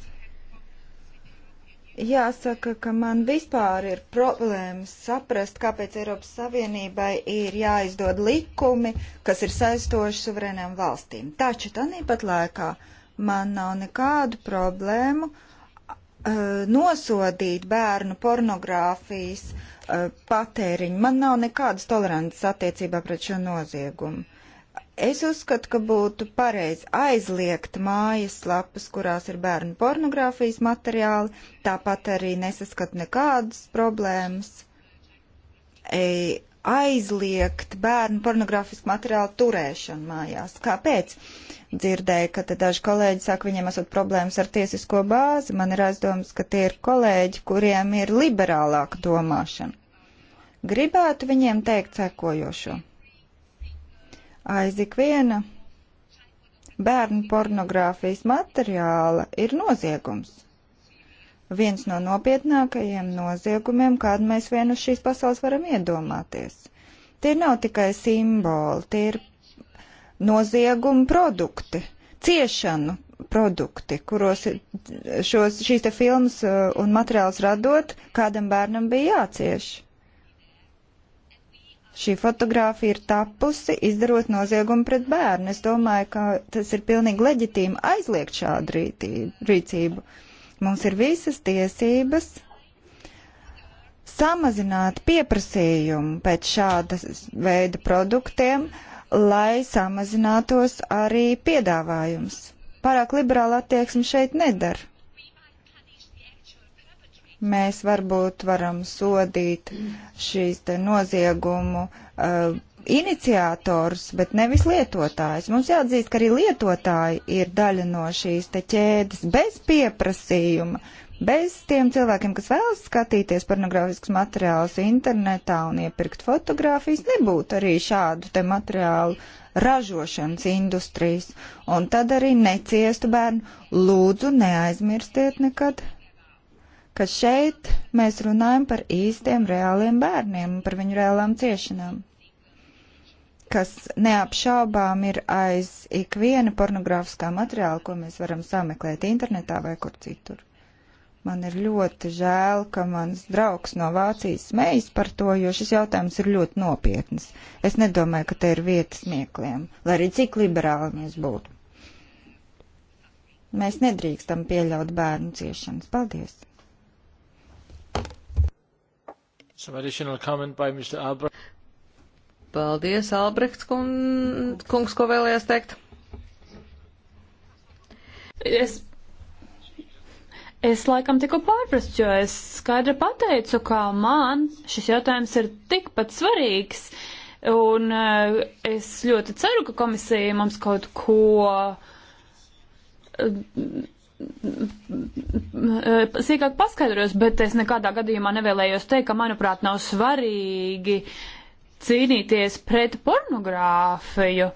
Jāsaka, ka man vispār ir problēmas saprast, kāpēc Eiropas Savienībai ir jāizdod likumi, kas ir saistoši suverēnām valstīm. Taču tāpat laikā Man nav nekādu problēmu eh, nosodīt bērnu pornogrāfijas eh, patēriņu. Man nav nekādas tolerances attiecībā pret šo noziegumu. Es uzskatu, ka būtu pareizi aizliegt mājas lapas, kurās ir bērnu pornogrāfijas materiāli, tāpat arī nesaskat nekādas problēmas. Ei, aizliegt bērnu pornogrāfisku materiālu turēšanu mājās. Kāpēc? Uh, dzirdēju, ka daži kolēģi saka, viņiem esot problēmas ar tiesisko bāzi. Man ir aizdomas, ka tie ir kolēģi, kuriem ir liberālāka domāšana. Gribētu viņiem teikt sekojošo. Aiz ikviena bērnu pornogrāfijas materiāla ir noziegums. Viens no nopietnākajiem noziegumiem, kādu mēs vienu šīs pasaules varam iedomāties. Tie nav tikai simboli, tie ir noziegumu produkti, ciešanu produkti, kuros šos, šīs te filmas uh, un materiāls radot, kādam bērnam bija jācieš. Šī fotografija ir tapusi, izdarot noziegumu pret bērnu. Es domāju, ka tas ir pilnīgi leģitīmi aizliegt šādu rīcību. Mums ir visas tiesības samazināt pieprasījumu pēc šāda veida produktiem, uh, lai samazinātos arī piedāvājums. Pārāk liberāla attieksme šeit nedara mēs varbūt varam sodīt šīs te noziegumu uh, iniciators, bet nevis lietotājs. Mums jāatzīst, ka arī lietotāji ir daļa no šīs te ķēdes bez pieprasījuma. Uh, Bez tiem cilvēkiem, kas vēlas skatīties pornogrāfiskus materiālus internetā un iepirkt fotogrāfijas, nebūtu arī šādu te materiālu ražošanas industrijas, un tad arī neciestu bērnu. Lūdzu, neaizmirstiet nekad, ka šeit mēs runājam par īstiem reāliem bērniem un par viņu reālām ciešanām kas neapšaubām ir aiz ikviena pornogrāfiskā materiāla, ko mēs varam sameklēt internetā vai kur citur. Man ir ļoti žēl, ka mans draugs no Vācijas smējas par to, jo šis jautājums ir ļoti nopietns. Es nedomāju, ka te ir vieta smiekliem, lai arī cik liberāli mēs būtu. Mēs nedrīkstam pieļaut bērnu ciešanas. Paldies! Paldies, Albrechts kungs, ko vēlējās teikt? Es Es laikam tiku pārprasts, jo es skaidri pateicu, ka man šis jautājums ir tikpat svarīgs, un eh, es ļoti ceru, ka komisija mums kaut ko eh, eh, sīkāk paskaidros, bet es nekādā gadījumā nevēlējos teikt, ka, manuprāt, nav svarīgi cīnīties pret pornogrāfiju.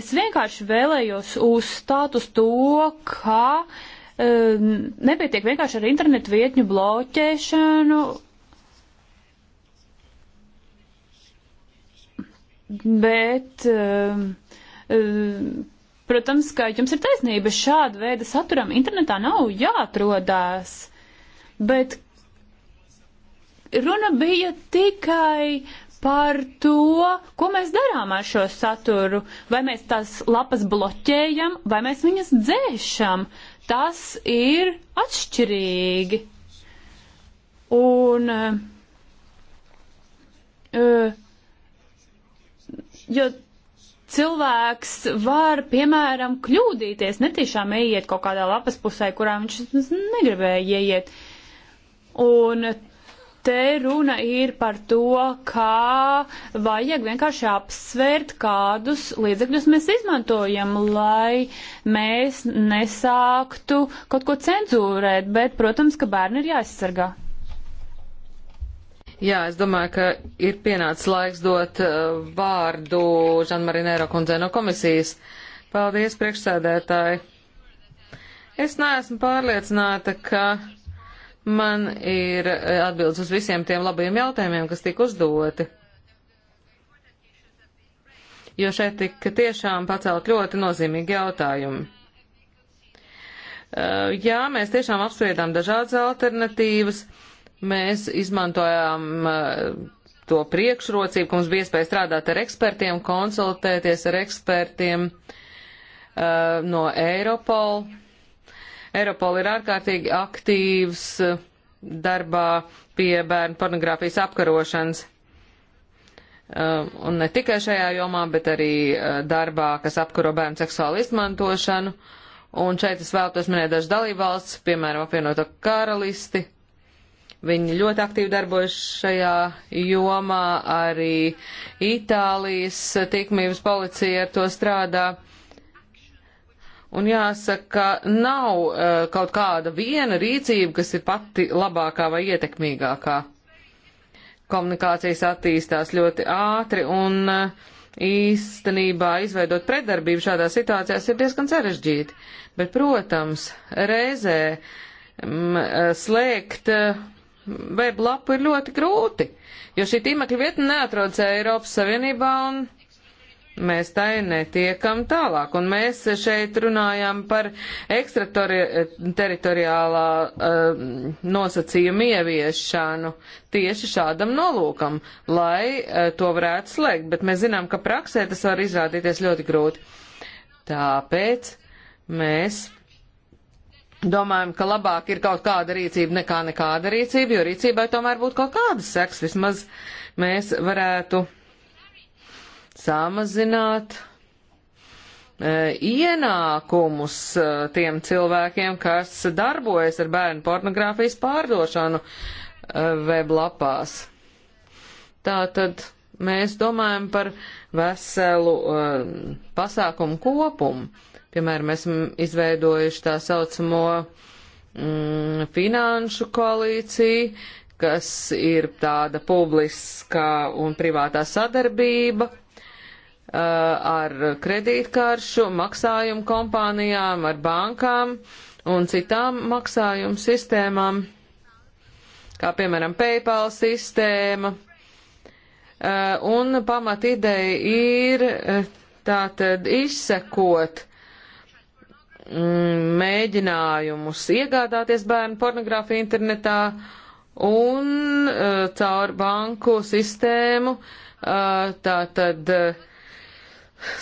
Es vienkārši vēlējos uzstāt uz to, ka uh, Ehm, nepietiek vienkārši ar internetu vietņu bloķēšanu. Bet, ehm, ehm, protams, ka jums ir taisnība, šāda veida saturam internetā nav jāatrodās. Bet runa bija tikai par to, ko mēs darām ar šo saturu. Vai mēs tās lapas bloķējam, vai mēs viņas dzēšam. Uh, tas ir atšķirīgi. Un, eh, eh, jo cilvēks var, piemēram, kļūdīties, netīšām ieiet kaut kādā lapas pusē, kurā viņš negribēja ieiet. Un Te runa ir par to, kā vajag vienkārši apsvērt, kādus līdzekļus mēs izmantojam, lai mēs nesāktu kaut ko cenzūrēt, bet, protams, ka bērni ir jāizsargā. Jā, es domāju, ka ir pienācis laiks dot uh, vārdu Žanmarinēro kundzei no komisijas. Paldies, priekšsēdētāji. Es neesmu pārliecināta, ka Man ir eh, atbildes uz visiem tiem labajiem jautājumiem, kas tika uzdoti. Jo šeit tika tiešām pacelt ļoti nozīmīgi jautājumi. Eh, jā, mēs tiešām apspriedām dažādas alternatīvas. Mēs izmantojām eh, to priekšrocību, ka mums bija iespēja strādāt ar ekspertiem, konsultēties ar ekspertiem no Eiropola Eiropola ir ārkārtīgi aktīvs eh, darbā pie bērnu pornogrāfijas apkarošanas. Eh, un ne tikai šajā jomā, bet arī eh, darbā, kas apkaro bērnu seksuālu izmantošanu. Un šeit es vēlos minēt dažas dalībvalsts, piemēram, apvienoto karalisti. Viņi ļoti aktīvi darbojas šajā jomā, arī Itālijas tikmības policija ar to strādā. Uh, Un jāsaka, nav uh, kaut kāda viena rīcība, kas ir pati labākā vai ietekmīgākā. Komunikācijas attīstās ļoti ātri un uh, īstenībā izveidot predarbību šādās situācijās ir diezgan sarežģīti. Bet, protams, reizē m, mm, eh, slēgt web lapu ir ļoti grūti, jo šī tīmekļa vietne neatrodas Eiropas Savienībā un mēs tai netiekam tālāk. Un mēs šeit runājam par ekstrateritoriālā uh, eh, nosacījuma ieviešanu tieši šādam nolūkam, lai uh, to varētu slēgt, bet mēs zinām, ka praksē tas var izrādīties ļoti grūti. Tāpēc mēs domājam, ka labāk ir kaut kāda rīcība nekā nekāda rīcība, jo rīcībai tomēr būtu kaut kādas seks, vismaz mēs varētu samazināt e, ienākumus e, tiem cilvēkiem, kas darbojas ar bērnu pornogrāfijas pārdošanu e, weblapās. Tātad mēs domājam par veselu pasākumu kopumu. Piemēram, esam izveidojuši tā saucamo mm, finanšu koalīciju, kas ir tāda publiskā un privātā sadarbība Uh, ar kredītkaršu, maksājumu kompānijām, ar bankām un citām maksājumu sistēmām, kā piemēram PayPal sistēma. Uh, un pamat ideja ir uh, tātad izsekot mm, mēģinājumus iegādāties bērnu pornogrāfiju internetā un caur banku sistēmu tātad uh,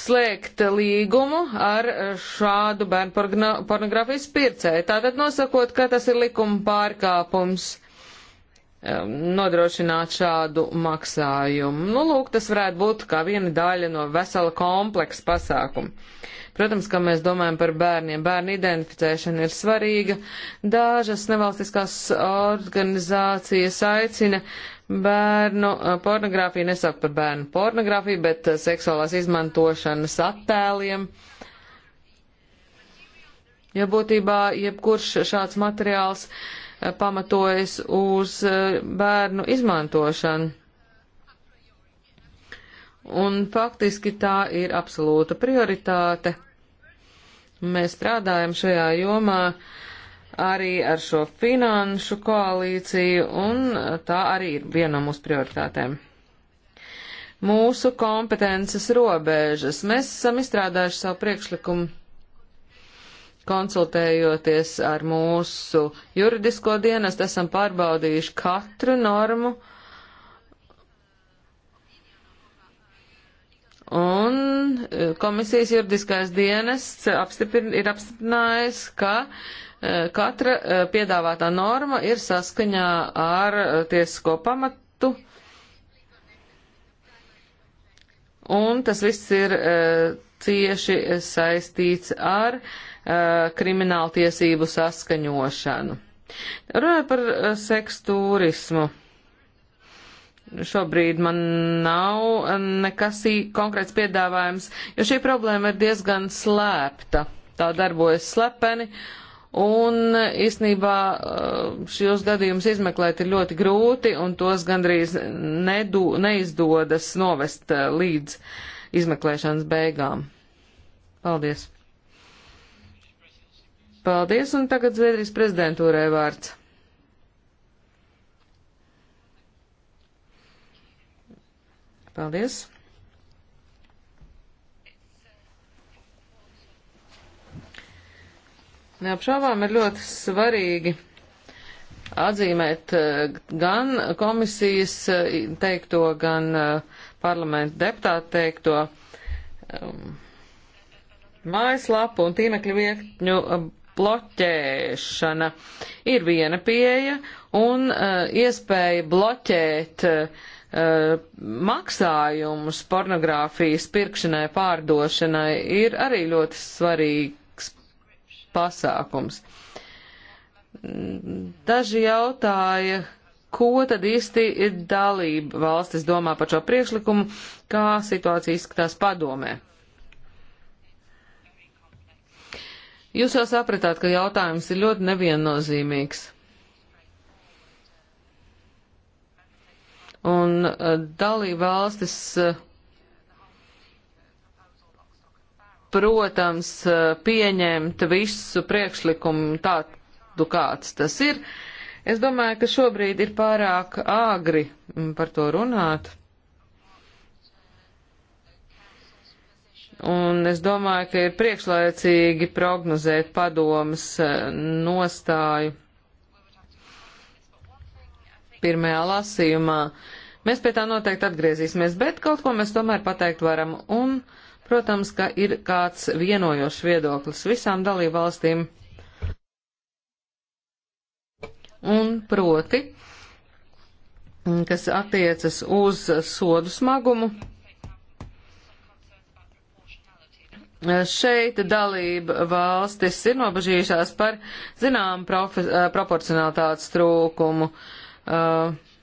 slēgt līgumu ar šādu bērnu pornogrāfijas pircēju. Tātad nosakot, ka tas ir likuma pārkāpums um, nodrošināt šādu maksājumu. Nu, lūk, tas varētu būt kā viena daļa no vesela kompleksa pasākuma. Protams, ka mēs domājam par bērniem. Bērnu identificēšana ir svarīga. Dažas nevalstiskās organizācijas aicina Bērnu pornogrāfiju nesaka par bērnu pornogrāfiju, bet seksuālās izmantošanas attēliem. Ja būtībā jebkurš šāds materiāls pamatojas uz bērnu izmantošanu. Un faktiski tā ir absolūta prioritāte. Mēs strādājam šajā jomā. Uh, arī ar šo finanšu koalīciju, un tā arī ir viena no mūsu prioritātēm. Mūsu kompetences robežas. Mēs esam izstrādājuši savu priekšlikumu konsultējoties ar mūsu juridisko dienestu, esam pārbaudījuši katru normu. Un eh, komisijas juridiskais dienests apstiprin, ir apstiprinājis, ka Katra eh, piedāvātā norma ir saskaņā ar eh, tiesisko pamatu, un tas viss ir eh, cieši saistīts ar kriminālu tiesību saskaņošanu. Runājot par seksu turismu. Šobrīd man nav nekas konkrēts piedāvājums, jo šī problēma ir diezgan slēpta. Tā darbojas slepeni, uh, Un īstenībā eh, šos gadījumus izmeklēt ir ļoti grūti, un tos gandrīz nedu, neizdodas novest eh, līdz izmeklēšanas beigām. Paldies! Paldies, un tagad Zviedrijas prezidentūrē vārds. Paldies! Neapšaubām ir ļoti svarīgi atzīmēt eh, gan komisijas eh, teikto, gan eh, parlamentu deputātu teikto um, mājaslapu un tīmekļu vietņu um, bloķēšana ir viena pieeja un iespēja bloķēt maksājumus pornogrāfijas pirkšanai, pārdošanai ir arī ļoti svarīga pasākums. Daži jautāja, ko tad īsti dalība valstis domā par šo priekšlikumu, kā situācija izskatās padomē. Jūs jau sapratāt, ka jautājums ir ļoti neviennozīmīgs. Un eh, dalība valstis uh, protams, eh, pieņemt visu priekšlikumu tādu, kāds tas ir. Es domāju, ka šobrīd ir pārāk āgri mm, par to runāt. Un es domāju, ka ir priekšlaicīgi prognozēt padomas eh, nostāju pirmajā lasījumā. Mēs pie tā noteikti atgriezīsimies, bet kaut ko mēs tomēr pateikt varam. Un uh, Protams, ka ir kāds vienojošs viedoklis visām dalībvalstīm. Un proti, kas attiecas uz sodu smagumu. Šeit dalība valstis ir nobežījušās par zinām eh, proporcionalitātes trūkumu, eh,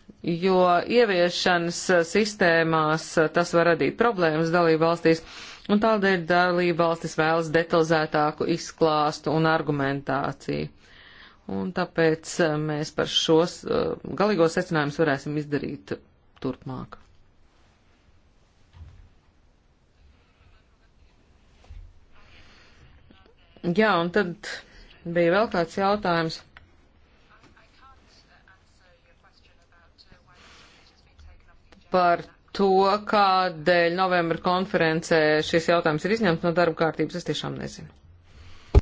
jo ieviešanas sistēmās tas var radīt problēmas dalība valstīs un tādēļ dalība valstis vēlas detalizētāku izklāstu un argumentāciju. Un tāpēc eh, mēs par šos eh, galīgos secinājumus varēsim izdarīt turpmāk. Jā, un tad bija vēl kāds jautājums. Par to, kādēļ novembra konferencē šis jautājums ir izņemts no darba kārtības, es tiešām nezinu.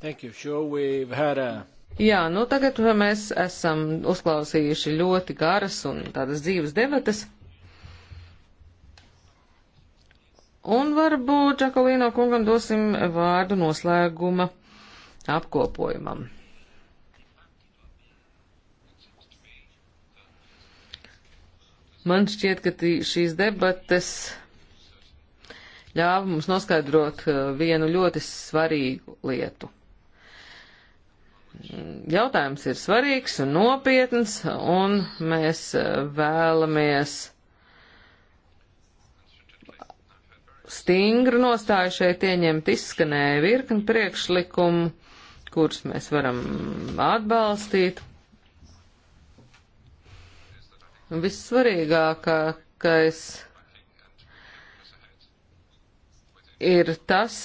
Thank you. Sure, we've had a... Jā, nu tagad mēs esam uzklausījuši ļoti garas un tādas dzīves debatas. Un varbūt Čakolīno kungam dosim vārdu noslēguma apkopojumam. Man šķiet, ka tī, šīs debates ļāva mums noskaidrot uh, vienu ļoti svarīgu lietu. Jautājums ir svarīgs un nopietns, un mēs uh, vēlamies stingru nostāju šeit ieņemt izskanēja virkni priekšlikumu, kurus mēs varam atbalstīt, Vissvarīgākais ir tas,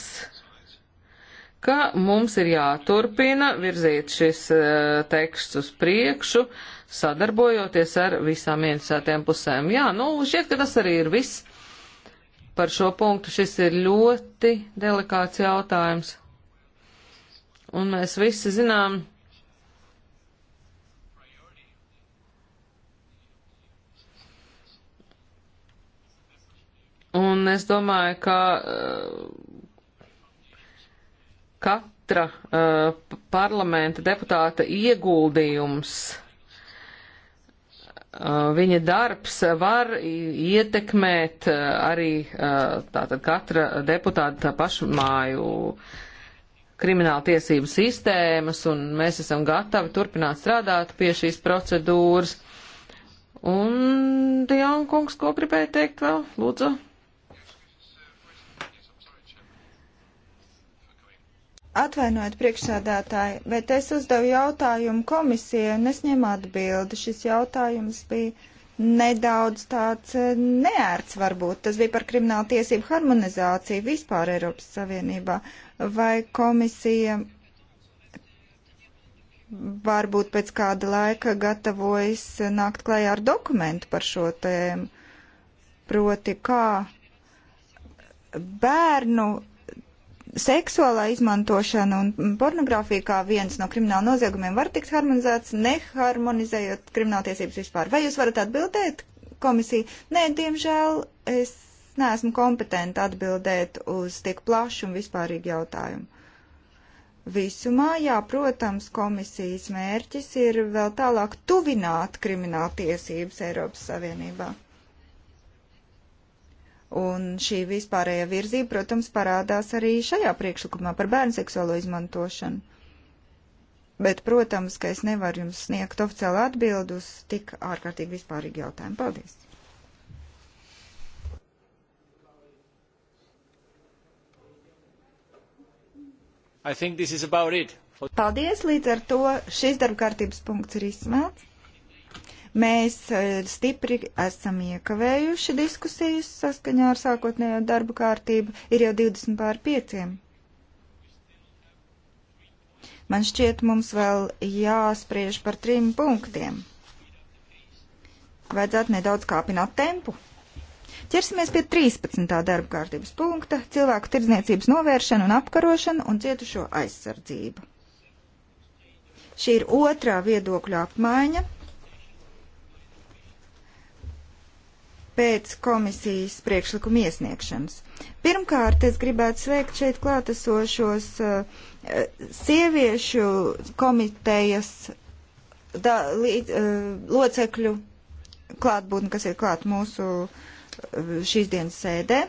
ka mums ir jāturpina virzīt šis eh, teksts uz priekšu, sadarbojoties ar visām interesētiem pusēm. Jā, nu, šķiet, ka tas arī ir viss par šo punktu. Šis ir ļoti delikāts jautājums. Un mēs visi zinām, Un es domāju, ka eh, katra eh, parlamenta deputāta ieguldījums eh, viņa darbs var ietekmēt arī tātad katra deputāta pašu māju krimināla tiesību sistēmas, un mēs esam gatavi turpināt strādāt pie šīs procedūras. Un, Dion kungs, ko gribēja teikt vēl? Lūdzu. Atvainojiet, priekšsēdētāji, bet es uzdevu jautājumu komisijai un es ņemu atbildi. Šis jautājums bija nedaudz tāds eh, neērts varbūt. Tas bija par kriminālu tiesību harmonizāciju vispār Eiropas Savienībā. Vai komisija varbūt pēc kāda laika gatavojas nākt klajā ar dokumentu par šo tēmu? Proti, kā bērnu seksuālā izmantošana un pornogrāfija kā viens no krimināla noziegumiem var tikt harmonizēts, neharmonizējot krimināltiesības vispār. Vai jūs varat atbildēt, komisija? Nē, diemžēl es neesmu kompetenta atbildēt uz tik plašu un vispārīgu jautājumu. Visumā, jā, protams, komisijas mērķis ir vēl tālāk tuvināt krimināltiesības Eiropas Savienībā. Un šī vispārējā virzība, protams, parādās arī šajā priekšlikumā par bērnu seksuālo izmantošanu. Bet, protams, ka es nevaru jums sniegt oficiālu atbildi uz tik ārkārtīgi vispārīgu jautājumu. Paldies! Paldies, līdz ar to šis darbkārtības punkts ir izsmēlts. Mēs e, stipri esam iekavējuši diskusijas saskaņā ar sākotnējo darbu kārtību. Ir jau 20 pār 5. Man šķiet, mums vēl jāspriež par trim punktiem. Vajadzētu nedaudz kāpināt tempu. Ķersimies pie 13. darba kārtības punkta - cilvēku tirdzniecības novēršana un apkarošana un cietušo aizsardzība. Šī ir otrā viedokļa apmaiņa pēc komisijas priekšlikuma iesniegšanas. Pirmkārt, es gribētu sveikt šeit klātesošos uh, sieviešu komitejas da, līd, uh, eh, locekļu klātbūtni, kas ir klāt mūsu uh, šīs dienas sēdē.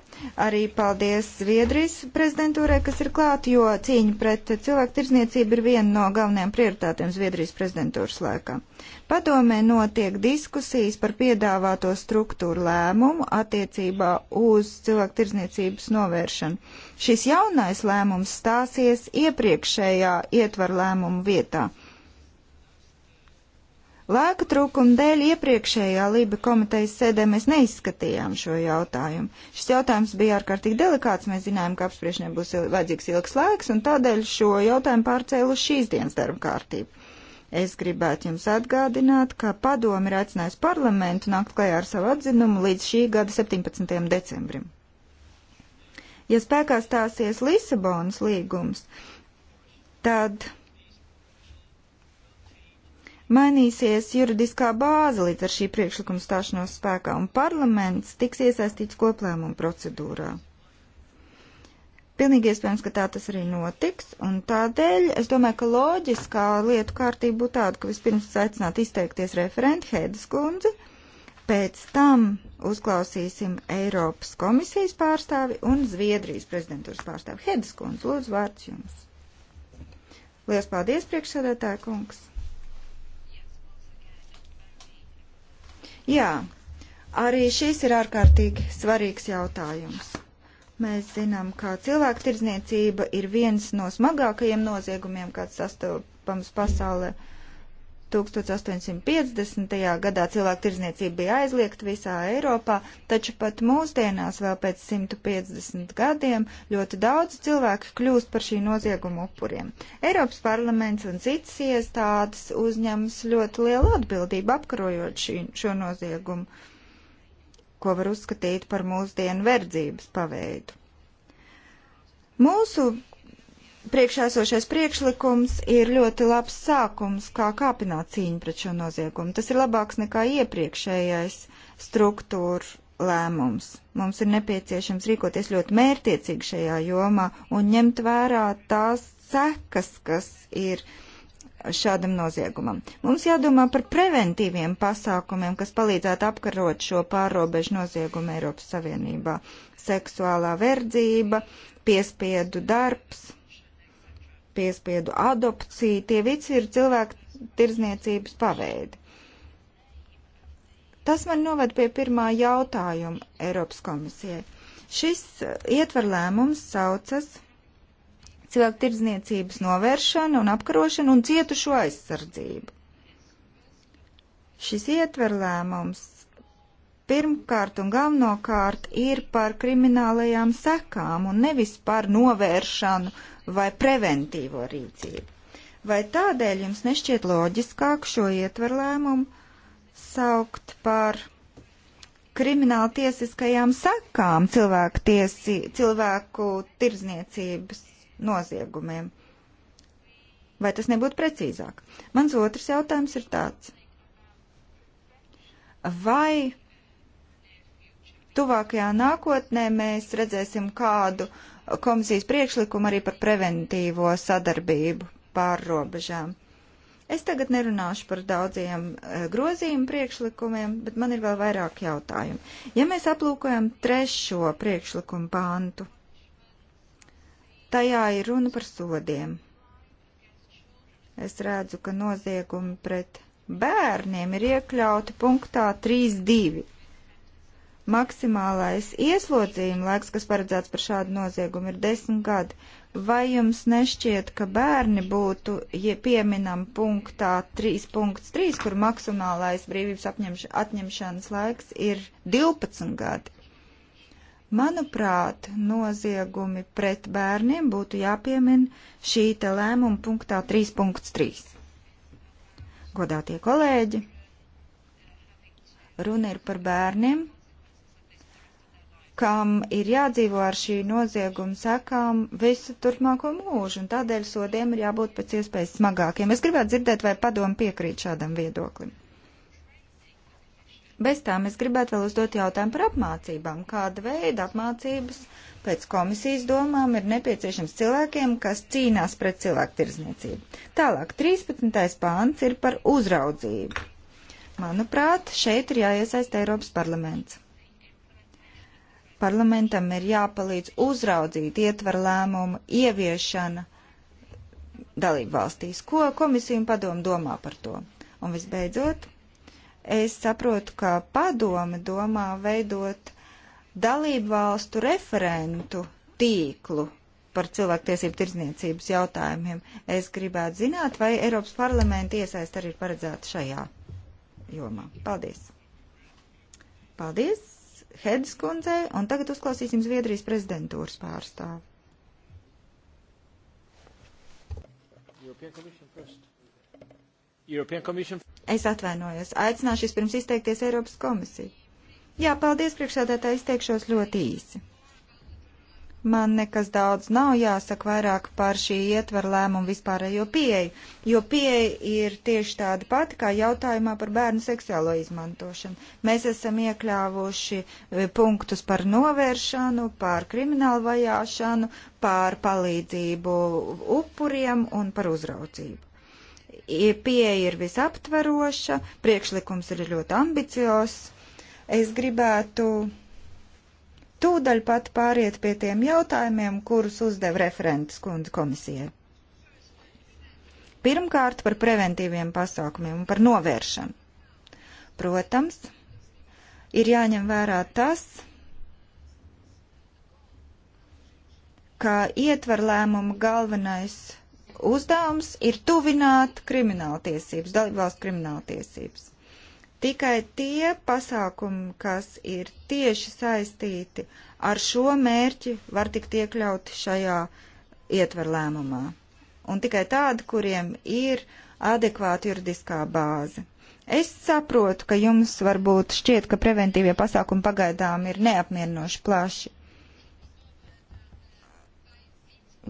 Arī paldies Zviedrijas prezidentūrai, kas ir klāt, jo cīņa pret cilvēku tirzniecību ir viena no galvenajām prioritātēm Zviedrijas prezidentūras laikā. Uh, Padomē notiek diskusijas par piedāvāto struktūru lēmumu attiecībā uz cilvēku tirdzniecības novēršanu. Šis jaunais lēmums stāsies iepriekšējā ietvaru lēmumu vietā. Laika trūkuma dēļ iepriekšējā Lība komitejas sēdē mēs neizskatījām šo jautājumu. Šis jautājums bija ārkārtīgi delikāts, mēs zinājām, ka apspriešanai būs vajadzīgs ilgs laiks, un tādēļ šo jautājumu pārcēlu uz šīs dienas darba kārtību. Es gribētu jums atgādināt, ka padomi ir aicinājusi parlamentu nākt klajā ar savu atzinumu līdz šī gada 17. decembrim. Ja spēkā stāsies Lisabonas līgums, tad mainīsies juridiskā bāze līdz ar šī priekšlikuma stāšanos spēkā, un parlaments tiks iesaistīts koplēmuma procedūrā. Pilnīgi iespējams, ka tā tas arī notiks, un tādēļ es domāju, ka loģiskā lietu kārtība būtu tāda, ka vispirms aicināt izteikties referenti Heidas kundzi, pēc tam uzklausīsim Eiropas komisijas pārstāvi un Zviedrijas prezidentūras pārstāvi. Heidas kundze, lūdzu vārds jums. Lielas paldies, priekšsēdētāja kungs. Jā, arī šis ir ārkārtīgi svarīgs jautājums. Mēs zinām, ka cilvēku tirdzniecība ir viens no smagākajiem noziegumiem, kāds sastopams pasaulē. 1850. gadā cilvēku tirdzniecība bija aizliegta visā Eiropā, taču pat mūsdienās, vēl pēc 150 gadiem, ļoti daudz cilvēku kļūst par šī nozieguma upuriem. Eiropas parlaments un citas iestādes uzņems ļoti lielu atbildību apkarojot šī, šo noziegumu ko var uzskatīt par mūsdienu verdzības paveidu. Mūsu priekšā esošais priekšlikums ir ļoti labs sākums, kā kāpināt cīņu pret šo noziegumu. Tas ir labāks nekā iepriekšējais struktūra lēmums. Mums ir nepieciešams rīkoties ļoti mērtiecīgi šajā jomā un ņemt vērā tās sekas, kas ir šādam noziegumam. Mums jādomā par preventīviem pasākumiem, kas palīdzētu apkarot šo pārobežu noziegumu Eiropas Savienībā - seksuālā verdzība, piespiedu darbs, piespiedu adopcija. Tie visi ir cilvēku tirzniecības paveidi. Tas man noved pie pirmā jautājuma Eiropas komisijai. Šis ietver lēmums saucas cilvēku tirdzniecības novēršana un apkarošana un cietušo aizsardzību. Šis ietver lēmums pirmkārt un galvenokārt ir par kriminālajām sekām un nevis par novēršanu vai preventīvo rīcību. Vai tādēļ jums nešķiet loģiskāk šo ietver lēmumu saukt par krimināla tiesiskajām sakām cilvēku, tiesi, cilvēku tirdzniecības noziegumiem. Vai tas nebūtu precīzāk? Mans otrs jautājums ir tāds. Vai tuvākajā nākotnē mēs redzēsim kādu komisijas priekšlikumu arī par preventīvo sadarbību pār robežām? Es tagad nerunāšu par daudziem e, grozījumu priekšlikumiem, bet man ir vēl vairāk jautājumu. Ja mēs aplūkojam trešo priekšlikumu pāntu, Tajā ir runa par sodiem. Es redzu, ka noziegumi pret bērniem ir iekļauti punktā 3.2. Maksimālais ieslodzījuma laiks, kas paredzēts par šādu noziegumu, ir desmit gadi. Vai jums nešķiet, ka bērni būtu, ja pieminam punktā 3.3, kur maksimālais brīvības atņemš, atņemšanas laiks ir 12 gadi? Manuprāt, noziegumi pret bērniem būtu jāpiemin šī te lēmuma punktā 3.3. Godātie kolēģi, runa ir par bērniem, kam ir jādzīvo ar šī nozieguma sekām visu turpmāko mūžu, un tādēļ sodiem ir jābūt pēc iespējas smagākiem. Es gribētu dzirdēt, vai padomu piekrīt šādam viedoklim. Bez tām es gribētu vēl uzdot jautājumu par apmācībām. Kāda veida apmācības pēc komisijas domām ir nepieciešams cilvēkiem, kas cīnās pret cilvēku tirzniecību? Tālāk, 13. pāns ir par uzraudzību. Manuprāt, šeit ir jāiesaista Eiropas parlaments. Parlamentam ir jāpalīdz uzraudzīt ietver lēmumu ieviešana dalību valstīs. Ko komisija un padomu domā par to? Un visbeidzot, Es saprotu, ka padome domā veidot dalību valstu referentu tīklu par cilvēktiesību tirdzniecības jautājumiem. Es gribētu zināt, vai Eiropas parlamenta iesaist arī ir paredzēta šajā jomā. Paldies! Paldies Hedas kundzei, un tagad uzklausīsim Zviedrijas prezidentūras pārstāvu. European Commission first. European Commission. Es atvainojos. Aicināšu jūs pirms izteikties Eiropas komisiju. Jā, paldies priekšsēdētāji, izteikšos ļoti īsi. Man nekas daudz nav jāsaka vairāk par šī ietver lēmumu vispārējo pieeju, jo pieeja ir tieši tāda pati kā jautājumā par bērnu seksuālo izmantošanu. Mēs esam iekļāvuši e, punktus par novēršanu, par kriminālu vajāšanu, par palīdzību upuriem un par uzraucību. Pieeja ir visaptveroša, priekšlikums ir ļoti ambiciozs. Es gribētu tūdaļ pat pāriet pie tiem jautājumiem, kurus uzdev referents kundze komisijai. Pirmkārt, par preventīviem pasākumiem un par novēršanu. Protams, ir jāņem vērā tas, ka ietver lēmumu galvenais uzdevums ir tuvināt krimināltiesības, dalībvalstu krimināltiesības. Tikai tie pasākumi, kas ir tieši saistīti ar šo mērķi, var tikt iekļauti šajā ietver lēmumā. Un tikai tādi, kuriem ir adekvāta juridiskā bāze. Es saprotu, ka jums varbūt šķiet, ka preventīvie pasākumi pagaidām ir neapmierinoši plaši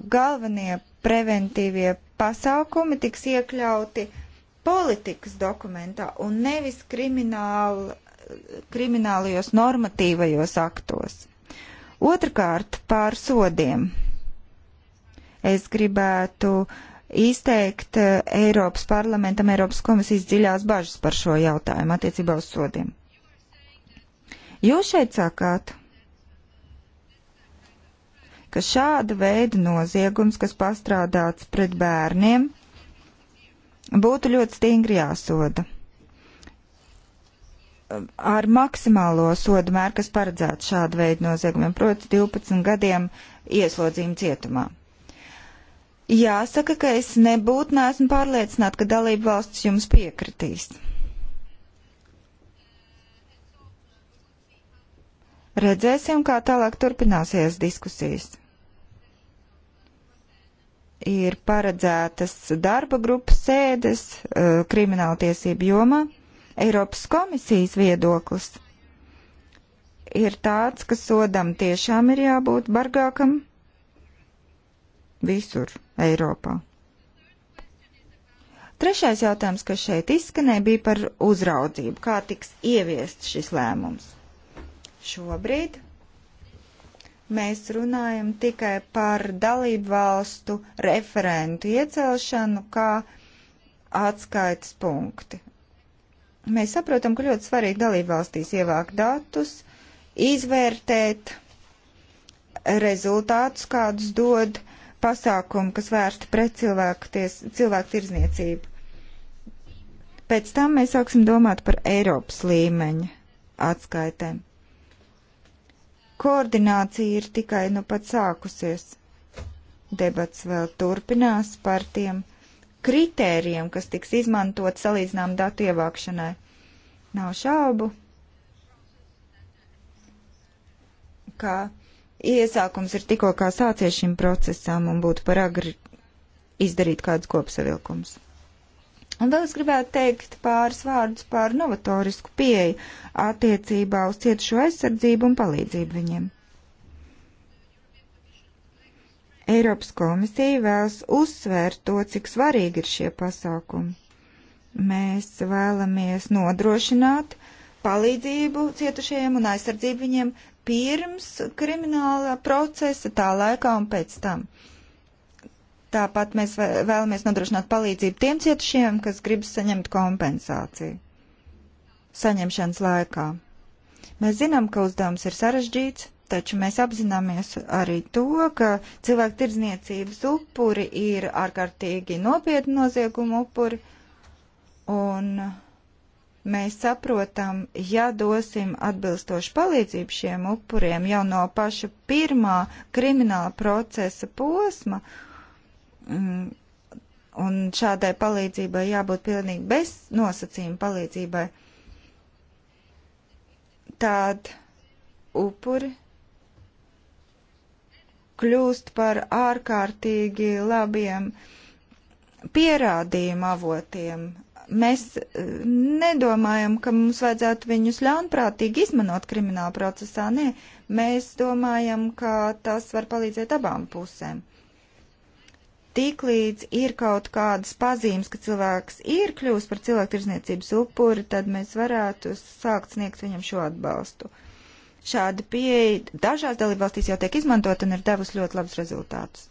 galvenie preventīvie pasākumi tiks iekļauti politikas dokumentā un nevis krimināla, kriminālajos normatīvajos aktos. Otrakārt, pār sodiem. Es gribētu izteikt Eiropas parlamentam, Eiropas komisijas dziļās bažas par šo jautājumu attiecībā uz sodiem. Jūs šeit sakāt, ka šāda veida noziegums, kas pastrādāts pret bērniem, būtu ļoti stingri jāsoda ar maksimālo sodu mērķu, kas paredzēts šādu veidu noziegumiem, proti 12 gadiem ieslodzījumu cietumā. Jāsaka, ka es nebūtu neesmu pārliecināta, ka dalību valsts jums piekritīs. Redzēsim, kā tālāk turpināsies diskusijas ir paredzētas darba grupas sēdes uh, krimināltiesību jomā. Eiropas komisijas viedoklis ir tāds, ka sodam tiešām ir jābūt bargākam visur Eiropā. Trešais jautājums, kas šeit izskanēja, bija par uzraudzību, kā tiks ieviest šis lēmums. Šobrīd mēs runājam tikai par dalību valstu referentu iecelšanu kā atskaites punkti. Mēs saprotam, ka ļoti svarīgi dalību valstīs ievākt datus, izvērtēt rezultātus, kādus dod pasākumi, kas vērsti pret cilvēku, ties, cilvēku tirzniecību. Pēc tam mēs sāksim domāt par Eiropas līmeņa atskaitēm. Koordinācija ir tikai nu pat sākusies. Debats vēl turpinās par tiem kritērijiem, kas tiks izmantot salīdzinām datu ievākšanai. Nav šaubu, ka iesākums ir tikko kā sācies šim procesam un būtu par agri izdarīt kādus kopsavilkums. Un vēl es gribētu teikt pāris vārdus par novatorisku pieeju attiecībā uz cietušo aizsardzību un palīdzību viņiem. Eiropas komisija vēlas uzsvērt to, cik svarīgi ir šie pasākumi. Mēs vēlamies nodrošināt palīdzību cietušajiem un aizsardzību viņiem pirms krimināla procesa, tā laikā un pēc tam. Uh, Tāpat mēs vēlamies nodrošināt palīdzību tiem cietušiem, kas grib saņemt kompensāciju saņemšanas laikā. Mēs zinām, ka uzdevums ir sarežģīts, taču mēs apzināmies arī to, ka cilvēku tirdzniecības upuri ir ārkārtīgi nopietni noziegumu upuri, un mēs saprotam, ja dosim atbilstošu palīdzību šiem upuriem jau no paša pirmā krimināla procesa posma, Mm, un šādai palīdzībai jābūt pilnīgi bez nosacījuma palīdzībai. Tād upuri kļūst par ārkārtīgi labiem pierādījumu avotiem. Mēs eh, nedomājam, ka mums vajadzētu viņus ļaunprātīgi izmanot krimināla procesā. Nē, mēs domājam, ka tas var palīdzēt abām pusēm tiklīdz ir kaut kādas pazīmes, ka cilvēks ir kļūst par cilvēku tirzniecības upuri, tad mēs varētu sākt sniegt viņam šo atbalstu. Šāda pieeja dažās dalībvalstīs jau tiek izmantot un ir devusi ļoti labus rezultātus.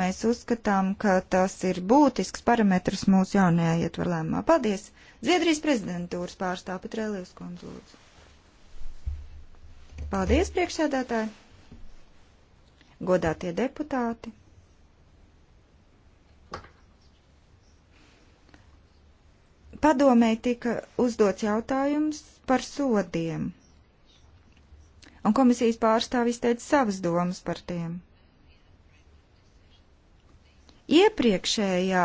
Mēs uzskatām, ka tas ir būtisks parametrs mūsu jaunajā ietvarlēmumā. Paldies! Zviedrijas prezidentūras pārstāv Petrēlijas konzulūdzu. Paldies, priekšsēdētāji! Godātie deputāti! Padomē tika uzdots jautājums par sodiem, un komisijas pārstāvis teica savas domas par tiem. Iepriekšējā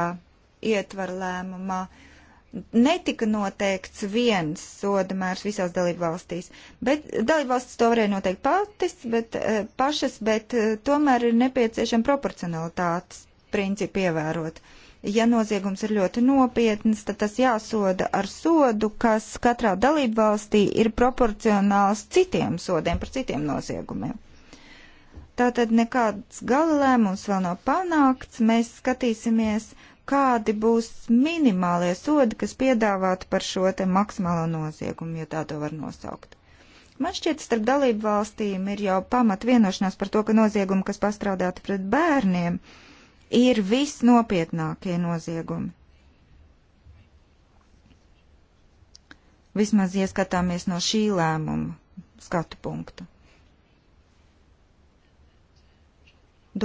ietvaru lēmumā netika noteikts viens soda mērs visās dalībvalstīs. Bet dalībvalstis to varēja noteikt patis, bet, eh, pašas, bet eh, tomēr ir nepieciešama proporcionalitātes principu ievērot. Uh, ja noziegums ir ļoti nopietns, tad tas jāsoda ar sodu, kas katrā dalību valstī ir proporcionāls citiem sodiem par citiem noziegumiem. Tātad nekāds gala lēmums vēl nav panākts, mēs skatīsimies, kādi būs minimālie sodi, kas piedāvāti par šo te maksimālo noziegumu, ja tā to var nosaukt. Man šķiet, starp dalību valstīm ir jau pamat vienošanās par to, ka noziegumi, kas pastrādāti pret bērniem, uh, ir visnopietnākie noziegumi. Vismaz ieskatāmies no šī lēmuma skatu punkta.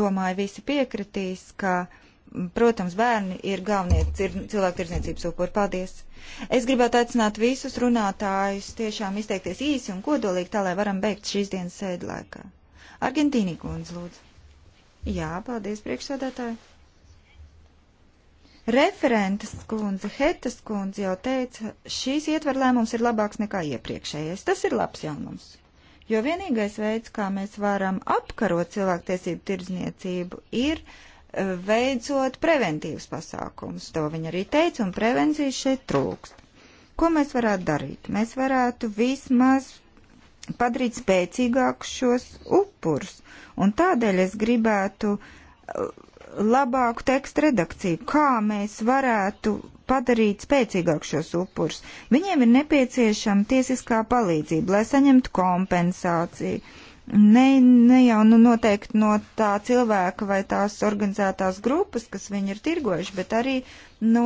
Domāju, visi piekritīs, ka, protams, bērni ir galvenie cilvēku tirdzniecības upuri. Paldies! Es gribētu aicināt visus runātājus tiešām izteikties īsi un kodolīgi, tā lai varam beigt šīs dienas sēdlaikā. Argentīnī kundze, lūdzu! Jā, paldies priekšsēdētāji. Referentes kundze, Hetas kundze jau teica, šīs ietver lēmums ir labāks nekā iepriekšējais. Tas ir labs jaunums. Jo vienīgais veids, kā mēs varam apkarot cilvēktiesību tirzniecību, ir e, veicot preventīvas pasākumus. To viņa arī teica, un prevencijas šeit trūkst. Ko mēs varētu darīt? Mēs varētu vismaz padarīt spēcīgākus šos upurus. Un tādēļ es gribētu uh, labāku tekstu redakciju, kā mēs varētu padarīt spēcīgāk šos upurus. Viņiem ir nepieciešama tiesiskā palīdzība, lai saņemtu kompensāciju. Ne, ne jau nu noteikti no tā cilvēka vai tās organizētās grupas, kas viņu ir tirgojuši, bet arī no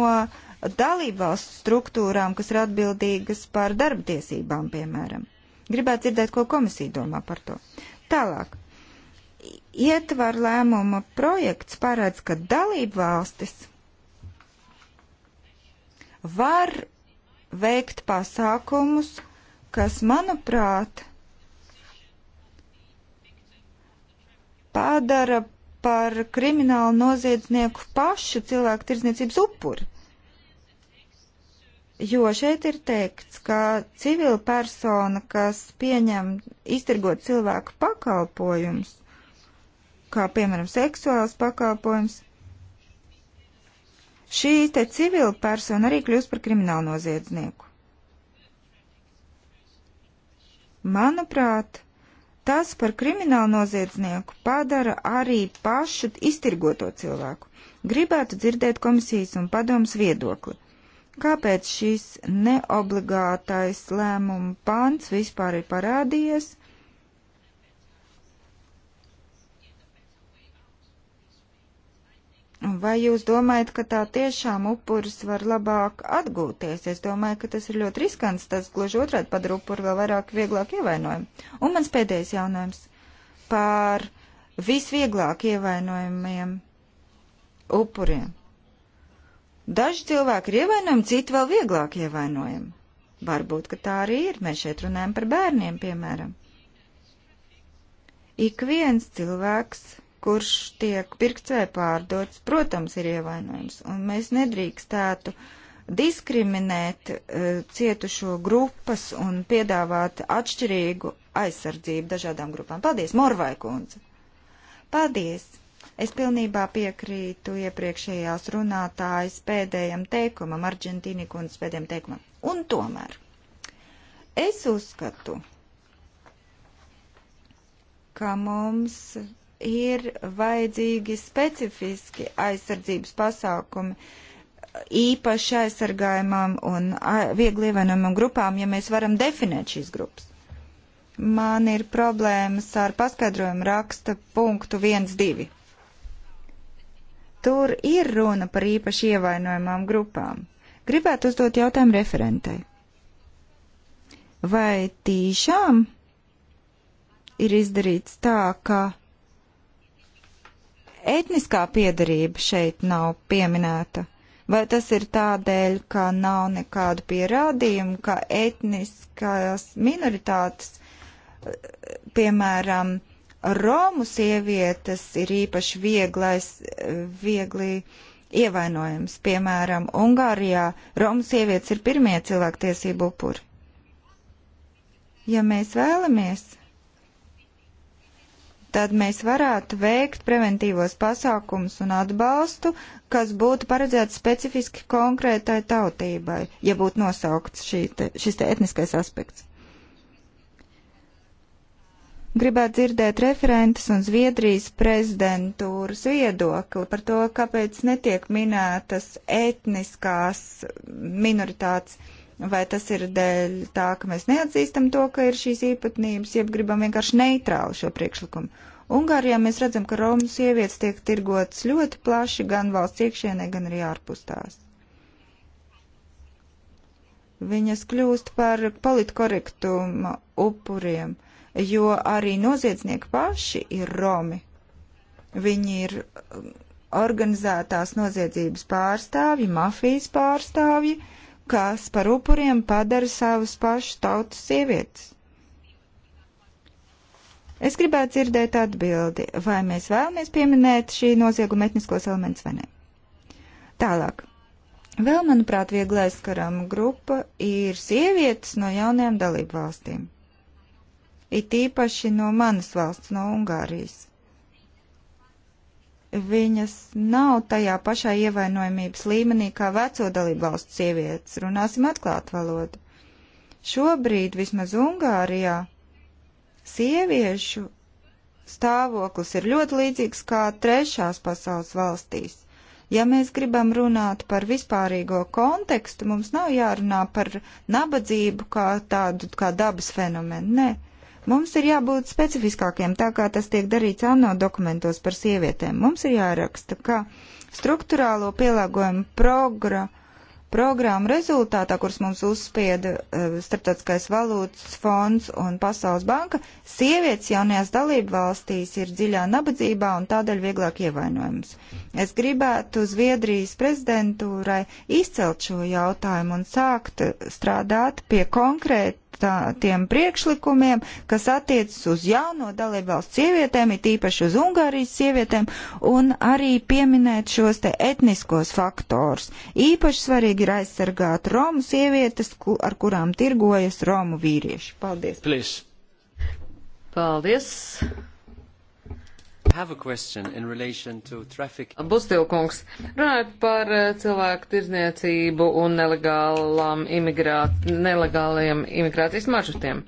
dalībvalstu struktūrām, kas ir atbildīgas par darba tiesībām, piemēram. Gribētu dzirdēt, ko komisija domā par to. Tālāk. Ietvar lēmuma projekts paredz, ka dalību valstis var veikt pasākumus, kas, manuprāt, padara par kriminālu noziedznieku pašu cilvēku tirdzniecības upuri. Jo šeit ir teikts, ka civila persona, kas pieņem iztirgot cilvēku pakalpojums, kā piemēram seksuāls pakalpojums, šī te civila persona arī kļūst par kriminālu noziedznieku. Manuprāt, tas par kriminālu noziedznieku padara arī pašu iztirgoto cilvēku. Gribētu dzirdēt komisijas un padomas viedokli. Kāpēc šīs neobligātais lēmuma pants vispār ir parādījies? Vai jūs domājat, ka tā tiešām upuris var labāk atgūties? Es domāju, ka tas ir ļoti riskants. Tas gluži otrādi padara upuri vēl vairāk vieglāk ievainojumu. Un mans pēdējais jaunājums par visvieglāk ievainojumiem upuriem. Daži cilvēki ir ievainojami, citi vēl vieglāk ievainojami. Varbūt, ka tā arī ir. Mēs šeit runājam par bērniem, piemēram. Ik viens cilvēks, kurš tiek pirkts vai pārdots, protams, ir ievainojams. Un mēs nedrīkstētu diskriminēt uh, cietušo grupas un piedāvāt atšķirīgu aizsardzību dažādām grupām. Paldies, Morvai kundze! Paldies! Es pilnībā piekrītu iepriekšējās runātājas pēdējam teikumam, Argentīni kundzes pēdējam teikumam. Un tomēr es uzskatu, ka mums ir vajadzīgi specifiski aizsardzības pasākumi īpaši aizsargājumam un viegli ievainojumam grupām, ja mēs varam definēt šīs grupas. Man ir problēmas ar paskaidrojumu raksta punktu 1, 2 Tur ir runa par īpaši ievainojumām grupām. Gribētu uzdot jautājumu referentai. Vai tīšām ir izdarīts tā, ka etniskā piedarība šeit nav pieminēta? Vai tas ir tādēļ, ka nav nekādu pierādījumu, ka etniskās minoritātes, piemēram, Romu sievietes ir īpaši vieglais, viegli ievainojams. Piemēram, Ungārijā Romu sievietes ir pirmie cilvēktiesību upuri. Ja mēs vēlamies, tad mēs varētu veikt preventīvos pasākumus un atbalstu, kas būtu paredzēts specifiski konkrētai tautībai, ja būtu nosaukts šī te, šis te etniskais aspekts. Gribētu dzirdēt referentes un Zviedrijas prezidentūras viedokli par to, kāpēc netiek minētas etniskās minoritātes. Vai tas ir dēļ tā, ka mēs neatzīstam to, ka ir šīs īpatnības, jeb gribam vienkārši neitrālu šo priekšlikumu? Ungārijā mēs redzam, ka Romu sievietes tiek tirgotas ļoti plaši gan valsts iekšienē, gan arī ārpus tās. Viņas kļūst par politkorektuma upuriem. Uh, jo arī noziedznieki paši ir Romi. Viņi ir um, organizētās noziedzības pārstāvji, mafijas pārstāvji, kas par upuriem padara savus pašu tautas sievietes. Es gribētu dzirdēt atbildi, vai mēs vēlamies pieminēt šī nozieguma etniskos elements vai nē. Tālāk. Vēl, manuprāt, viegli aizskarama grupa ir sievietes no jaunajām dalību valstīm it īpaši no manas valsts, no Ungārijas. Viņas nav tajā pašā ievainojamības līmenī kā veco dalību valsts sievietes, runāsim atklāt valodu. Šobrīd vismaz Ungārijā sieviešu stāvoklis ir ļoti līdzīgs kā trešās pasaules valstīs. Ja mēs gribam runāt par vispārīgo kontekstu, mums nav jārunā par nabadzību kā tādu kā dabas fenomenu. Nē, Mums ir jābūt specifiskākiem, tā kā tas tiek darīts ANO dokumentos par sievietēm. Mums ir jāraksta, ka struktūrālo pielāgojumu programmu programmu rezultātā, kuras mums uzspieda uh, eh, Startautiskais valūtas fonds un Pasaules banka, sievietes jaunajās dalību valstīs ir dziļā nabadzībā un tādēļ vieglāk ievainojums. Es gribētu Zviedrijas prezidentūrai izcelt šo jautājumu un sākt strādāt pie konkrēt tā, tiem priekšlikumiem, kas attiecas uz jauno dalībvalsts sievietēm, it īpaši uz Ungārijas sievietēm, un arī pieminēt šos te etniskos faktors. Īpaši svarīgi ir aizsargāt Romu sievietes, ku, ar kurām tirgojas Romu vīrieši. Paldies! Please. Paldies! Bustilkungs, runājot par eh, cilvēku tirzniecību un nelegālām imigrāt, nelegālajiem imigrācijas maršrutiem.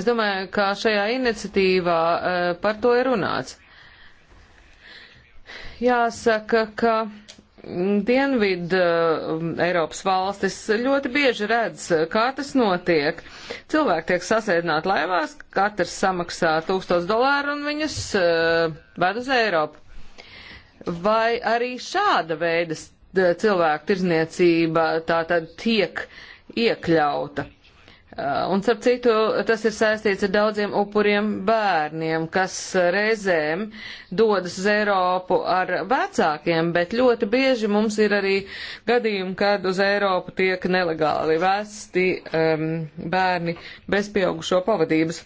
Es domāju, ka šajā iniciatīvā eh, par to ir runāts. Jāsaka, ka Dienvidu uh, Eiropas valstis ļoti bieži redz, kā tas notiek. Cilvēki tiek sasēdināti laivās, katrs samaksā 1000 dolāru un viņus uh, ved uz Eiropu. Vai arī šāda veida uh, cilvēku tirzniecība tā tad tiek iekļauta? Uh, un, starp citu, tas ir saistīts ar daudziem upuriem bērniem, kas reizēm dodas uz Eiropu ar vecākiem, bet ļoti bieži mums ir arī gadījumi, kad uz Eiropu tiek nelegāli vesti um, bērni bez pieaugušo pavadības.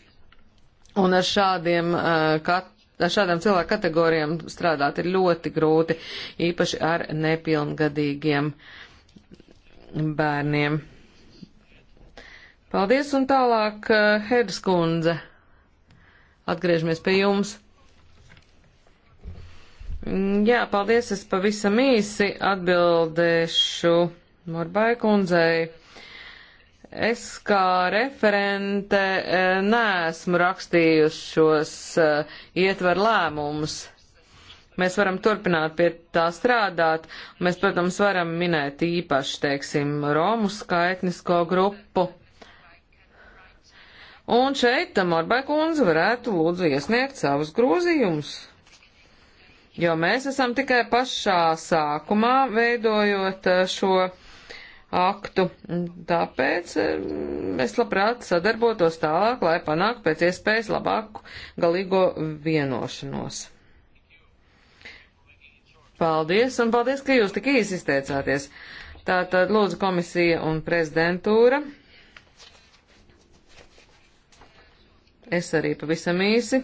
Un ar šādiem uh, kat ar šādām cilvēku kategorijām strādāt ir ļoti grūti, īpaši ar nepilngadīgiem bērniem. Paldies, un tālāk eh, Hedas kundze. Atgriežamies pie jums. Mm, jā, paldies, es pavisam īsi atbildēšu Morbai kundzei. Es kā referente eh, neesmu rakstījusi šos eh, ietver lēmumus. Mēs varam turpināt pie tā strādāt. Mēs, protams, varam minēt īpaši, teiksim, Romu skaitnisko grupu. Un šeit Tamarbai kundze varētu lūdzu iesniegt savus grozījumus, jo mēs esam tikai pašā sākumā veidojot eh, šo aktu. Tāpēc eh, es labprāt sadarbotos tālāk, lai panāktu pēc iespējas labāku galīgo vienošanos. Paldies, un paldies, ka jūs tik īsi izteicāties. Tātad lūdzu komisija un prezidentūra. Es arī pavisam īsi.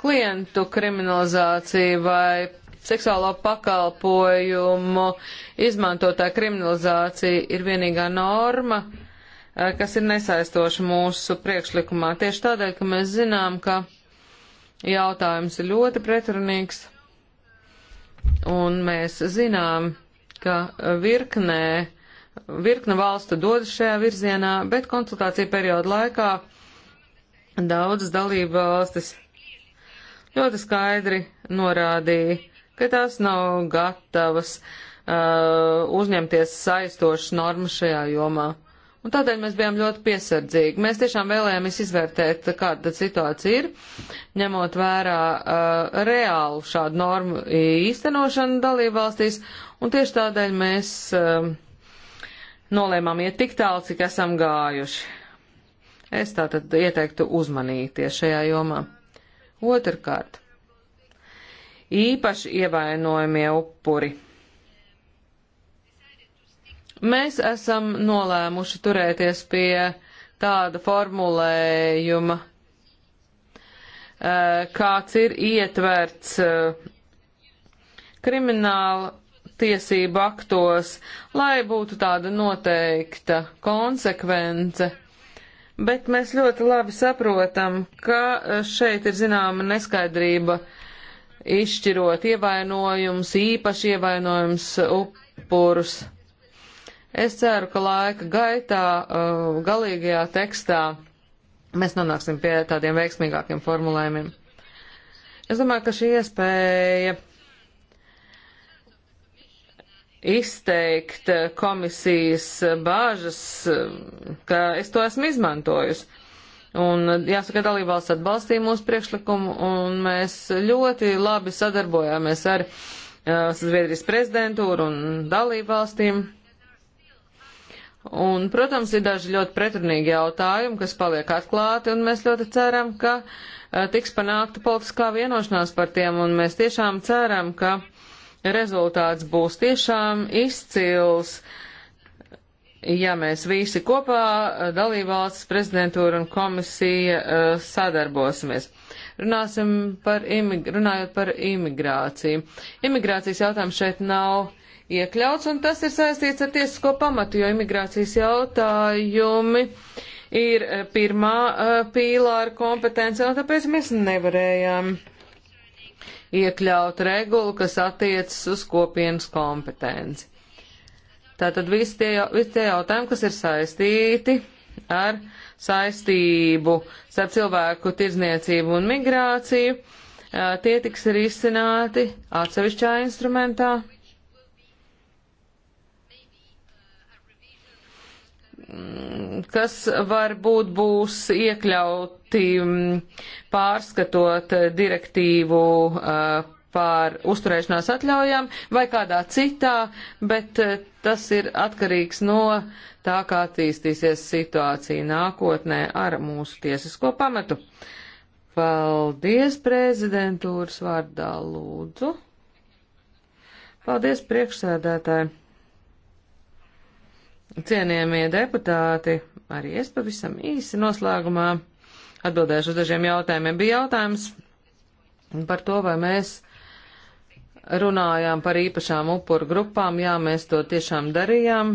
Klientu kriminalizācija vai seksuālo pakalpojumu izmantotā kriminalizācija ir vienīgā norma, eh, kas ir nesaistoša mūsu priekšlikumā. Tieši tādēļ, ka mēs zinām, ka jautājums ir ļoti pretrunīgs, un mēs zinām, ka virknē Virkna valstu dodas šajā virzienā, bet konsultāciju periodu laikā daudzas dalība valstis ļoti skaidri norādīja, ka tās nav gatavas uh, uzņemties saistošas normas šajā jomā. Un tādēļ mēs bijām ļoti piesardzīgi. Mēs tiešām vēlējāmies izvērtēt, kāda situācija ir, ņemot vērā uh, reālu šādu normu īstenošanu dalībvalstīs, un tieši tādēļ mēs uh, nolēmām iet tik tālu, cik esam gājuši. Es tātad ieteiktu uzmanīties šajā jomā. Otrkārt, īpaši ievainojamie upuri. Mēs esam nolēmuši turēties pie tāda formulējuma, eh, kāds ir ietverts eh, krimināla tiesību aktos, lai būtu tāda noteikta konsekvence. Bet mēs ļoti labi saprotam, ka šeit ir zināma neskaidrība izšķirot ievainojums, īpaši ievainojums upurus. Es ceru, ka laika gaitā, uh, galīgajā tekstā, mēs nonāksim pie tādiem veiksmīgākiem formulējumiem. Es domāju, ka šī iespēja izteikt eh, komisijas eh, bāžas, eh, ka es to esmu izmantojusi. Un jāsaka, dalībvalsts atbalstīja mūsu priekšlikumu, un mēs ļoti labi sadarbojāmies ar uh, Zviedrijas prezidentūru un dalībvalstīm. Un, protams, ir daži ļoti pretrunīgi jautājumi, kas paliek atklāti, un mēs ļoti ceram, ka uh, tiks panākta politiskā vienošanās par tiem, un mēs tiešām ceram, ka uh, rezultāts būs tiešām izcils, ja mēs visi kopā, dalībvalsts, prezidentūra un komisija eh, sadarbosimies. Runāsim par, runājot par imigrāciju. Imigrācijas jautājums šeit nav iekļauts, un tas ir saistīts ar tiesisko pamatu, jo imigrācijas jautājumi ir eh, pirmā eh, pīlāra kompetence, un tāpēc mēs nevarējām uh, iekļaut regulu, kas attiecas uz kopienas kompetenci. Tātad visi tie, visi tie jautājumi, kas ir saistīti ar saistību starp cilvēku tirdzniecību un migrāciju, eh, tie tiks risināti atsevišķā instrumentā kas varbūt būs iekļauti mm, pārskatot direktīvu par uzturēšanās atļaujām vai kādā citā, bet tas ir atkarīgs no tā, kā attīstīsies situācija nākotnē ar mūsu tiesisko pamatu. Paldies, prezidentūras vārdā lūdzu. Paldies, priekšsēdētāji. Cienījamie deputāti, arī es pavisam īsi noslēgumā atbildēšu uz dažiem jautājumiem. Bija jautājums par to, vai mēs runājām par īpašām upuru grupām. Jā, mēs to tiešām darījām.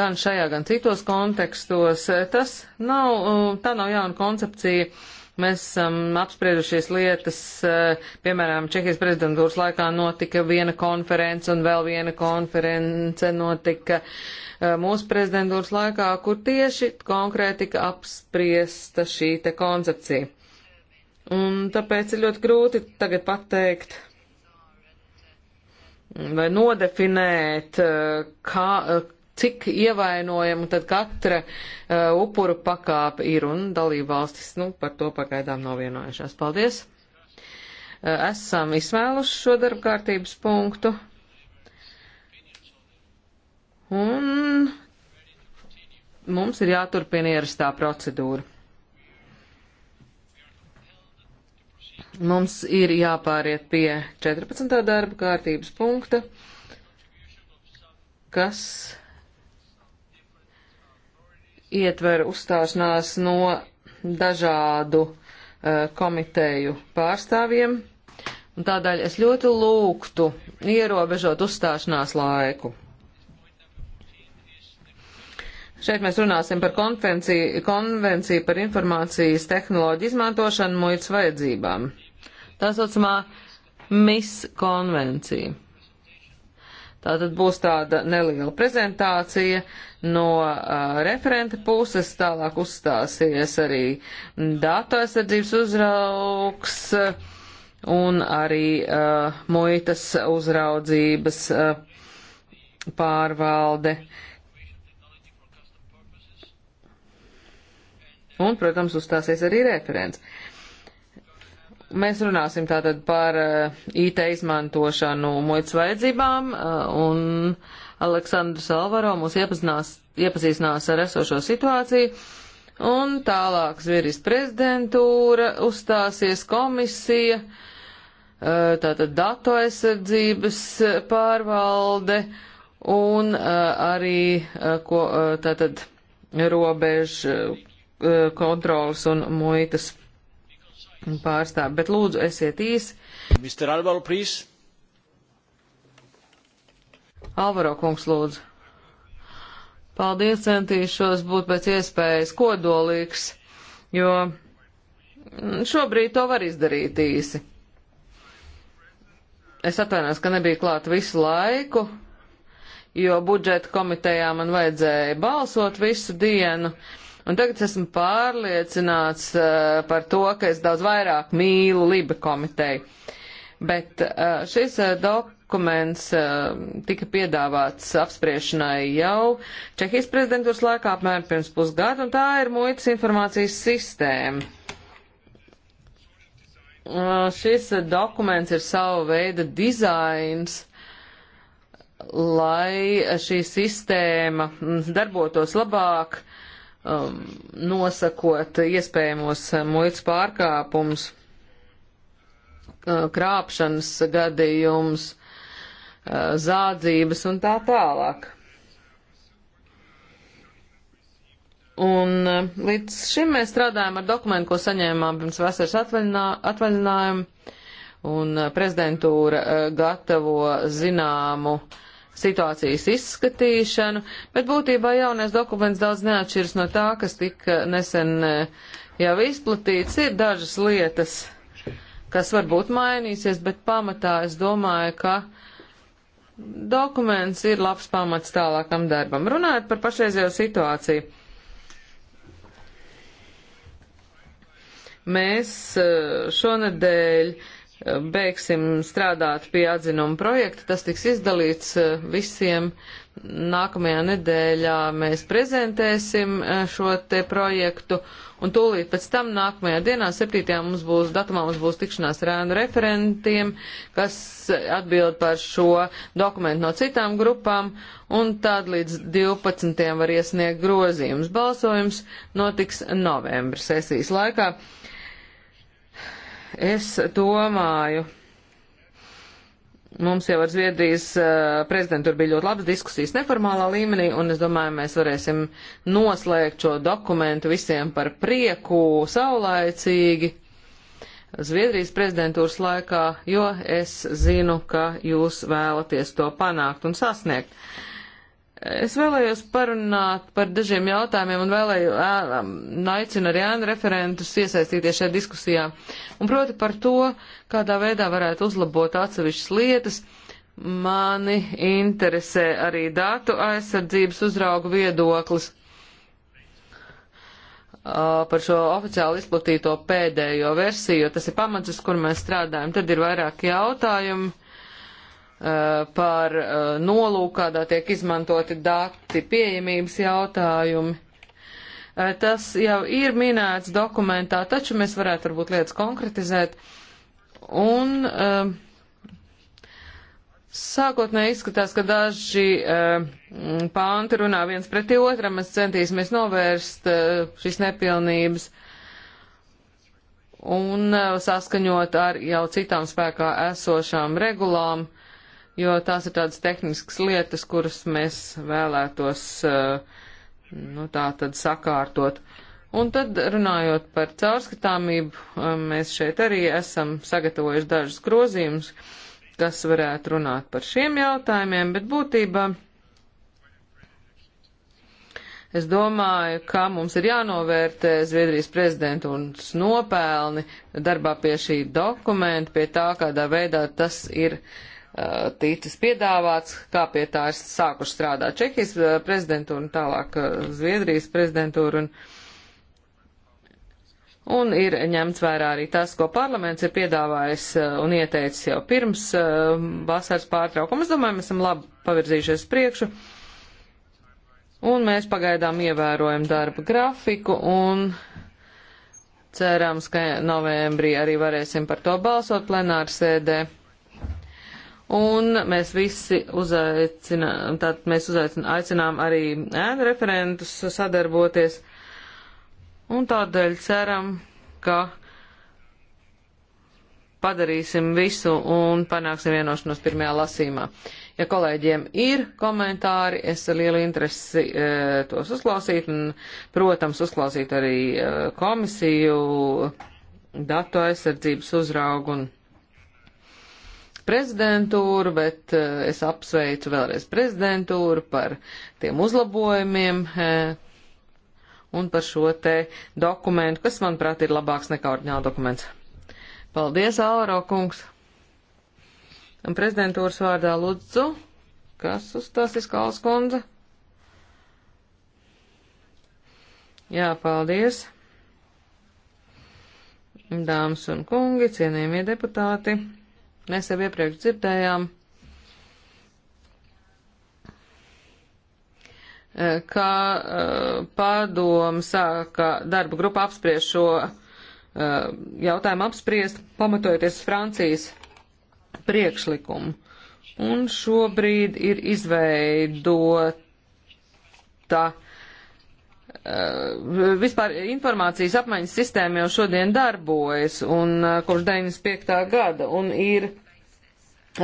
Gan šajā, gan citos kontekstos. Tas nav, tā nav jauna koncepcija Mēs esam um, apspriedušies lietas, uh, piemēram, Čehijas prezidentūras laikā notika viena konference un vēl viena konference notika uh, mūsu prezidentūras laikā, kur tieši konkrēti tika apspriesta šī te koncepcija. Un tāpēc ir ļoti grūti tagad pateikt vai nodefinēt, eh, kā, cik ievainojama tad katra uh, upura pakāpe ir, un dalībvalstis nu, par to pagaidām nav vienojušās. Paldies! Uh, esam izsmēluši šo darba kārtības punktu. Un mums ir jāturpina ierastā procedūra. Mums ir jāpāriet pie 14. darba kārtības punkta, kas ietver uzstāšanās no dažādu uh, komiteju pārstāvjiem, un tādēļ es ļoti lūgtu ierobežot uzstāšanās laiku. Šeit mēs runāsim par konvenciju, konvenciju par informācijas tehnoloģiju izmantošanu muitas vajadzībām. Tā saucamā MIS konvencija. Tātad būs tāda neliela prezentācija no uh, referenta puses, tālāk uzstāsies arī datu aizsardzības uzraugs un arī uh, muitas uzraudzības uh, pārvalde. Un, protams, uzstāsies arī referents. Uh, Mēs runāsim tātad par eh, IT izmantošanu muitas vajadzībām, eh, un Aleksandrs Alvaro mūs iepazīstinās ar esošo situāciju, un tālāk Zviedrijas prezidentūra uzstāsies komisija, eh, tātad datu aizsardzības pārvalde, un arī, ko, tātad, robežu kontrolas un muitas pārstāvi, bet lūdzu esiet īsi. Mr. Alvaro, please. Alvaro kungs, lūdzu. Paldies, centīšos būt pēc iespējas kodolīgs, jo šobrīd to var izdarīt īsi. Es atvainojos, ka nebija klāt visu laiku, jo budžeta komitejā man vajadzēja balsot visu dienu. Uh, Un tagad esmu pārliecināts uh, par to, ka es daudz vairāk mīlu Liba komiteju. Bet uh, šis uh, dokuments uh, tika piedāvāts apspriešanai jau Čehijas prezidentūras laikā apmēram pirms pusgada, un tā ir muitas informācijas sistēma. Uh, šis uh, dokuments ir sava veida dizains lai šī sistēma mm, darbotos labāk, uh, um, nosakot iespējamos muitas pārkāpumus, uh, krāpšanas gadījums, uh, zādzības un tā tālāk. Un uh, līdz šim mēs strādājam ar dokumentu, ko saņēmām pirms vasaras atvaļinā, atvaļinājumu, un prezidentūra gatavo zināmu uh, situācijas izskatīšanu, bet būtībā jaunais dokuments daudz neatšķiras no tā, kas tika nesen eh, jau izplatīts. Ir dažas lietas, kas varbūt mainīsies, bet pamatā es domāju, ka dokuments ir labs pamats tālākam darbam. Runājot par pašreizējo situāciju. Mēs eh, šonadēļ uh, beigsim strādāt pie atzinuma projekta, tas tiks izdalīts e, visiem. Nākamajā nedēļā mēs prezentēsim e, šo te projektu, un tūlīt pēc tam nākamajā dienā, 7. mums būs, datumā mums būs tikšanās ar ēnu referentiem, kas atbild par šo dokumentu no citām grupām, un tad līdz 12. var iesniegt grozījums. Balsojums notiks novembra sesijas laikā. Uh, Es domāju, mums jau ar Zviedrijas uh, prezidentu bija ļoti labas diskusijas neformālā līmenī, un es domāju, mēs varēsim noslēgt šo dokumentu visiem par prieku saulaicīgi Zviedrijas prezidentūras laikā, jo es zinu, ka jūs vēlaties to panākt un sasniegt. Uh, Es vēlējos parunāt par dažiem jautājumiem un vēlēju ā, aicinu arī ēnu referentus iesaistīties šajā diskusijā. Un proti par to, kādā veidā varētu uzlabot atsevišķas lietas. Mani interesē arī datu aizsardzības uzraugu viedoklis par šo oficiāli izplatīto pēdējo versiju, jo tas ir pamats, uz kur mēs strādājam. Tad ir vairāk jautājumu Eh, par eh, nolūku, kādā tiek izmantoti dati, pieejamības jautājumi. Eh, tas jau ir minēts dokumentā, taču mēs varētu varbūt lietas konkretizēt. Un sākotnēji izskatās, ka daži pānti runā viens pret otram, mēs centīsimies novērst šīs nepilnības un saskaņot ar jau citām spēkā esošām regulām. Uh, jo tās ir tādas tehniskas lietas, kuras mēs vēlētos, eh, nu tā tad sakārtot. Un tad runājot par caurskatāmību, eh, mēs šeit arī esam sagatavojuši dažus grozījumus, kas varētu runāt par šiem jautājumiem, bet būtībā es domāju, ka mums ir jānovērtē Zviedrijas prezidentu un nopelni darbā pie šī dokumenta, pie tā, kādā veidā tas ir uh, Eh, ticis piedāvāts, kā pie tā ir sākuši strādāt Čehijas eh, prezidentūra un tālāk eh, Zviedrijas prezidentūra. Un, un ir ņemts vērā arī tas, ko parlaments ir piedāvājis un ieteicis jau pirms vasaras pārtraukuma. Es domāju, mēs esam labi pavirzījušies priekšu. Un mēs pagaidām ievērojam darba grafiku un cerams, ka novembrī arī varēsim par to balsot plenārsēdē. Ar Un mēs visi uzaicinām, tātad mēs uzaicinām, aicinām arī ēnu referentus sadarboties. Un tādēļ ceram, ka padarīsim visu un panāksim vienošanos pirmajā lasīmā. Ja kolēģiem ir komentāri, es ar lielu interesi e, tos uzklausīt un, protams, uzklausīt arī e, komisiju, datu aizsardzības uzraugu un prezidentūru, bet eh, es apsveicu vēlreiz prezidentūru par tiem uzlabojumiem eh, un par šo te dokumentu, kas, manuprāt, ir labāks nekā ordināla dokuments. Paldies, Ālaro kungs! Un prezidentūras vārdā Lūdzu, kas uzstāsies Kāls kundze? Jā, paldies! Dāmas un kungi, cienījamie deputāti! Mēs jau iepriekš dzirdējām, e, ka e, padomu sāka darba grupa apspriest šo e, jautājumu apspriest, pamatojoties Francijas priekšlikumu. Un šobrīd ir izveidota Eh, vispār informācijas apmaiņas sistēma jau šodien darbojas un eh, kopš 95. gada un ir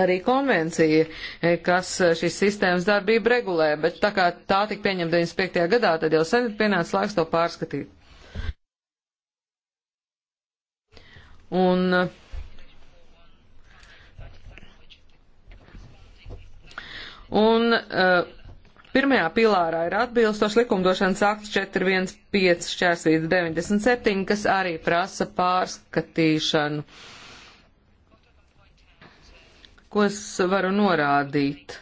arī konvencija, eh, kas šīs sistēmas darbību regulē, bet tā kā tā tika pieņemta 95. gadā, tad jau sen ir pienācis laiks to pārskatīt. Un uh, Un uh, Pirmajā pilārā ir atbilstoši likumdošanas akts 415 šķērsvīts 97, kas arī prasa pārskatīšanu. Ko es varu norādīt?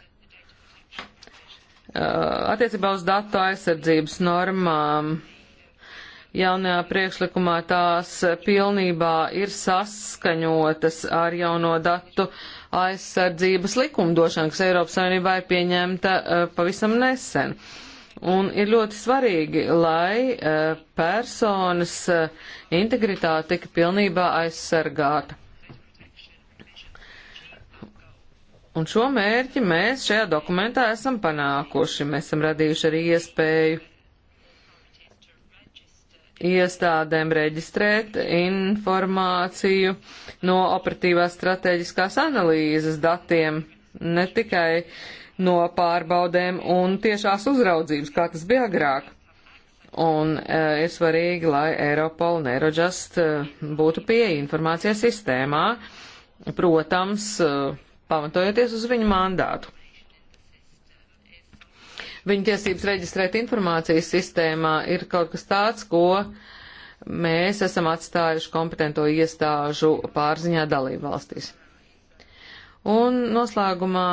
Attiecībā uz datu aizsardzības normām jaunajā priekšlikumā tās pilnībā ir saskaņotas ar jauno datu aizsardzības likumdošana, kas Eiropas Savienībā ir pieņemta eh, pavisam nesen. Un ir ļoti svarīgi, lai eh, personas eh, integritāte tika pilnībā aizsargāta. Un šo mērķi mēs šajā dokumentā esam panākuši. Mēs esam radījuši arī iespēju iestādēm reģistrēt informāciju no operatīvās strateģiskās analīzes datiem, ne tikai no pārbaudēm un tiešās uzraudzības, kā tas bija agrāk. Un e, ir svarīgi, lai Eiropol un Eirojust e, būtu pieeja informācijai sistēmā, protams, e, pamatojoties uz viņu mandātu. Viņu tiesības reģistrēt informācijas sistēmā ir kaut kas tāds, ko mēs esam atstājuši kompetento iestāžu pārziņā dalību valstīs. Un noslēgumā,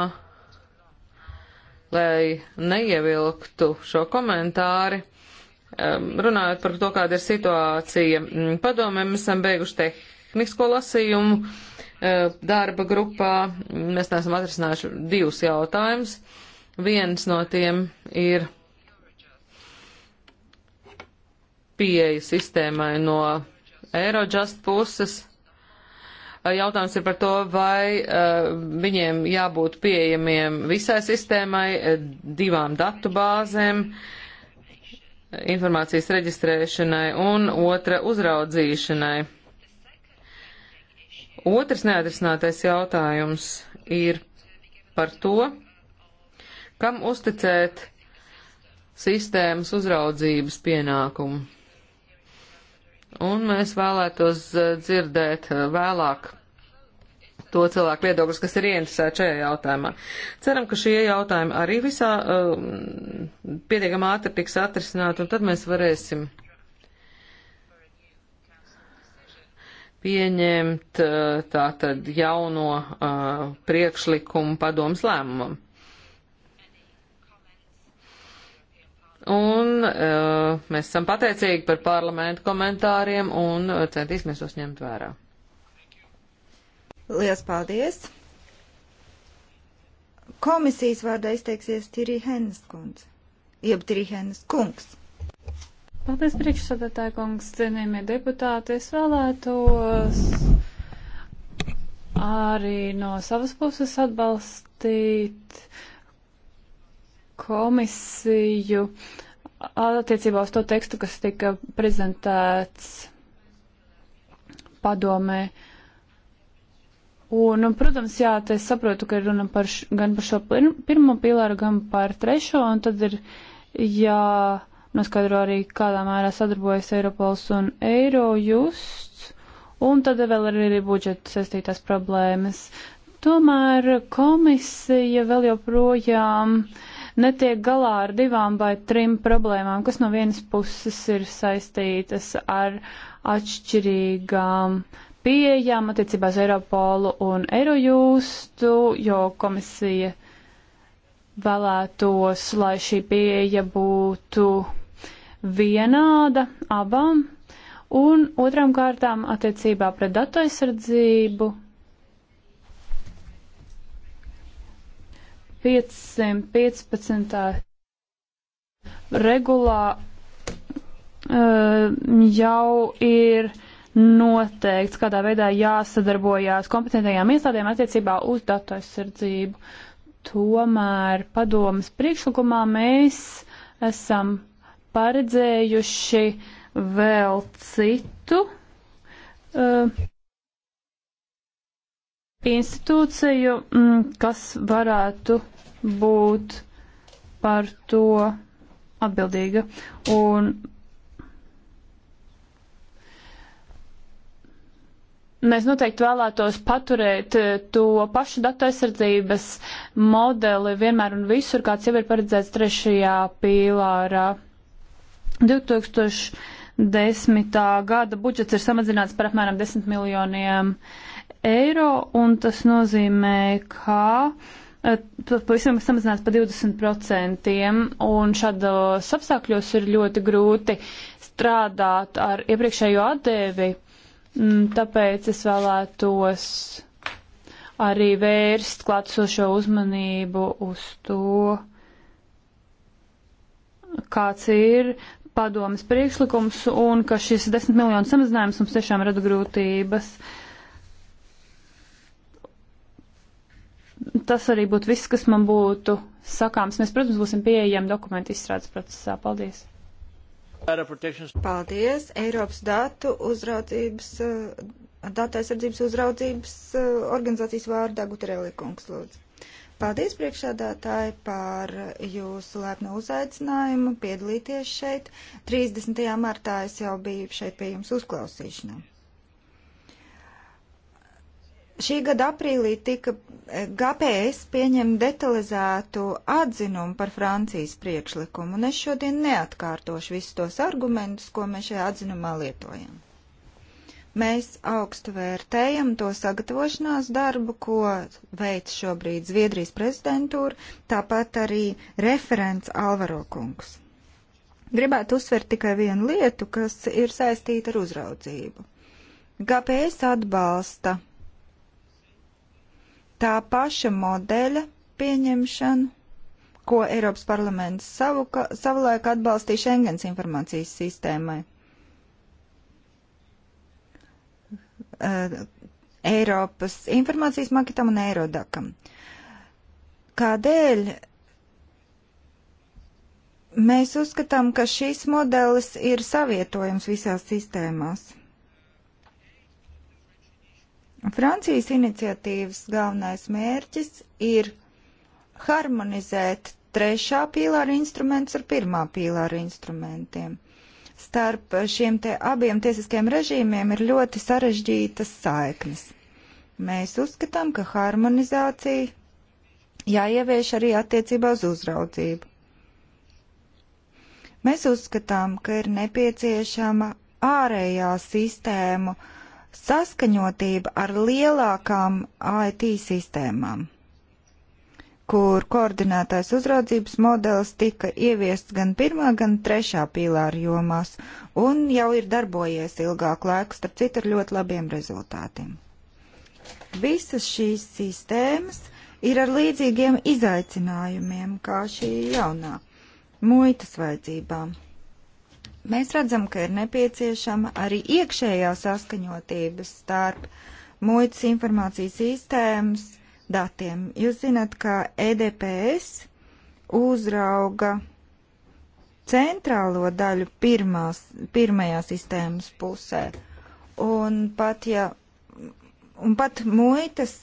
lai neievilktu šo komentāri, runājot par to, kāda ir situācija. Padomē, mēs esam beiguši tehnisko lasījumu eh, darba grupā. Mēs neesam atrisinājuši divus jautājumus. Viens no tiem ir pieeja sistēmai no Eurojust puses. Jautājums ir par to, vai uh, viņiem jābūt pieejamiem visai sistēmai, eh, divām datu bāzēm, informācijas reģistrēšanai un otra uzraudzīšanai. Otrs neatrisinātais jautājums ir par to, Kam uzticēt sistēmas uzraudzības pienākumu? Un mēs vēlētos eh, dzirdēt eh, vēlāk to cilvēku viedokļus, kas ir ieinteresēti šajā jautājumā. Ceram, ka šie jautājumi arī visā uh, eh, pietiekam ātri tiks atrisināti, un tad mēs varēsim pieņemt uh, tātad jauno uh, priekšlikumu padoms lēmumam. Un uh, mēs esam pateicīgi par parlamentu komentāriem un eh, centīsimies tos ņemt vērā. Lielas paldies! Komisijas vārdā izteiksies Tirī Hennes kundze, jeb Tirī Hennes kungs. Paldies, priekšsadatāja kungs, cienījamie deputāti. Es vēlētos arī no savas puses atbalstīt uh, komisiju attiecībā uz to tekstu, kas tika prezentēts padomē. Un, un, protams, jā, te saprotu, ka ir runa par š, gan par šo pirmo pilāru, gan par trešo, un tad ir jānoskaidro arī, kādā mērā sadarbojas Eiropols un Eirojusts, un tad vēl ir arī budžeta saistītās problēmas. Tomēr komisija vēl joprojām uh, netiek galā ar divām vai trim problēmām, kas no vienas puses ir saistītas ar atšķirīgām pieejām attiecībā uz Eiropolu un Eirojustu, jo komisija vēlētos, lai šī pieeja būtu vienāda abām, un otrām kārtām attiecībā pret datu aizsardzību 515. regulā uh, jau ir noteikts, kādā veidā jāsadarbojās kompetentajām iestādēm attiecībā uz datu aizsardzību. Tomēr padomas priekšlikumā mēs esam paredzējuši vēl citu uh, institūciju, kas varētu būt par to atbildīga. Un mēs noteikti vēlētos paturēt eh, to pašu datu aizsardzības modeli vienmēr un visur, kāds jau ir paredzēts trešajā pīlārā. 2010. gada budžets ir samazināts par apmēram 10 miljoniem eiro, un tas nozīmē, ka uh, Eh, pavisam samazinās pa 20%, un šādos apstākļos ir ļoti grūti strādāt ar iepriekšējo atdēvi, mm, tāpēc es vēlētos arī vērst klātsošo uzmanību uz to, kāds ir padomas priekšlikums, un ka šis 10 miljonu samazinājums mums tiešām rada grūtības. Uh, tas arī būtu viss, kas man būtu sakāms. Mēs, protams, būsim pieejami dokumentu izstrādes procesā. Paldies! Paldies! Eiropas datu uzraudzības, eh, datu aizsardzības uzraudzības eh, organizācijas vārdā Guterelli kungs lūdzu. Paldies priekšādātāji par jūsu laipnu uzaicinājumu piedalīties šeit. 30. martā es jau biju šeit pie jums uzklausīšanā. Šī gada aprīlī tika e, GPS pieņem detalizētu atzinumu par Francijas priekšlikumu, un es šodien neatkārtošu visus tos argumentus, ko mēs šajā atzinumā lietojam. Mēs augstu vērtējam to sagatavošanās darbu, ko veic šobrīd Zviedrijas prezidentūra, tāpat arī referents Alvaro kungs. Gribētu uzsvert tikai vienu lietu, kas ir saistīta ar uzraudzību. GPS atbalsta tā paša modeļa pieņemšanu, ko Eiropas parlaments savu, savulaik atbalstīja Schengens informācijas sistēmai. Uh, Eiropas informācijas maketam un Eirodakam. Kādēļ mēs uzskatām, ka šis modelis ir savietojams visās sistēmās? Francijas iniciatīvas galvenais mērķis ir harmonizēt trešā pīlāra instruments ar pirmā pīlāra instrumentiem. Starp šiem te abiem tiesiskiem režīmiem ir ļoti sarežģītas saiknes. Mēs uzskatām, ka harmonizācija jāievieš arī attiecībā uz uzraudzību. Mēs uzskatām, ka ir nepieciešama ārējā sistēmu uh, saskaņotība ar lielākām IT sistēmām, kur koordinētais uzraudzības modelis tika ieviests gan pirmā, gan trešā pīlāra jomās un jau ir darbojies ilgāku laiku, starp citu, ar ļoti labiem rezultātiem. Visas šīs sistēmas ir ar līdzīgiem izaicinājumiem kā šī jaunā muitas vajadzībām. Mēs redzam, ka ir nepieciešama arī iekšējā saskaņotība starp muitas informācijas sistēmas datiem. Jūs zināt, ka EDPS uzrauga centrālo daļu pirmās, pirmajā sistēmas pusē. Un pat, ja, un pat muitas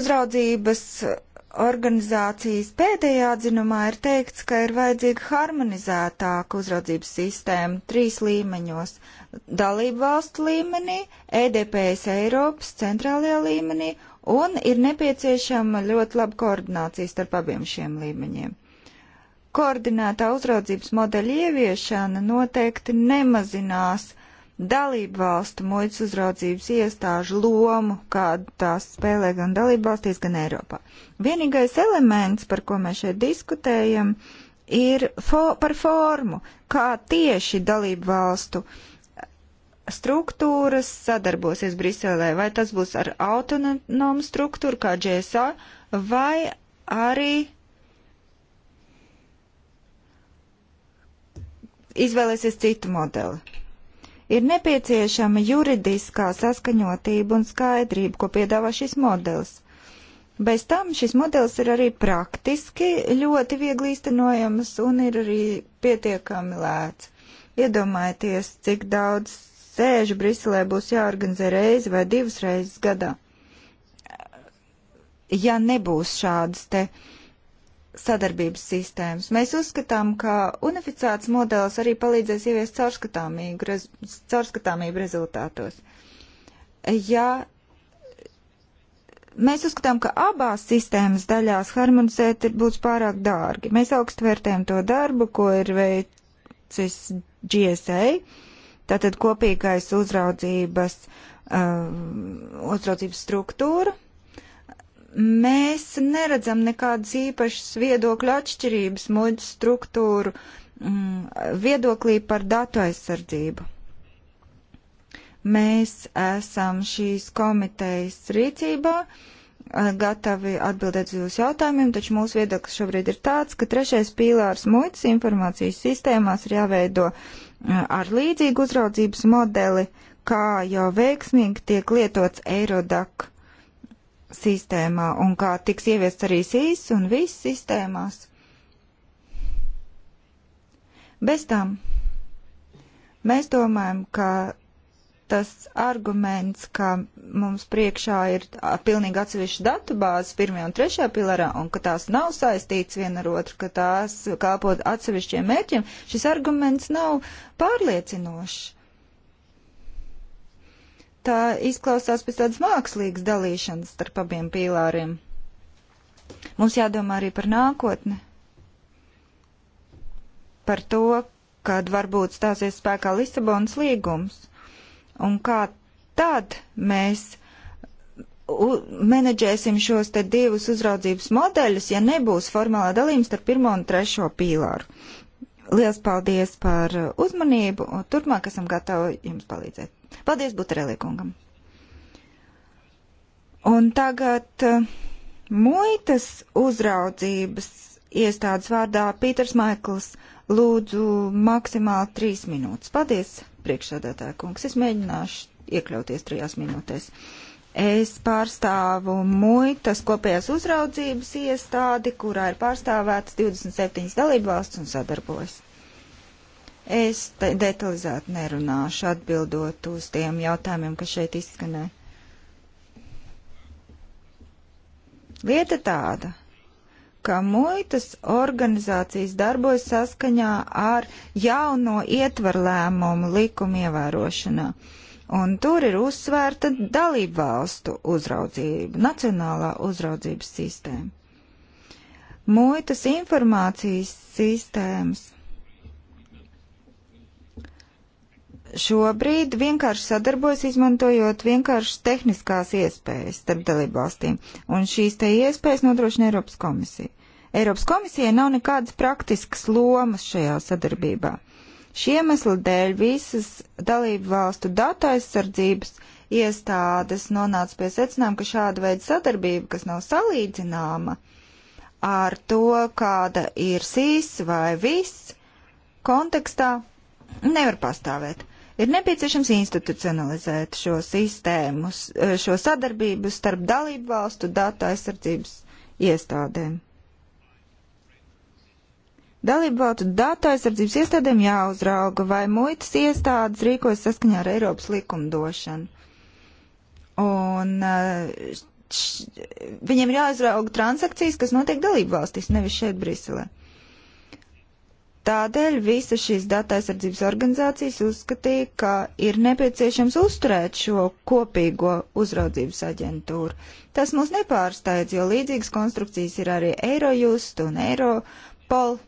uzraudzības organizācijas pēdējā atzinumā ir teikts, ka ir vajadzīga harmonizētāka uzraudzības sistēma trīs līmeņos - dalību valstu līmenī, EDPS Eiropas centrālajā līmenī un ir nepieciešama ļoti laba koordinācija starp abiem šiem līmeņiem. Koordinētā uzraudzības modeļa ieviešana noteikti nemazinās uh, dalību valstu muitas uzraudzības iestāžu lomu, kādu tās spēlē gan dalību valstīs, gan Eiropā. Vienīgais elements, par ko mēs šeit diskutējam, ir fo par formu, kā tieši dalību valstu struktūras sadarbosies Briselē, vai tas būs ar autonomu struktūru kā GSA, vai arī izvēlēsies citu modeli. Ir nepieciešama juridiskā saskaņotība un skaidrība, ko piedāvā šis modelis. Bez tam šis modelis ir arī praktiski ļoti viegli īstenojams un ir arī pietiekami lēts. Iedomājieties, cik daudz sēžu Briselē būs jāorganizē reizi vai divas reizes gadā. Ja nebūs šādas te uh, sadarbības sistēmas. Mēs uzskatām, ka unificēts modelis arī palīdzēs ieviest caurskatāmību, rez, caurskatāmību rezultātos. Ja mēs uzskatām, ka abās sistēmas daļās harmonizēt ir būs pārāk dārgi. Mēs augstu vērtējam to darbu, ko ir veicis GSA, tātad kopīgais uzraudzības, uh, uzraudzības struktūra, mēs neredzam nekādas īpašas viedokļu atšķirības muļķu struktūru mm, viedoklī par datu aizsardzību. Mēs esam šīs komitejas rīcībā eh, gatavi atbildēt uz jūsu jautājumiem, taču mūsu viedoklis šobrīd ir tāds, ka trešais pīlārs muitas informācijas sistēmās ir jāveido eh, ar līdzīgu uzraudzības modeli, kā jau veiksmīgi tiek lietots Eirodak sistēmā un kā tiks ieviests arī SIS un viss sistēmās. Bez tam mēs domājam, ka tas arguments, ka mums priekšā ir pilnīgi atsevišķas datubāzes pirmajā un trešajā pilarā, un ka tās nav saistītas viena ar otru, ka tās kalpot atsevišķiem mērķiem, šis arguments nav pārliecinošs tā izklausās pēc tādas mākslīgas dalīšanas starp abiem pīlāriem. Mums jādomā arī par nākotni, par to, kad varbūt stāsies spēkā Lisabonas līgums, un kā tad mēs menedžēsim šos te divus uzraudzības modeļus, ja nebūs formālā dalījums starp pirmo un trešo pīlāru. Lielas paldies par uzmanību, un turpmāk esam gatavi jums palīdzēt. Paldies Buterelī kungam. Un tagad uh, muitas uzraudzības iestādes vārdā Pīters Maikls lūdzu maksimāli trīs minūtes. Paldies, priekšsādātāja kungs. Es mēģināšu iekļauties trijās minūtēs. Es pārstāvu muitas kopējās uzraudzības iestādi, kurā ir pārstāvētas 27 dalībvalsts un sadarbojas. Es detalizēti nerunāšu atbildot uz tiem jautājumiem, kas šeit izskanē. Lieta tāda, ka muitas organizācijas darbojas saskaņā ar jauno ietvarlēmumu likumu ievērošanā. Un tur ir uzsvērta dalību valstu uzraudzība, nacionālā uzraudzības sistēma. Muitas informācijas sistēmas šobrīd vienkārši sadarbojas, izmantojot vienkārši tehniskās iespējas starp dalībvalstīm. Un šīs te iespējas nodrošina Eiropas komisija. Eiropas komisijai nav nekādas praktiskas lomas šajā sadarbībā. Šie iemesli dēļ visas dalību valstu datu aizsardzības iestādes nonāca pie secinājuma, ka šāda veida sadarbība, kas nav salīdzināma ar to, kāda ir sīs vai viss kontekstā, nevar pastāvēt. Ir nepieciešams institucionalizēt šo sistēmu, eh, šo sadarbību starp dalību valstu datu aizsardzības iestādēm. Dalību valstu datu aizsardzības iestādēm jāuzrauga, vai muitas iestādes rīkojas saskaņā ar Eiropas likumdošanu. Un eh, š, viņiem ir jāuzrauga transakcijas, kas notiek dalību valstīs, nevis šeit Briselē. Tādēļ visa šīs datu aizsardzības organizācijas uzskatīja, ka ir nepieciešams uzturēt šo kopīgo uzraudzības aģentūru. Tas mūs nepārsteidz, jo līdzīgas konstrukcijas ir arī Eirojust un Eiropol.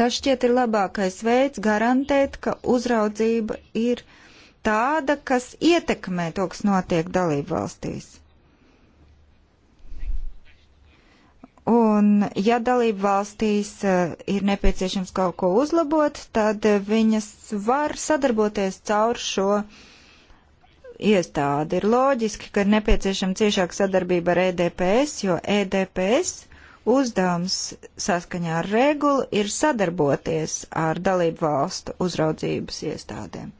Tas šķiet ir labākais veids garantēt, ka uzraudzība ir tāda, kas ietekmē to, kas notiek dalību valstīs. Un, ja dalību valstīs eh, ir nepieciešams kaut ko uzlabot, tad viņas var sadarboties caur šo iestādi. Ir loģiski, ka ir nepieciešama ciešāka sadarbība ar EDPS, jo EDPS uzdevums saskaņā ar regulu ir sadarboties ar dalību valstu uzraudzības iestādēm.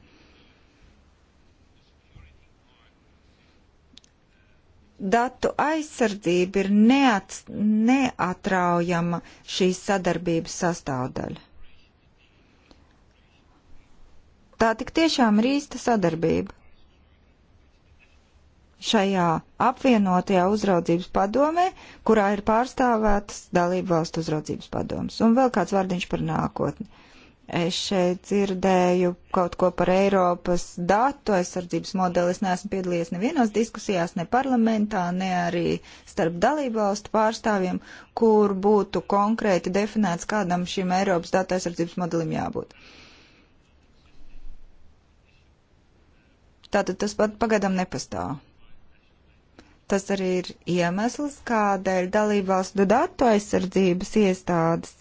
Datu aizsardzība ir neats, neatraujama šīs sadarbības sastāvdaļa. Tā tik tiešām ir īsta sadarbība. Šajā apvienotajā uzraudzības padomē, kurā ir pārstāvētas dalību valstu uzraudzības padomas, un vēl kāds vārdiņš par nākotni. Es šeit dzirdēju kaut ko par Eiropas datu aizsardzības modeli. Es neesmu piedalījies nevienos diskusijās, ne parlamentā, ne arī starp dalībvalstu pārstāvjiem, kur būtu konkrēti definēts, kādam šim Eiropas datu aizsardzības modelim jābūt. Tātad tas pat pagaidām nepastāv. Tas arī ir iemesls, kādēļ dalībvalstu datu aizsardzības iestādes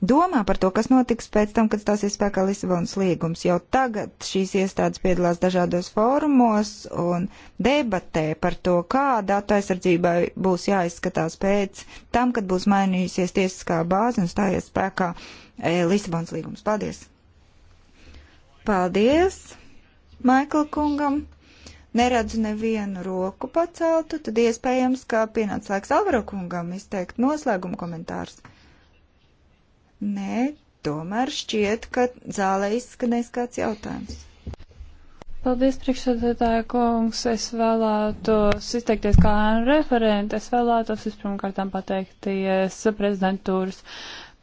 domā par to, kas notiks pēc tam, kad stāsies spēkā Lisabonas līgums. Jau tagad šīs iestādes piedalās dažādos fórumos un debatē par to, kā datu aizsardzībai būs jāizskatās pēc tam, kad būs mainījusies tiesiskā bāze un stājies spēkā e, Lisabonas līgums. Paldies! Paldies Maikla kungam! Neredzu nevienu roku paceltu, tad iespējams, ka pienāca laiks Alvaro kungam izteikt noslēguma komentārus. Nē, tomēr šķiet, ka zālē izskanēs kāds jautājums. Paldies, priekšsēdētāja kungs. Es vēlētos izteikties kā referenti. Es vēlētos vispirmkārtām pateikties prezidentūras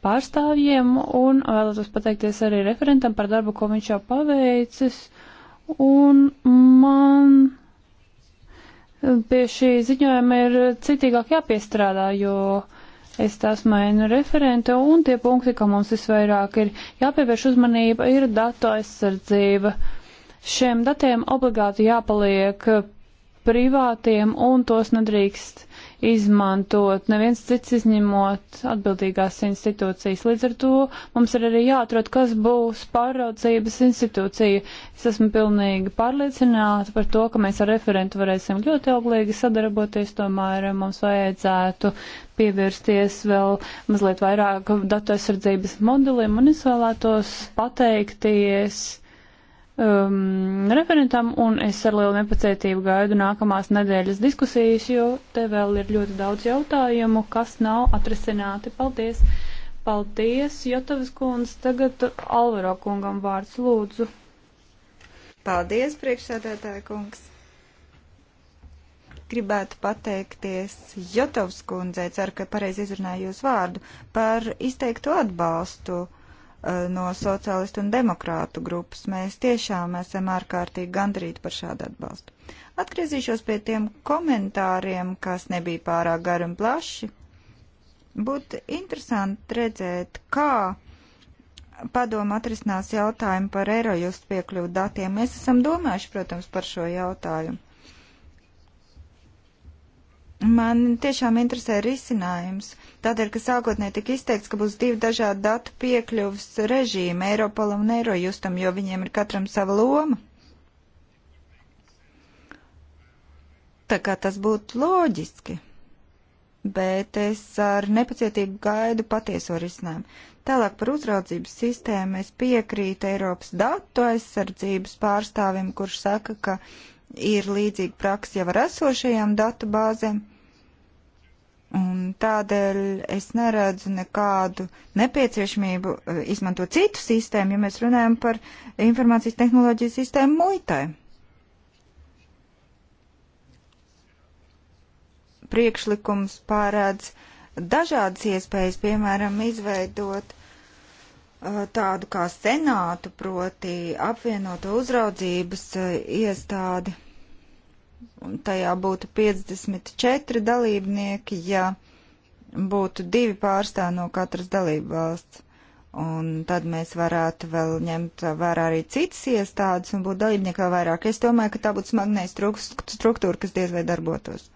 pārstāvjiem un vēlētos pateikties arī referentam par darbu, ko viņš jau paveicis. Un man pie šī ziņojuma ir citīgāk jāpiestrādā, jo Es esmu ēnu referente, un tie punkti, kam mums visvairāk ir jāpievērš uzmanība, ir datu aizsardzība. Šiem datiem obligāti jāpaliek privātiem, un tos nedrīkst izmantot neviens cits izņemot atbildīgās institūcijas. Līdz ar to mums ir arī jāatrod, kas būs pārraudzības institūcija. Es esmu pilnīgi pārliecināta par to, ka mēs ar referentu varēsim ļoti auglīgi sadarboties, tomēr mums vajadzētu pievērsties vēl mazliet vairāk datu aizsardzības modulim, un es vēlētos pateikties um, referentam, un es ar lielu nepacietību gaidu nākamās nedēļas diskusijas, jo te vēl ir ļoti daudz jautājumu, kas nav atrisināti. Paldies! Paldies, Jotavas kundze. Tagad Alvaro kungam vārds lūdzu. Paldies, priekšsēdētāja kungs gribētu pateikties Jotovs kundzei, ceru, ka pareizi izrunāju jūs vārdu, par izteiktu atbalstu uh, no sociālistu un demokrātu grupas. Mēs tiešām esam ārkārtīgi gandrīti par šādu atbalstu. Atgriezīšos pie tiem komentāriem, kas nebija pārāk gari un plaši. Būtu interesanti redzēt, kā padomu atrisinās jautājumu par Eirojust piekļuvu datiem. Mēs esam domājuši, protams, par šo jautājumu. Man tiešām interesē risinājums. Tādēļ, ka sākotnēji tika izteikts, ka būs divi dažādi datu piekļuvs režīmi Eiropolam un Eirojustam, jo viņiem ir katram sava loma. Tā kā tas būtu loģiski. Bet es ar nepacietību gaidu patieso risinājumu. Tālāk par uzraudzības sistēmu es piekrītu Eiropas datu aizsardzības pārstāvim, kurš saka, ka ir līdzīga praksa jau ar esošajām datu bāzēm. Un tādēļ es neredzu nekādu nepieciešamību eh, izmantot citu sistēmu, ja mēs runājam par informācijas tehnoloģiju sistēmu muitai. Priekšlikums pārēdz dažādas iespējas, piemēram, izveidot Uh, tādu kā senātu, proti apvienoto uzraudzības uh, iestādi. Un tajā būtu 54 dalībnieki, ja būtu divi pārstāvi no katras dalību valsts. Un tad mēs varētu vēl ņemt vērā arī citas iestādes un būt dalībnieki vēl vairāk. Es domāju, ka tā būtu smagnēja struktūra, kas diez vai darbotos.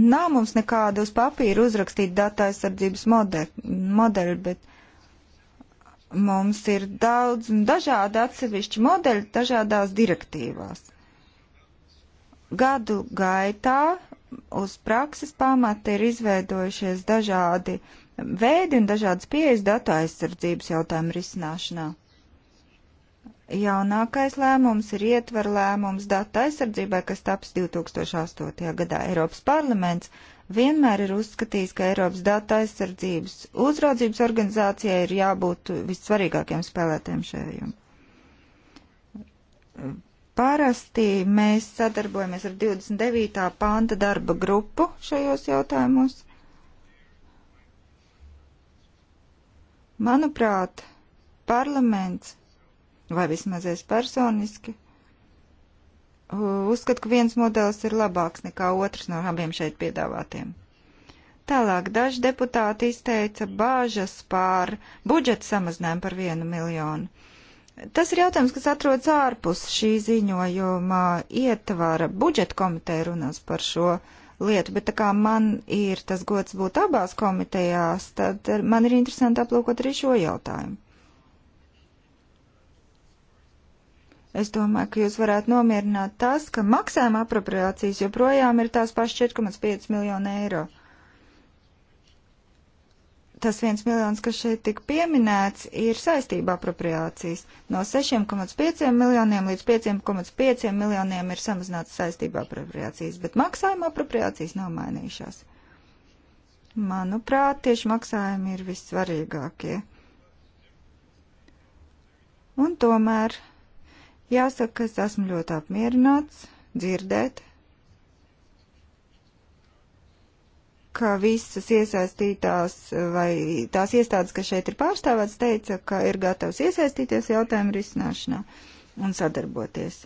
Nav mums nekāda uz papīra uzrakstīta datu aizsardzības modeļa, modeļa, bet mums ir daudz un dažādi atsevišķi modeļi dažādās direktīvās. Gadu gaitā uz prakses pamata ir izveidojušies dažādi veidi un dažādas pieejas datu aizsardzības jautājumu risināšanā. Jaunākais lēmums ir ietver lēmums data aizsardzībai, kas taps 2008. gadā. Eiropas parlaments vienmēr ir uzskatījis, ka Eiropas data aizsardzības uzraudzības organizācijai ir jābūt vissvarīgākiem spēlētēm šajam. Parasti mēs sadarbojamies ar 29. panta darba grupu šajos jautājumos. Manuprāt, parlaments vai vismaz es personiski uzskatu, ka viens modelis ir labāks nekā otrs no abiem šeit piedāvātiem. Tālāk daži deputāti izteica bāžas pār budžeta samazinājumu par vienu miljonu. Tas ir jautājums, kas atrodas ārpus šī ziņojuma ietvara. Budžeta komiteja runās par šo lietu, bet tā kā man ir tas gods būt abās komitejās, tad man ir interesanti aplūkot arī šo jautājumu. Es domāju, ka jūs varētu nomierināt tas, ka maksājuma apropriācijas joprojām ir tās pašas 4,5 miljonu eiro. Tas viens miljons, kas šeit tik pieminēts, ir saistība apropriācijas. No 6,5 miljoniem līdz 5,5 miljoniem ir samazināts saistība apropriācijas, bet maksājuma apropriācijas nav mainījušās. Manuprāt, tieši maksājumi ir vissvarīgākie. Un tomēr Jāsaka, ka es esmu ļoti apmierināts dzirdēt, ka visas iesaistītās vai tās iestādes, kas šeit ir pārstāvēts, teica, ka ir gatavs iesaistīties jautājumu risināšanā un sadarboties.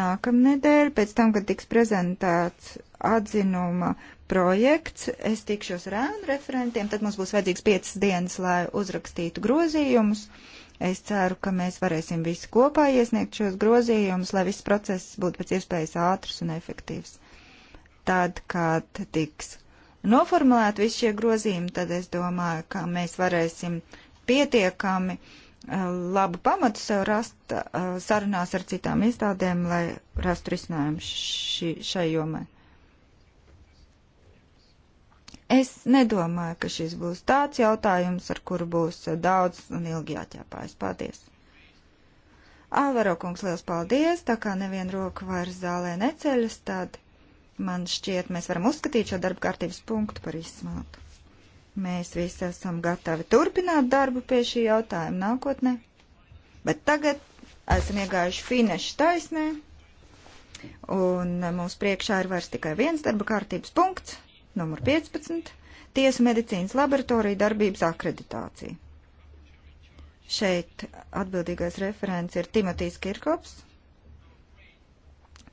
Nākamnedēļ, pēc tam, kad tiks prezentēts atzinuma projekts, es tikšos ar ēnu referentiem, tad mums būs vajadzīgs piecas dienas, lai uzrakstītu grozījumus. Uh, Es ceru, ka mēs varēsim visi kopā iesniegt šos grozījumus, lai viss process būtu pēc iespējas ātrs un efektīvs. Tad, kad tiks noformulēt visi šie grozījumi, tad es domāju, ka mēs varēsim pietiekami eh, labu pamatu sev rast eh, sarunās ar citām iestādēm, lai rastu risinājumu šai jomai. Es nedomāju, ka šis būs tāds jautājums, ar kuru būs daudz un ilgi jāķēpājas. Paldies! Āvaro kungs, liels paldies! Tā kā neviena roka vairs zālē neceļas, tad man šķiet, mēs varam uzskatīt šo darba kārtības punktu par izsmātu. Mēs visi esam gatavi turpināt darbu pie šī jautājuma nākotnē, bet tagad esam iegājuši finišu taisnē, un mums priekšā ir vairs tikai viens darba kārtības punkts numur 15 - Tiesu medicīnas laboratorija darbības akreditācija. Šeit atbildīgais referents ir Timotīs Kirkops,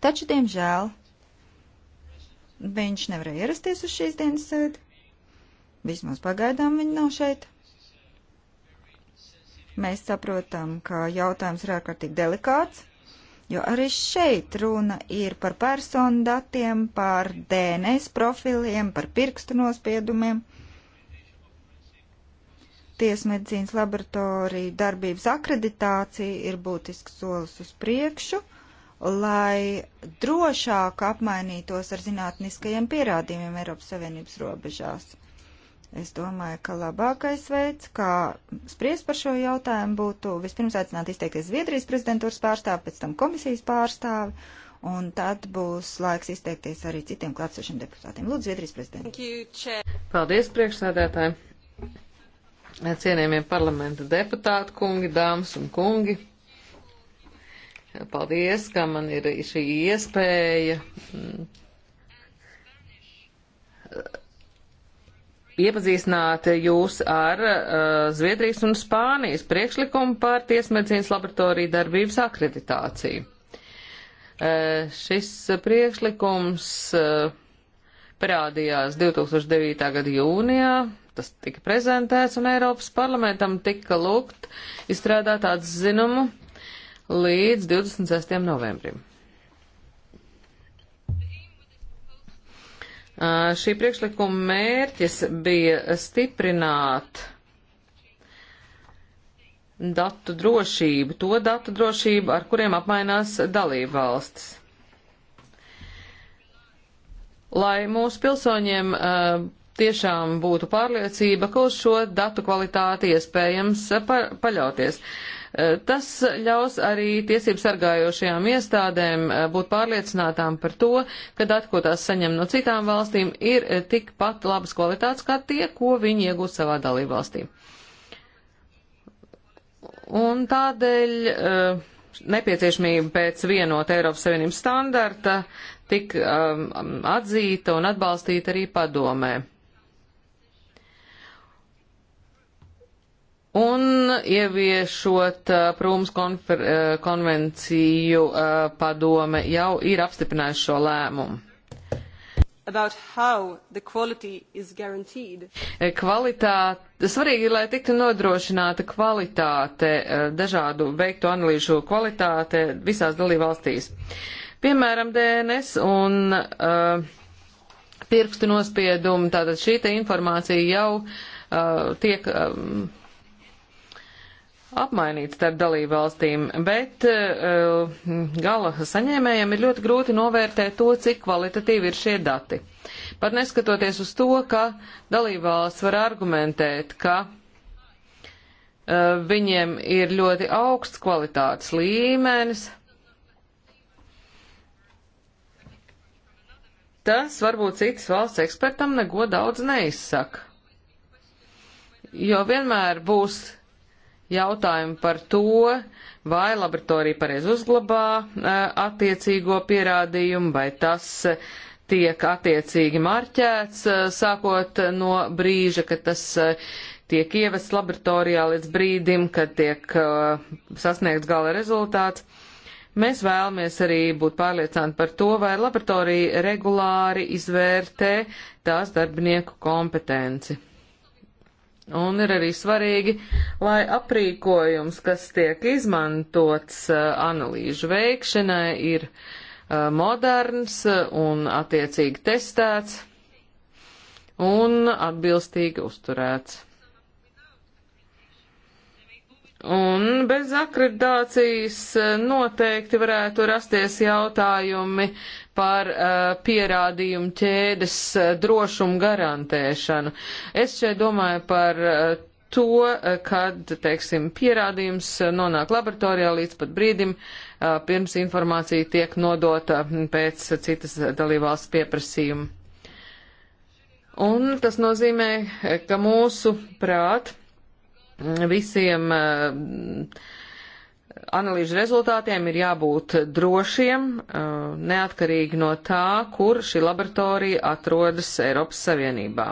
taču, diemžēl, viņš nevarēja ierasties uz šīs dienas sēdi. Vismaz pagaidām viņa nav šeit. Mēs saprotam, ka jautājums ir ārkārtīgi delikāts Jo arī šeit runa ir par personu datiem, par DNS profiliem, par pirkstu nospiedumiem. Tiesmedicīnas laboratorija darbības akreditācija ir būtisks solis uz priekšu lai drošāk apmainītos ar zinātniskajiem pierādījumiem Eiropas Savienības robežās. Es domāju, ka labākais veids, kā spriest par šo jautājumu, būtu vispirms aicināt izteikties Zviedrijas prezidentūras pārstāvi, pēc tam komisijas pārstāvi, un tad būs laiks izteikties arī citiem klātsošiem deputātiem. Lūdzu, Zviedrijas prezidenti. Paldies, priekšsēdētāji. Cienījamie parlamenta deputāti, kungi, dāmas un kungi. Paldies, ka man ir šī iespēja mm, iepazīstināt jūs ar uh, Zviedrijas un Spānijas priekšlikumu par tiesmedicīnas laboratoriju darbības akreditāciju. Uh, šis priekšlikums uh, parādījās 2009. gada jūnijā, tas tika prezentēts un Eiropas parlamentam tika lūgt izstrādāt atzinumu līdz 26. novembrim. Šī priekšlikuma mērķis bija stiprināt datu drošību, to datu drošību, ar kuriem apmainās dalību valstis. Lai mūsu pilsoņiem uh, tiešām būtu pārliecība, ka uz šo datu kvalitāti iespējams pa paļauties. Tas ļaus arī tiesību sargājošajām iestādēm eh, būt pārliecinātām par to, ka dati, ko tās saņem no citām valstīm, ir eh, tikpat labas kvalitātes kā tie, ko viņi iegūst savā dalībvalstī. Un tādēļ eh, nepieciešamība pēc vienota Eiropas Savienības standarta tika atzīta un atbalstīta arī padomē. un ieviešot uh, Prūmas konfer, uh, konvenciju uh, padome jau ir apstiprinājuši šo lēmumu. Eh, Kvalitāt, svarīgi ir, lai tiktu nodrošināta kvalitāte, eh, dažādu veiktu analīžu kvalitāte visās dalībvalstīs. Piemēram, DNS un uh, pirkstu nospiedumi, tātad šī te informācija jau uh, tiek. Um, apmainīts starp dalību valstīm, bet uh, gala saņēmējiem ir ļoti grūti novērtēt to, cik kvalitatīvi ir šie dati. Pat neskatoties uz to, ka dalību valsts var argumentēt, ka uh, viņiem ir ļoti augsts kvalitātes līmenis, tas varbūt citas valsts ekspertam neko daudz neizsaka. Jo vienmēr būs jautājumu par to, vai laboratorija pareiz uzglabā e, attiecīgo pierādījumu, vai tas e, tiek attiecīgi marķēts, e, sākot no brīža, kad tas tiek ievests laboratorijā līdz brīdim, kad tiek sasniegts gala rezultāts. Mēs vēlamies arī būt pārliecināti par to, vai laboratorija regulāri izvērtē tās darbinieku kompetenci. Un ir arī svarīgi, lai aprīkojums, kas tiek izmantots uh, analīžu veikšanai, ir uh, moderns uh, un attiecīgi testēts un atbilstīgi uzturēts. Un bez akreditācijas noteikti varētu rasties jautājumi par uh, pierādījumu ķēdes uh, drošumu garantēšanu. Es šeit domāju par uh, to, uh, kad, teiksim, pierādījums uh, nonāk laboratorijā līdz pat brīdim, uh, pirms informācija tiek nodota pēc citas dalībvalsts pieprasījuma. Un tas nozīmē, ka mūsu prāt visiem uh, analīžu rezultātiem ir jābūt drošiem, uh, neatkarīgi no tā, kur šī laboratorija atrodas Eiropas Savienībā.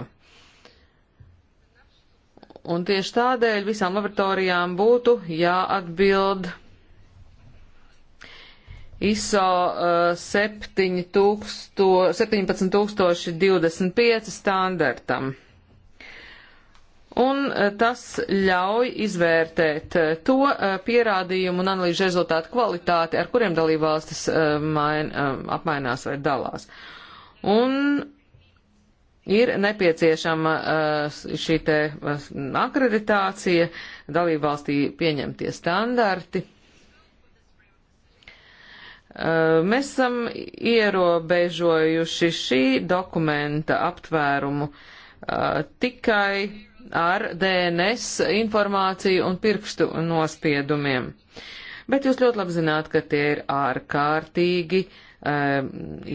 Un tieši tādēļ visām laboratorijām būtu jāatbild ISO 17025 uh, standartam un e, tas ļauj izvērtēt e, to e, pierādījumu un analīžu rezultātu kvalitāti, ar kuriem dalībvalstis main, apmainās vai dalās. Un ir nepieciešama šī te akreditācija, dalībvalstī pieņemtie standarti. Mēs esam ierobežojuši šī dokumenta aptvērumu tikai ar DNS informāciju un pirkstu nospiedumiem. Bet jūs ļoti labi zināt, ka tie ir ārkārtīgi um,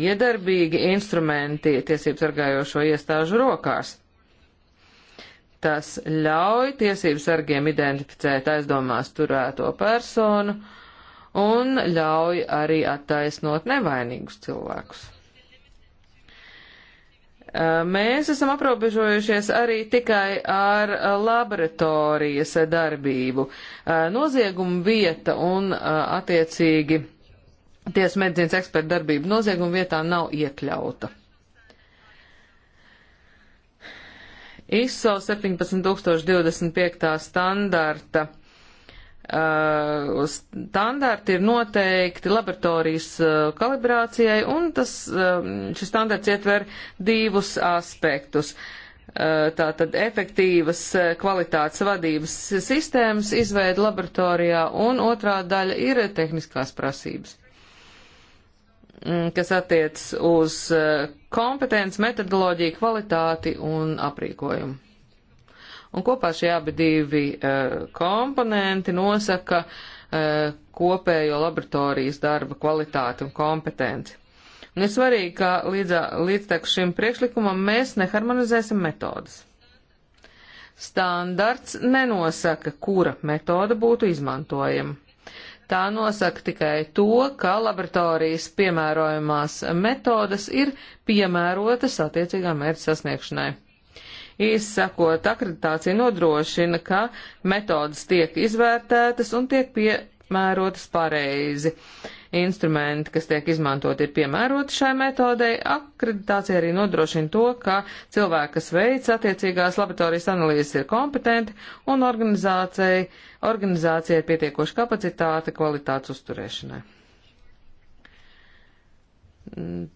iedarbīgi instrumenti tiesības sargājošo iestāžu rokās. Tas ļauj tiesības sargiem identificēt aizdomās turēto personu un ļauj arī attaisnot nevainīgus cilvēkus. Mēs esam aprobežojušies arī tikai ar laboratorijas darbību. Nozieguma vieta un attiecīgi tiesa medicīnas eksperta darbība nozieguma vietā nav iekļauta. ISO 17025 standarta Uh, standarti ir noteikti laboratorijas uh, kalibrācijai, un tas, uh, šis standarts ietver divus aspektus. Uh, tātad efektīvas uh, kvalitātes vadības sistēmas izveida laboratorijā, un otrā daļa ir tehniskās prasības, mm, kas attiec uz uh, kompetenci, metodoloģiju, kvalitāti un aprīkojumu. Un kopā šie abi divi uh, komponenti nosaka uh, kopējo laboratorijas darba kvalitāti un kompetenci. Un ir svarīgi, ka līdz, līdz šim priekšlikumam mēs neharmonizēsim metodas. Standarts nenosaka, kura metoda būtu izmantojama. Tā nosaka tikai to, ka laboratorijas piemērojumās metodas ir piemērotas attiecīgā mērķa sasniegšanai. Īsakot, akreditācija nodrošina, ka metodas tiek izvērtētas un tiek piemērotas pareizi. Instrumenti, kas tiek izmantoti, ir piemēroti šai metodei. Akreditācija arī nodrošina to, ka cilvēki, kas veic attiecīgās laboratorijas analīzes, ir kompetenti un organizācija, organizācija ir pietiekoša kapacitāte kvalitātes uzturēšanai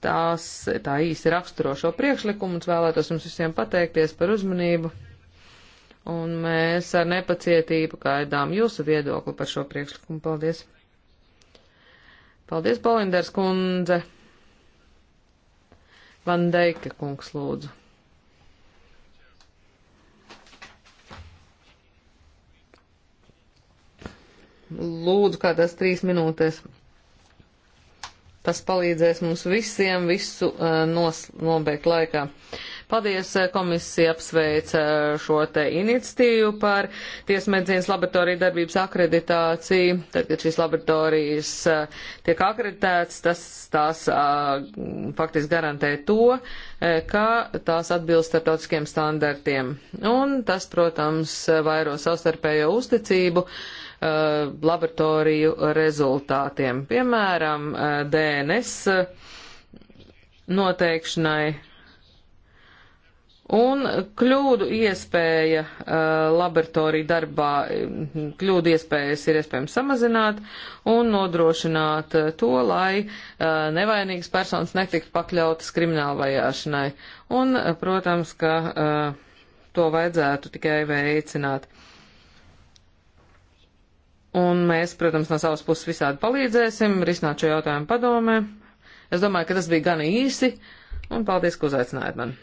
tās, tā īsti raksturo šo priekšlikumu un vēlētos jums visiem pateikties par uzmanību. Un mēs ar nepacietību gaidām jūsu viedokli par šo priekšlikumu. Paldies! Paldies, Polinders kundze! Van Deike kungs lūdzu. Lūdzu, kādās trīs minūtēs. Tas palīdzēs mums visiem visu uh, nos, nobeigt laikā. Paldies, uh, komisija apsveic uh, šo te iniciatīvu par tiesmedzīnas laboratoriju darbības akreditāciju. Tad, kad šīs laboratorijas tiek akreditētas, tas tās faktiski garantē to, ka tās atbilst starptautiskiem standartiem. Un tas, protams, vairo savstarpējo uzticību Uh, laboratoriju rezultātiem, piemēram, uh, DNS uh, noteikšanai. Un kļūdu iespēja uh, laboratoriju darbā, mm, kļūdu iespējas ir iespējams samazināt un nodrošināt uh, to, lai uh, nevainīgas personas netiktu pakļautas krimināla vajāšanai. Un, uh, protams, ka uh, to vajadzētu tikai veicināt. Uh, Un mēs, protams, no savas puses visādi palīdzēsim risināt šo jautājumu padomē. Es domāju, ka tas bija gan īsi, un paldies, ka uzaicinājāt mani.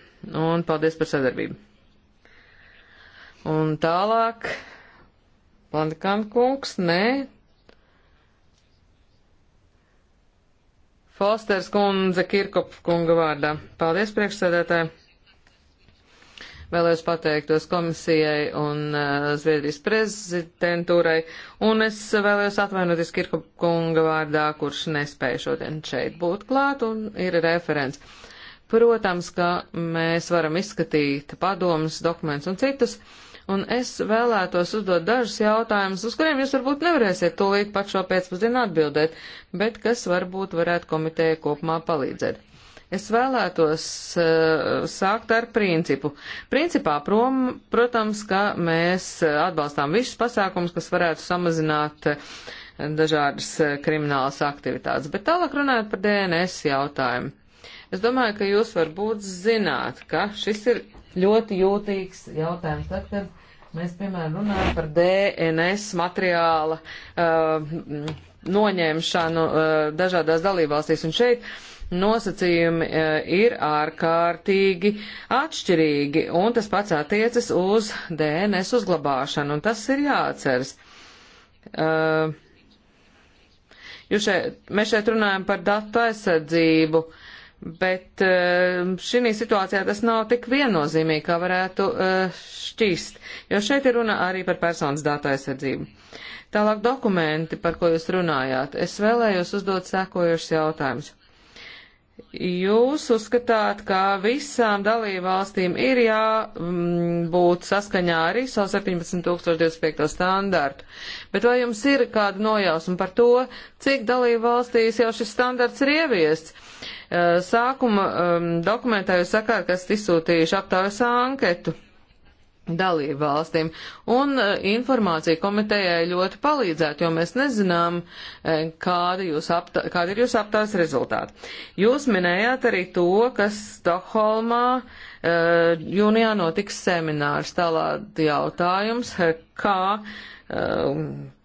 Un paldies par sadarbību. Un tālāk, Pandekant kungs, nē. Falsters kundze Kirkop kunga vārdā. Paldies, priekšsēdētāji. Vēlējos pateiktos komisijai un uh, Zviedrijas prezidentūrai, un es vēlējos atvainoties Kirku kunga vārdā, kurš nespēja šodien šeit būt klāt un ir referents. Protams, ka mēs varam izskatīt padomus, dokumentus un citus un es vēlētos uzdot dažus jautājumus, uz kuriem jūs varbūt nevarēsiet tūlīt pat šo pēcpusdienu atbildēt, bet kas varbūt varētu komiteja kopumā palīdzēt. Es vēlētos uh, sākt ar principu. Principā, prom, protams, ka mēs atbalstām visus pasākumus, kas varētu samazināt uh, dažādas uh, kriminālas aktivitātes. Bet tālāk runājot par DNS jautājumu. Es domāju, ka jūs varbūt zināt, ka šis ir ļoti jūtīgs jautājums. Tad, kad mēs, piemēram, runājam par DNS materiāla uh, noņemšanu uh, dažādās dalībvalstīs un šeit. Uh, nosacījumi e, ir ārkārtīgi atšķirīgi, un tas pats attiecas uz DNS uzglabāšanu, un tas ir jāatceras. E, jūs šeit, mēs šeit runājam par datu aizsardzību, bet e, šī situācijā tas nav tik viennozīmīgi, kā varētu šķist, jo šeit ir runa arī par personas datu aizsardzību. Tālāk dokumenti, par ko jūs runājāt. Es vēlējos uzdot sēkojušas jautājumus. Jūs uzskatāt, ka visām dalībvalstīm ir jābūt mm, saskaņā ar ISO 17025 standārtu, bet vai jums ir kāda nojausma par to, cik dalībvalstīs jau šis standārts ir ieviests? Eh, sākuma mm, dokumentā jūs sakāt, ka esat izsūtījuši aptaujas anketu dalību valstīm. Un eh, informācija komitejai ļoti palīdzētu, jo mēs nezinām, eh, kāda, jūs aptā, kāda ir jūsu aptās rezultāti. Jūs minējāt arī to, ka Stokholmā eh, jūnijā notiks seminārs. Tālāk jautājums, kā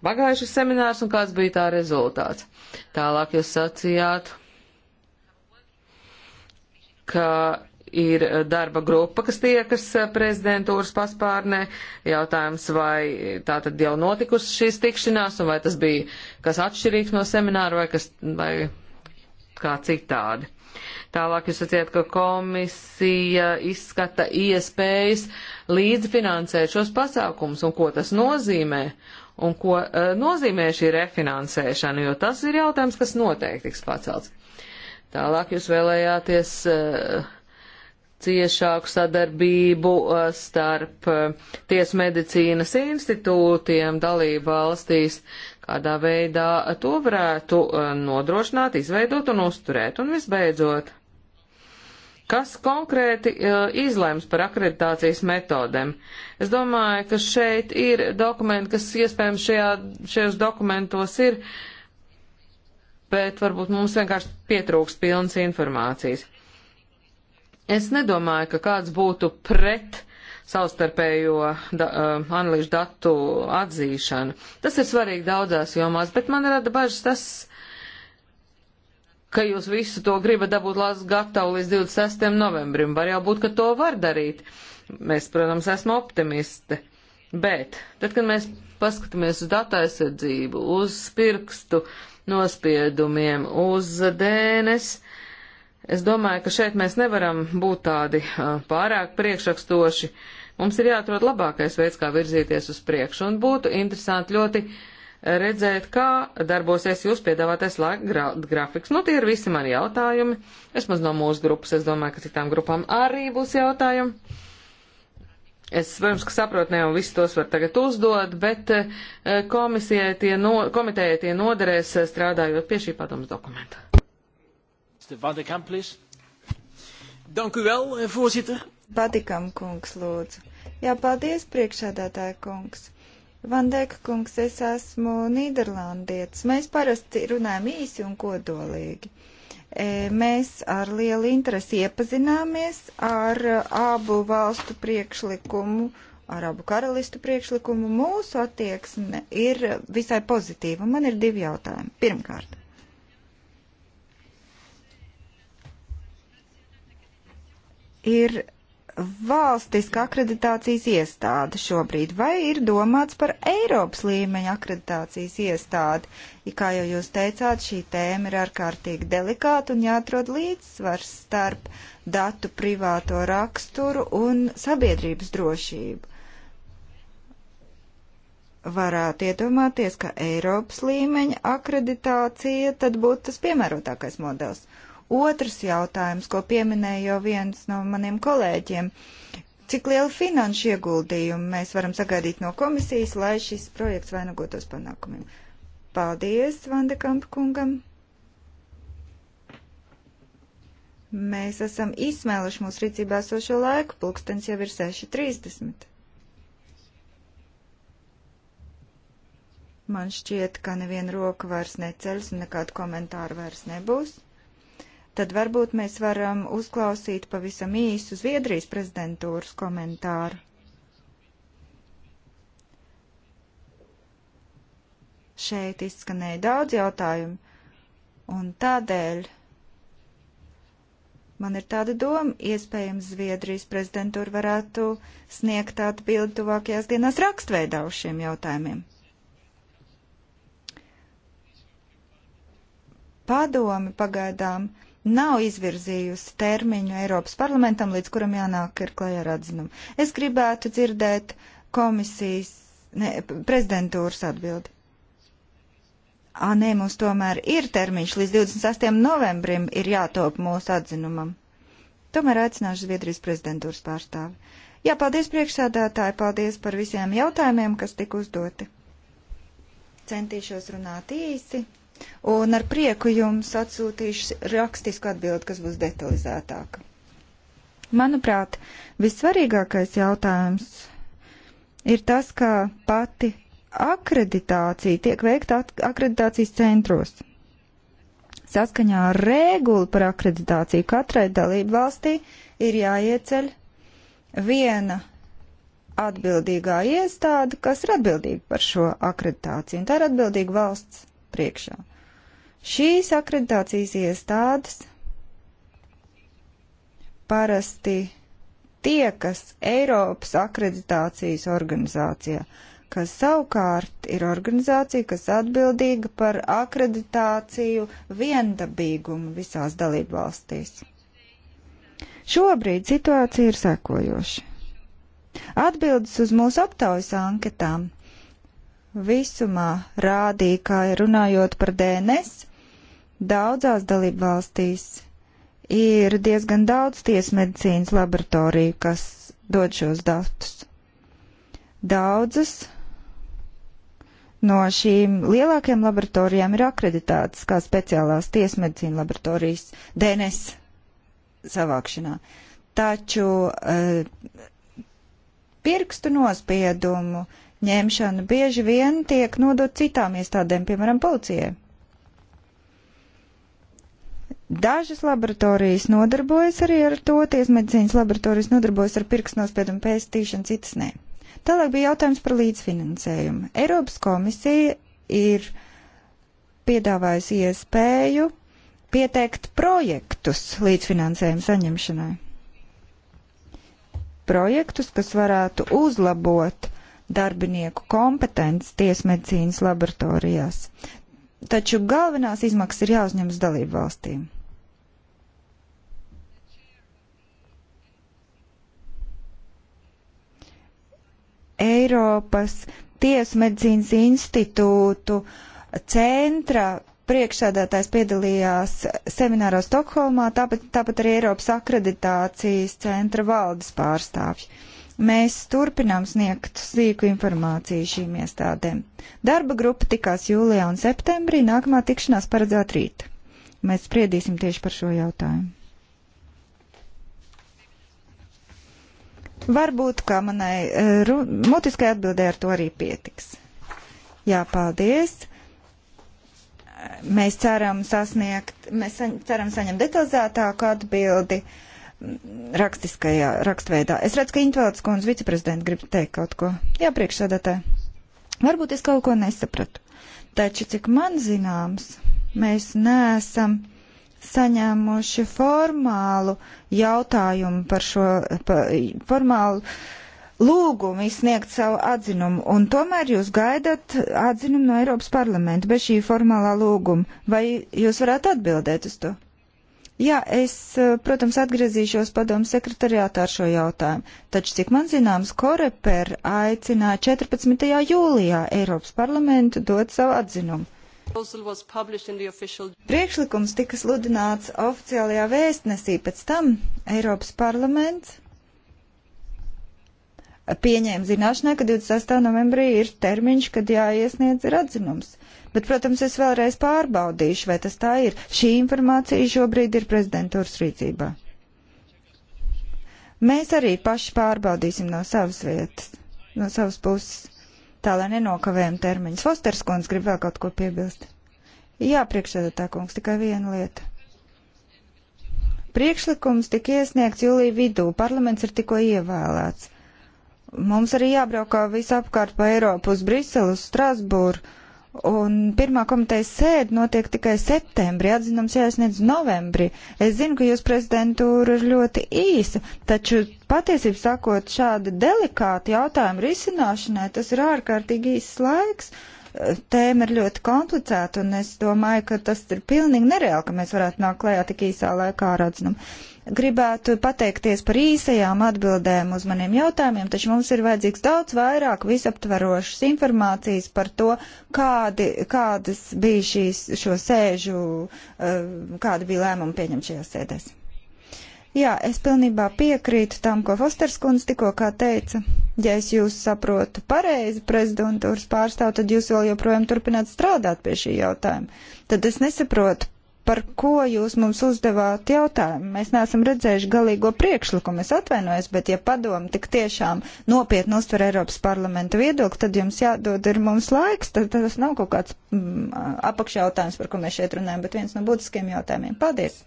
pagājušas seminārs un kāds bija tā rezultāts. Tālāk jūs sacījāt, ka ir eh, darba grupa, kas tiekas eh, prezidentūras paspārnē. Jautājums, vai tā tad jau notikusi šīs tikšanās, un vai tas bija kas atšķirīgs no semināra, vai, kas, vai kā citādi. Tālāk jūs sacījāt, ka komisija izskata iespējas līdzfinansēt šos pasākumus, un ko tas nozīmē, un ko uh, nozīmē šī refinansēšana, jo tas ir jautājums, kas noteikti tiks pacelts. Tālāk jūs vēlējāties uh, ciešāku sadarbību uh, starp uh, tiesu medicīnas institūtiem dalību valstīs, kādā veidā to varētu uh, nodrošināt, izveidot un uzturēt. Un visbeidzot, kas konkrēti izlēms par akreditācijas metodēm. Es domāju, ka šeit ir dokumenti, kas iespējams šajā, šajos dokumentos ir, bet varbūt mums vienkārši pietrūks pilnas informācijas. Es nedomāju, ka kāds būtu pret savstarpējo da, uh, analīžu datu atzīšanu. Tas ir svarīgi daudzās jomās, bet man rada bažas tas, ka jūs visu to gribat dabūt lāstu gatavu līdz 26. novembrim. Var jau būt, ka to var darīt. Mēs, protams, esmu optimisti. Bet, tad, kad mēs paskatāmies uz datu aizsardzību, uz pirkstu nospiedumiem, uz DNS, Es domāju, ka šeit mēs nevaram būt tādi uh, pārāk priekšrakstoši. Mums ir jāatrod labākais veids, kā virzīties uz priekšu, un būtu interesanti ļoti redzēt, kā darbosies jūs piedāvātais laika gra grafiks. Nu, tie ir visi mani jautājumi. Vismaz no mūsu grupas, es domāju, ka citām grupām arī būs jautājumi. Es, protams, ka saprotu, ne jau visus tos var tagad uzdot, bet komisijai tie, no, komitējai tie noderēs strādājot pie šī padomas dokumenta. Mr. Van de Kamp, please. Dank u wel, eh, voorzitter. Badikam kungs, lūdzu. Jā, paldies, priekšādātāja kungs. Vandēka kungs, es esmu Nīderlandietis. Mēs parasti runājam īsi un kodolīgi e, mēs ar lielu interesi iepazināmies ar eh, abu valstu priekšlikumu, ar abu karalistu priekšlikumu. Mūsu attieksme ir visai pozitīva. Man ir divi jautājumi. Pirmkārt, ir valstiska akreditācijas iestāde šobrīd, vai ir domāts par Eiropas līmeņa akreditācijas iestādi? Kā jau jūs teicāt, šī tēma ir ārkārtīgi delikāta un jāatrod līdzsvars starp datu privāto raksturu un sabiedrības drošību. Varētu iedomāties, ka Eiropas līmeņa akreditācija tad būtu tas piemērotākais modelis. Otrs jautājums, ko pieminēja jau viens no maniem kolēģiem. Cik lielu finanšu ieguldījumu mēs varam sagaidīt no komisijas, lai šis projekts vainagotos panākumiem? Paldies Vandekampa kungam. Mēs esam izsmēluši mūsu rīcībā sošo laiku, pulkstens jau ir 6.30. Man šķiet, ka neviena roka vairs neceļas un nekādu komentāru vairs nebūs tad varbūt mēs varam uzklausīt pavisam īsu Zviedrijas prezidentūras komentāru. Šeit izskanēja daudz jautājumu, un tādēļ man ir tāda doma, iespējams, Zviedrijas prezidentūra varētu sniegt atbildi tuvākajās dienās rakstveidā uz šiem jautājumiem. Padomi pagaidām uh, nav izvirzījusi termiņu Eiropas parlamentam, līdz kuram jānāk ir klajā ar atzinumu. Es gribētu dzirdēt komisijas, ne, prezidentūras atbildi. Ā, nē, mums tomēr ir termiņš, līdz 28. novembrim ir jātop mūsu atzinumam. Tomēr aicināšu Zviedrijas prezidentūras pārstāvi. Jā, paldies priekšsādātāji, paldies par visiem jautājumiem, kas tika uzdoti. Centīšos runāt īsi Un ar prieku jums atsūtīšu rakstisku atbildi, kas būs detalizētāka. Manuprāt, vissvarīgākais jautājums ir tas, ka pati akreditācija tiek veikta akreditācijas centros. Saskaņā ar regulu par akreditāciju katrai dalību valstī ir jāieceļ viena atbildīgā iestāde, kas ir atbildīga par šo akreditāciju, un tā ir atbildīga valsts priekšā. Šīs akreditācijas iestādes parasti tiekas Eiropas akreditācijas organizācijā, kas savukārt ir organizācija, kas atbildīga par akreditāciju viendabīgumu visās dalību valstīs. Šobrīd situācija ir sekojoša. Atbildes uz mūsu aptaujas anketām visumā rādīja, kā runājot par DNS, daudzās dalību valstīs ir diezgan daudz tiesmedicīnas laboratoriju, kas dod šos datus. Daudzas no šīm lielākajām laboratorijām ir akreditātas kā speciālās tiesmedicīna laboratorijas DNS savākšanā. Taču uh, pirkstu nospiedumu uh, ņemšanu bieži vien tiek nodot citām iestādēm, piemēram, policijai. Dažas laboratorijas nodarbojas arī ar to, tiesmedicīnas laboratorijas nodarbojas ar pirkstnospiedumu pēstīšanu, citas nē. Tālāk bija jautājums par līdzfinansējumu. Eiropas komisija ir piedāvājusi iespēju pieteikt projektus līdzfinansējumu saņemšanai. Projektus, kas varētu uzlabot darbinieku kompetences tiesmedicīnas laboratorijās. Taču galvenās izmaksas ir jāuzņemas dalību valstīm. Eiropas Tiesmedicīnas institūtu centra priekšsēdētājs piedalījās seminārā Stokholmā, tāpat, tāpat arī Eiropas akreditācijas centra valdes pārstāvji. Mēs turpinām sniegt sīku informāciju šīm iestādēm. Darba grupa tikās jūlijā un septembrī, nākamā tikšanās paredzēta rīt. Mēs spriedīsim tieši par šo jautājumu. Varbūt, kā manai eh, mutiskai atbildē ar to arī pietiks. Jā, paldies! Mēs ceram sasniegt, mēs ceram saņemt detalizētāku atbildi rakstiskajā rakstveidā. Es redzu, ka Intvēlts kundze viceprezidenta grib teikt kaut ko. Jā, priekšsēdētē. Varbūt es kaut ko nesapratu. Taču, cik man zināms, mēs neesam saņēmuši formālu jautājumu par šo, pa, formālu lūgumu izsniegt savu atzinumu, un tomēr jūs gaidat atzinumu no Eiropas parlamenta bez šī formālā lūguma. Vai jūs varētu atbildēt uz to? Jā, es, eh, protams, atgriezīšos padomu sekretariātā ar šo jautājumu, taču, cik man zināms, Koreper aicināja 14. jūlijā Eiropas parlamentu dot savu atzinumu. Priekšlikums tika sludināts oficiālajā vēstnesī, pēc tam Eiropas parlaments pieņēma zināšanai, ka 26. novembrī ir termiņš, kad jāiesniedz ir atzinums. Bet, protams, es vēlreiz pārbaudīšu, vai tas tā ir. Šī informācija šobrīd ir prezidentūras rīcībā. Mēs arī paši pārbaudīsim no savas vietas, no savas puses, tā lai nenokavējam termiņus. Fosters kundze grib vēl kaut ko piebilst. Jā, priekšsēdētā kungs, tikai viena lieta. Priekšlikums tika iesniegts jūlija vidū, parlaments ir tikko ievēlēts mums arī jābraukā visapkārt pa Eiropu, uz Briselu, uz Strasbūru, Un pirmā komitejas sēde notiek tikai septembrī, atzinums jāsniedz novembrī. Es zinu, ka jūs prezidentūra ir ļoti īsa, taču patiesībā sakot šāda delikāta jautājuma risināšanai, tas ir ārkārtīgi īsts laiks. Tēma ir ļoti komplicēta, un es domāju, ka tas ir pilnīgi nereāli, ka mēs varētu nākt klajā tik īsā laikā ar atzinumu. Gribētu pateikties par īsajām atbildēm uz maniem jautājumiem, taču mums ir vajadzīgs daudz vairāk visaptvarošas informācijas par to, kādi, kādas bija šīs, šo sēžu, eh, kāda bija lēmuma pieņemt šajās sēdēs. Jā, es pilnībā piekrītu tam, ko Fosters kundze tikko teica ja es jūs saprotu pareizi, prezidentūras pārstāv, tad jūs vēl joprojām turpināt strādāt pie šī jautājuma. Tad es nesaprotu, par ko jūs mums uzdevāt jautājumu. Mēs neesam redzējuši galīgo priekšlikumu, es atvainojos, bet ja padomu tik tiešām nopietni uztver Eiropas parlamenta viedokli, tad jums jādod ir mums laiks, tad tas nav kaut kāds mm, apakšjautājums, par ko mēs šeit runājam, bet viens no būtiskiem jautājumiem. Paldies!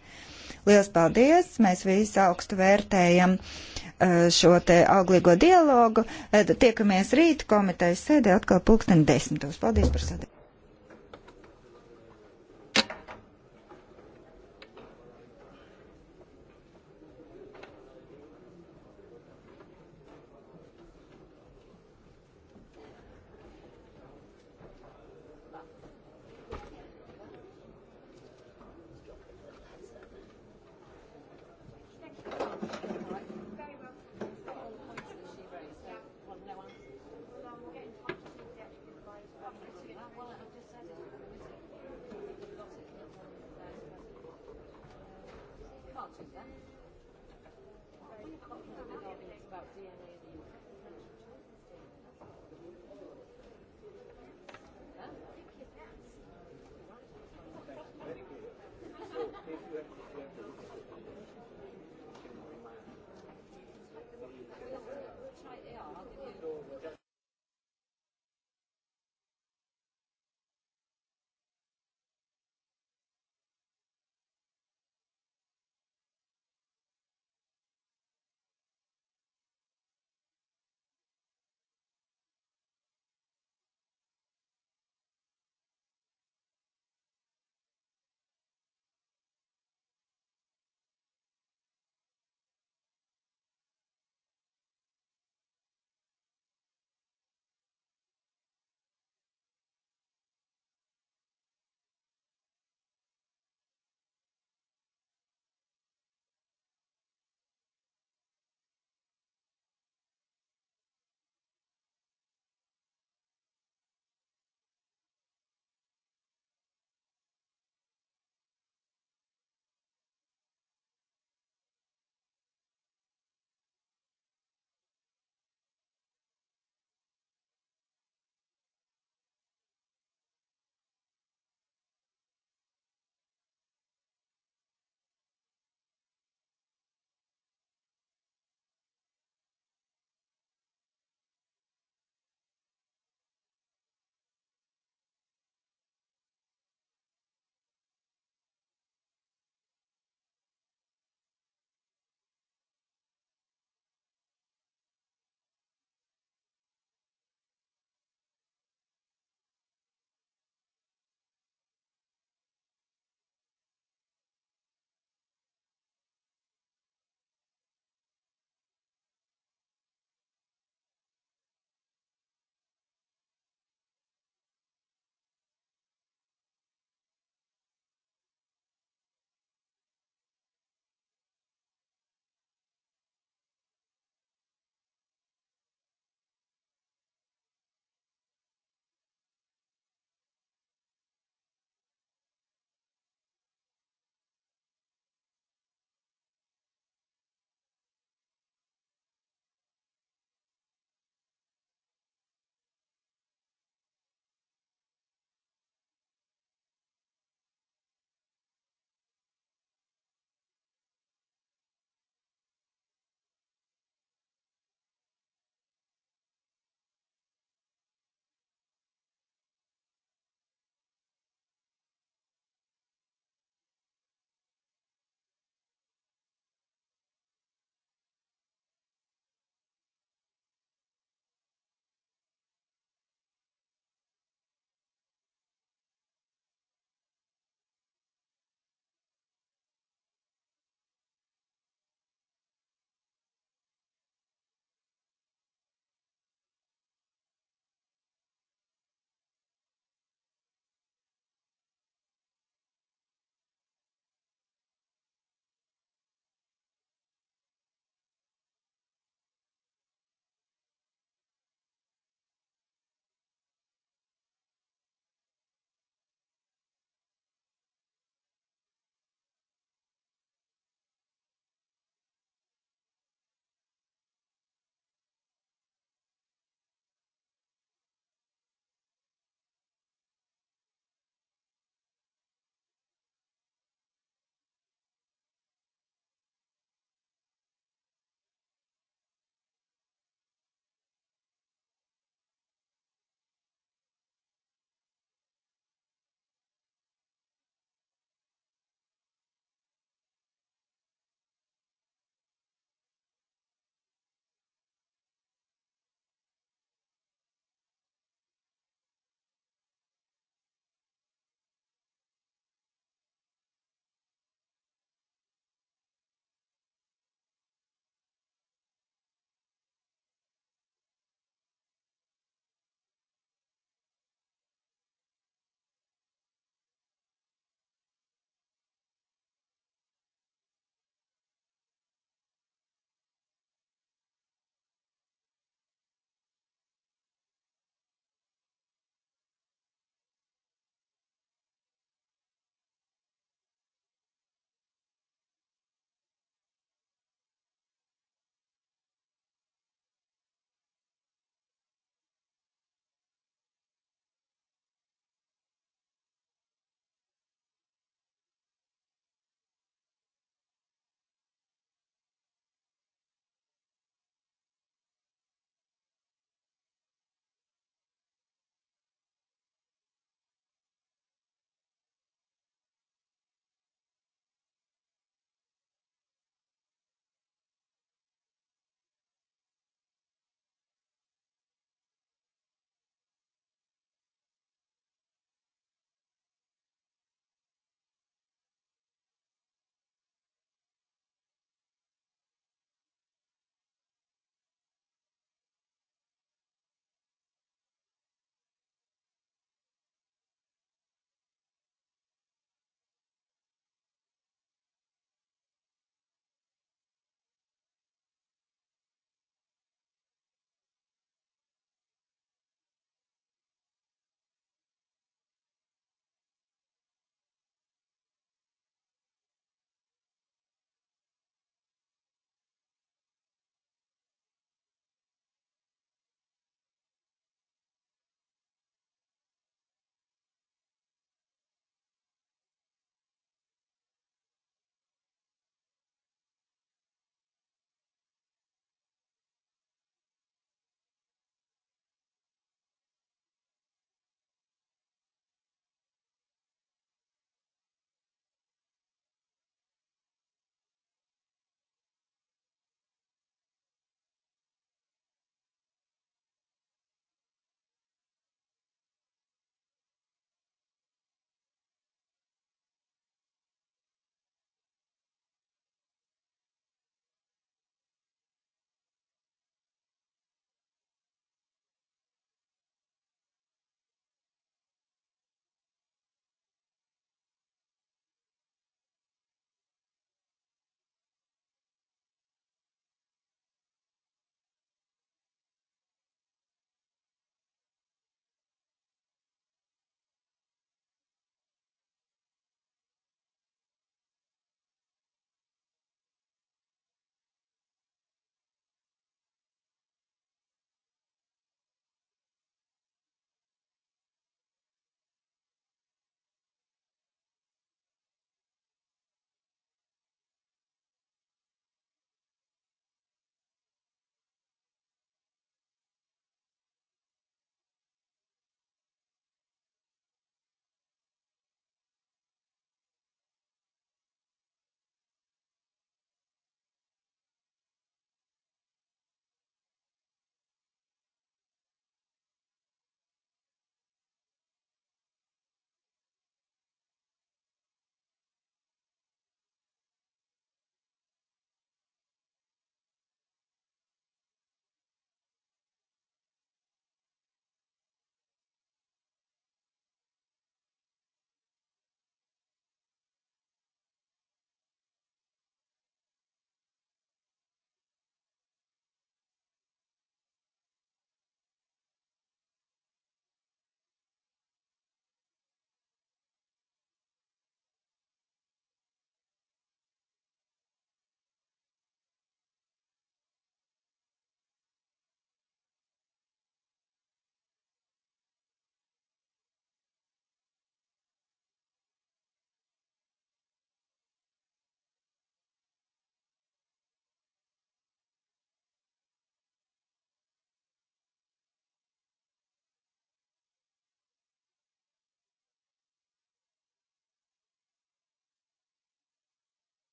Liels paldies! Mēs visi augstu vērtējam eh, šo te auglīgo dialogu. Tiekamies rīt komitejas sēdē atkal pulksten desmitos. Paldies par sadarbību!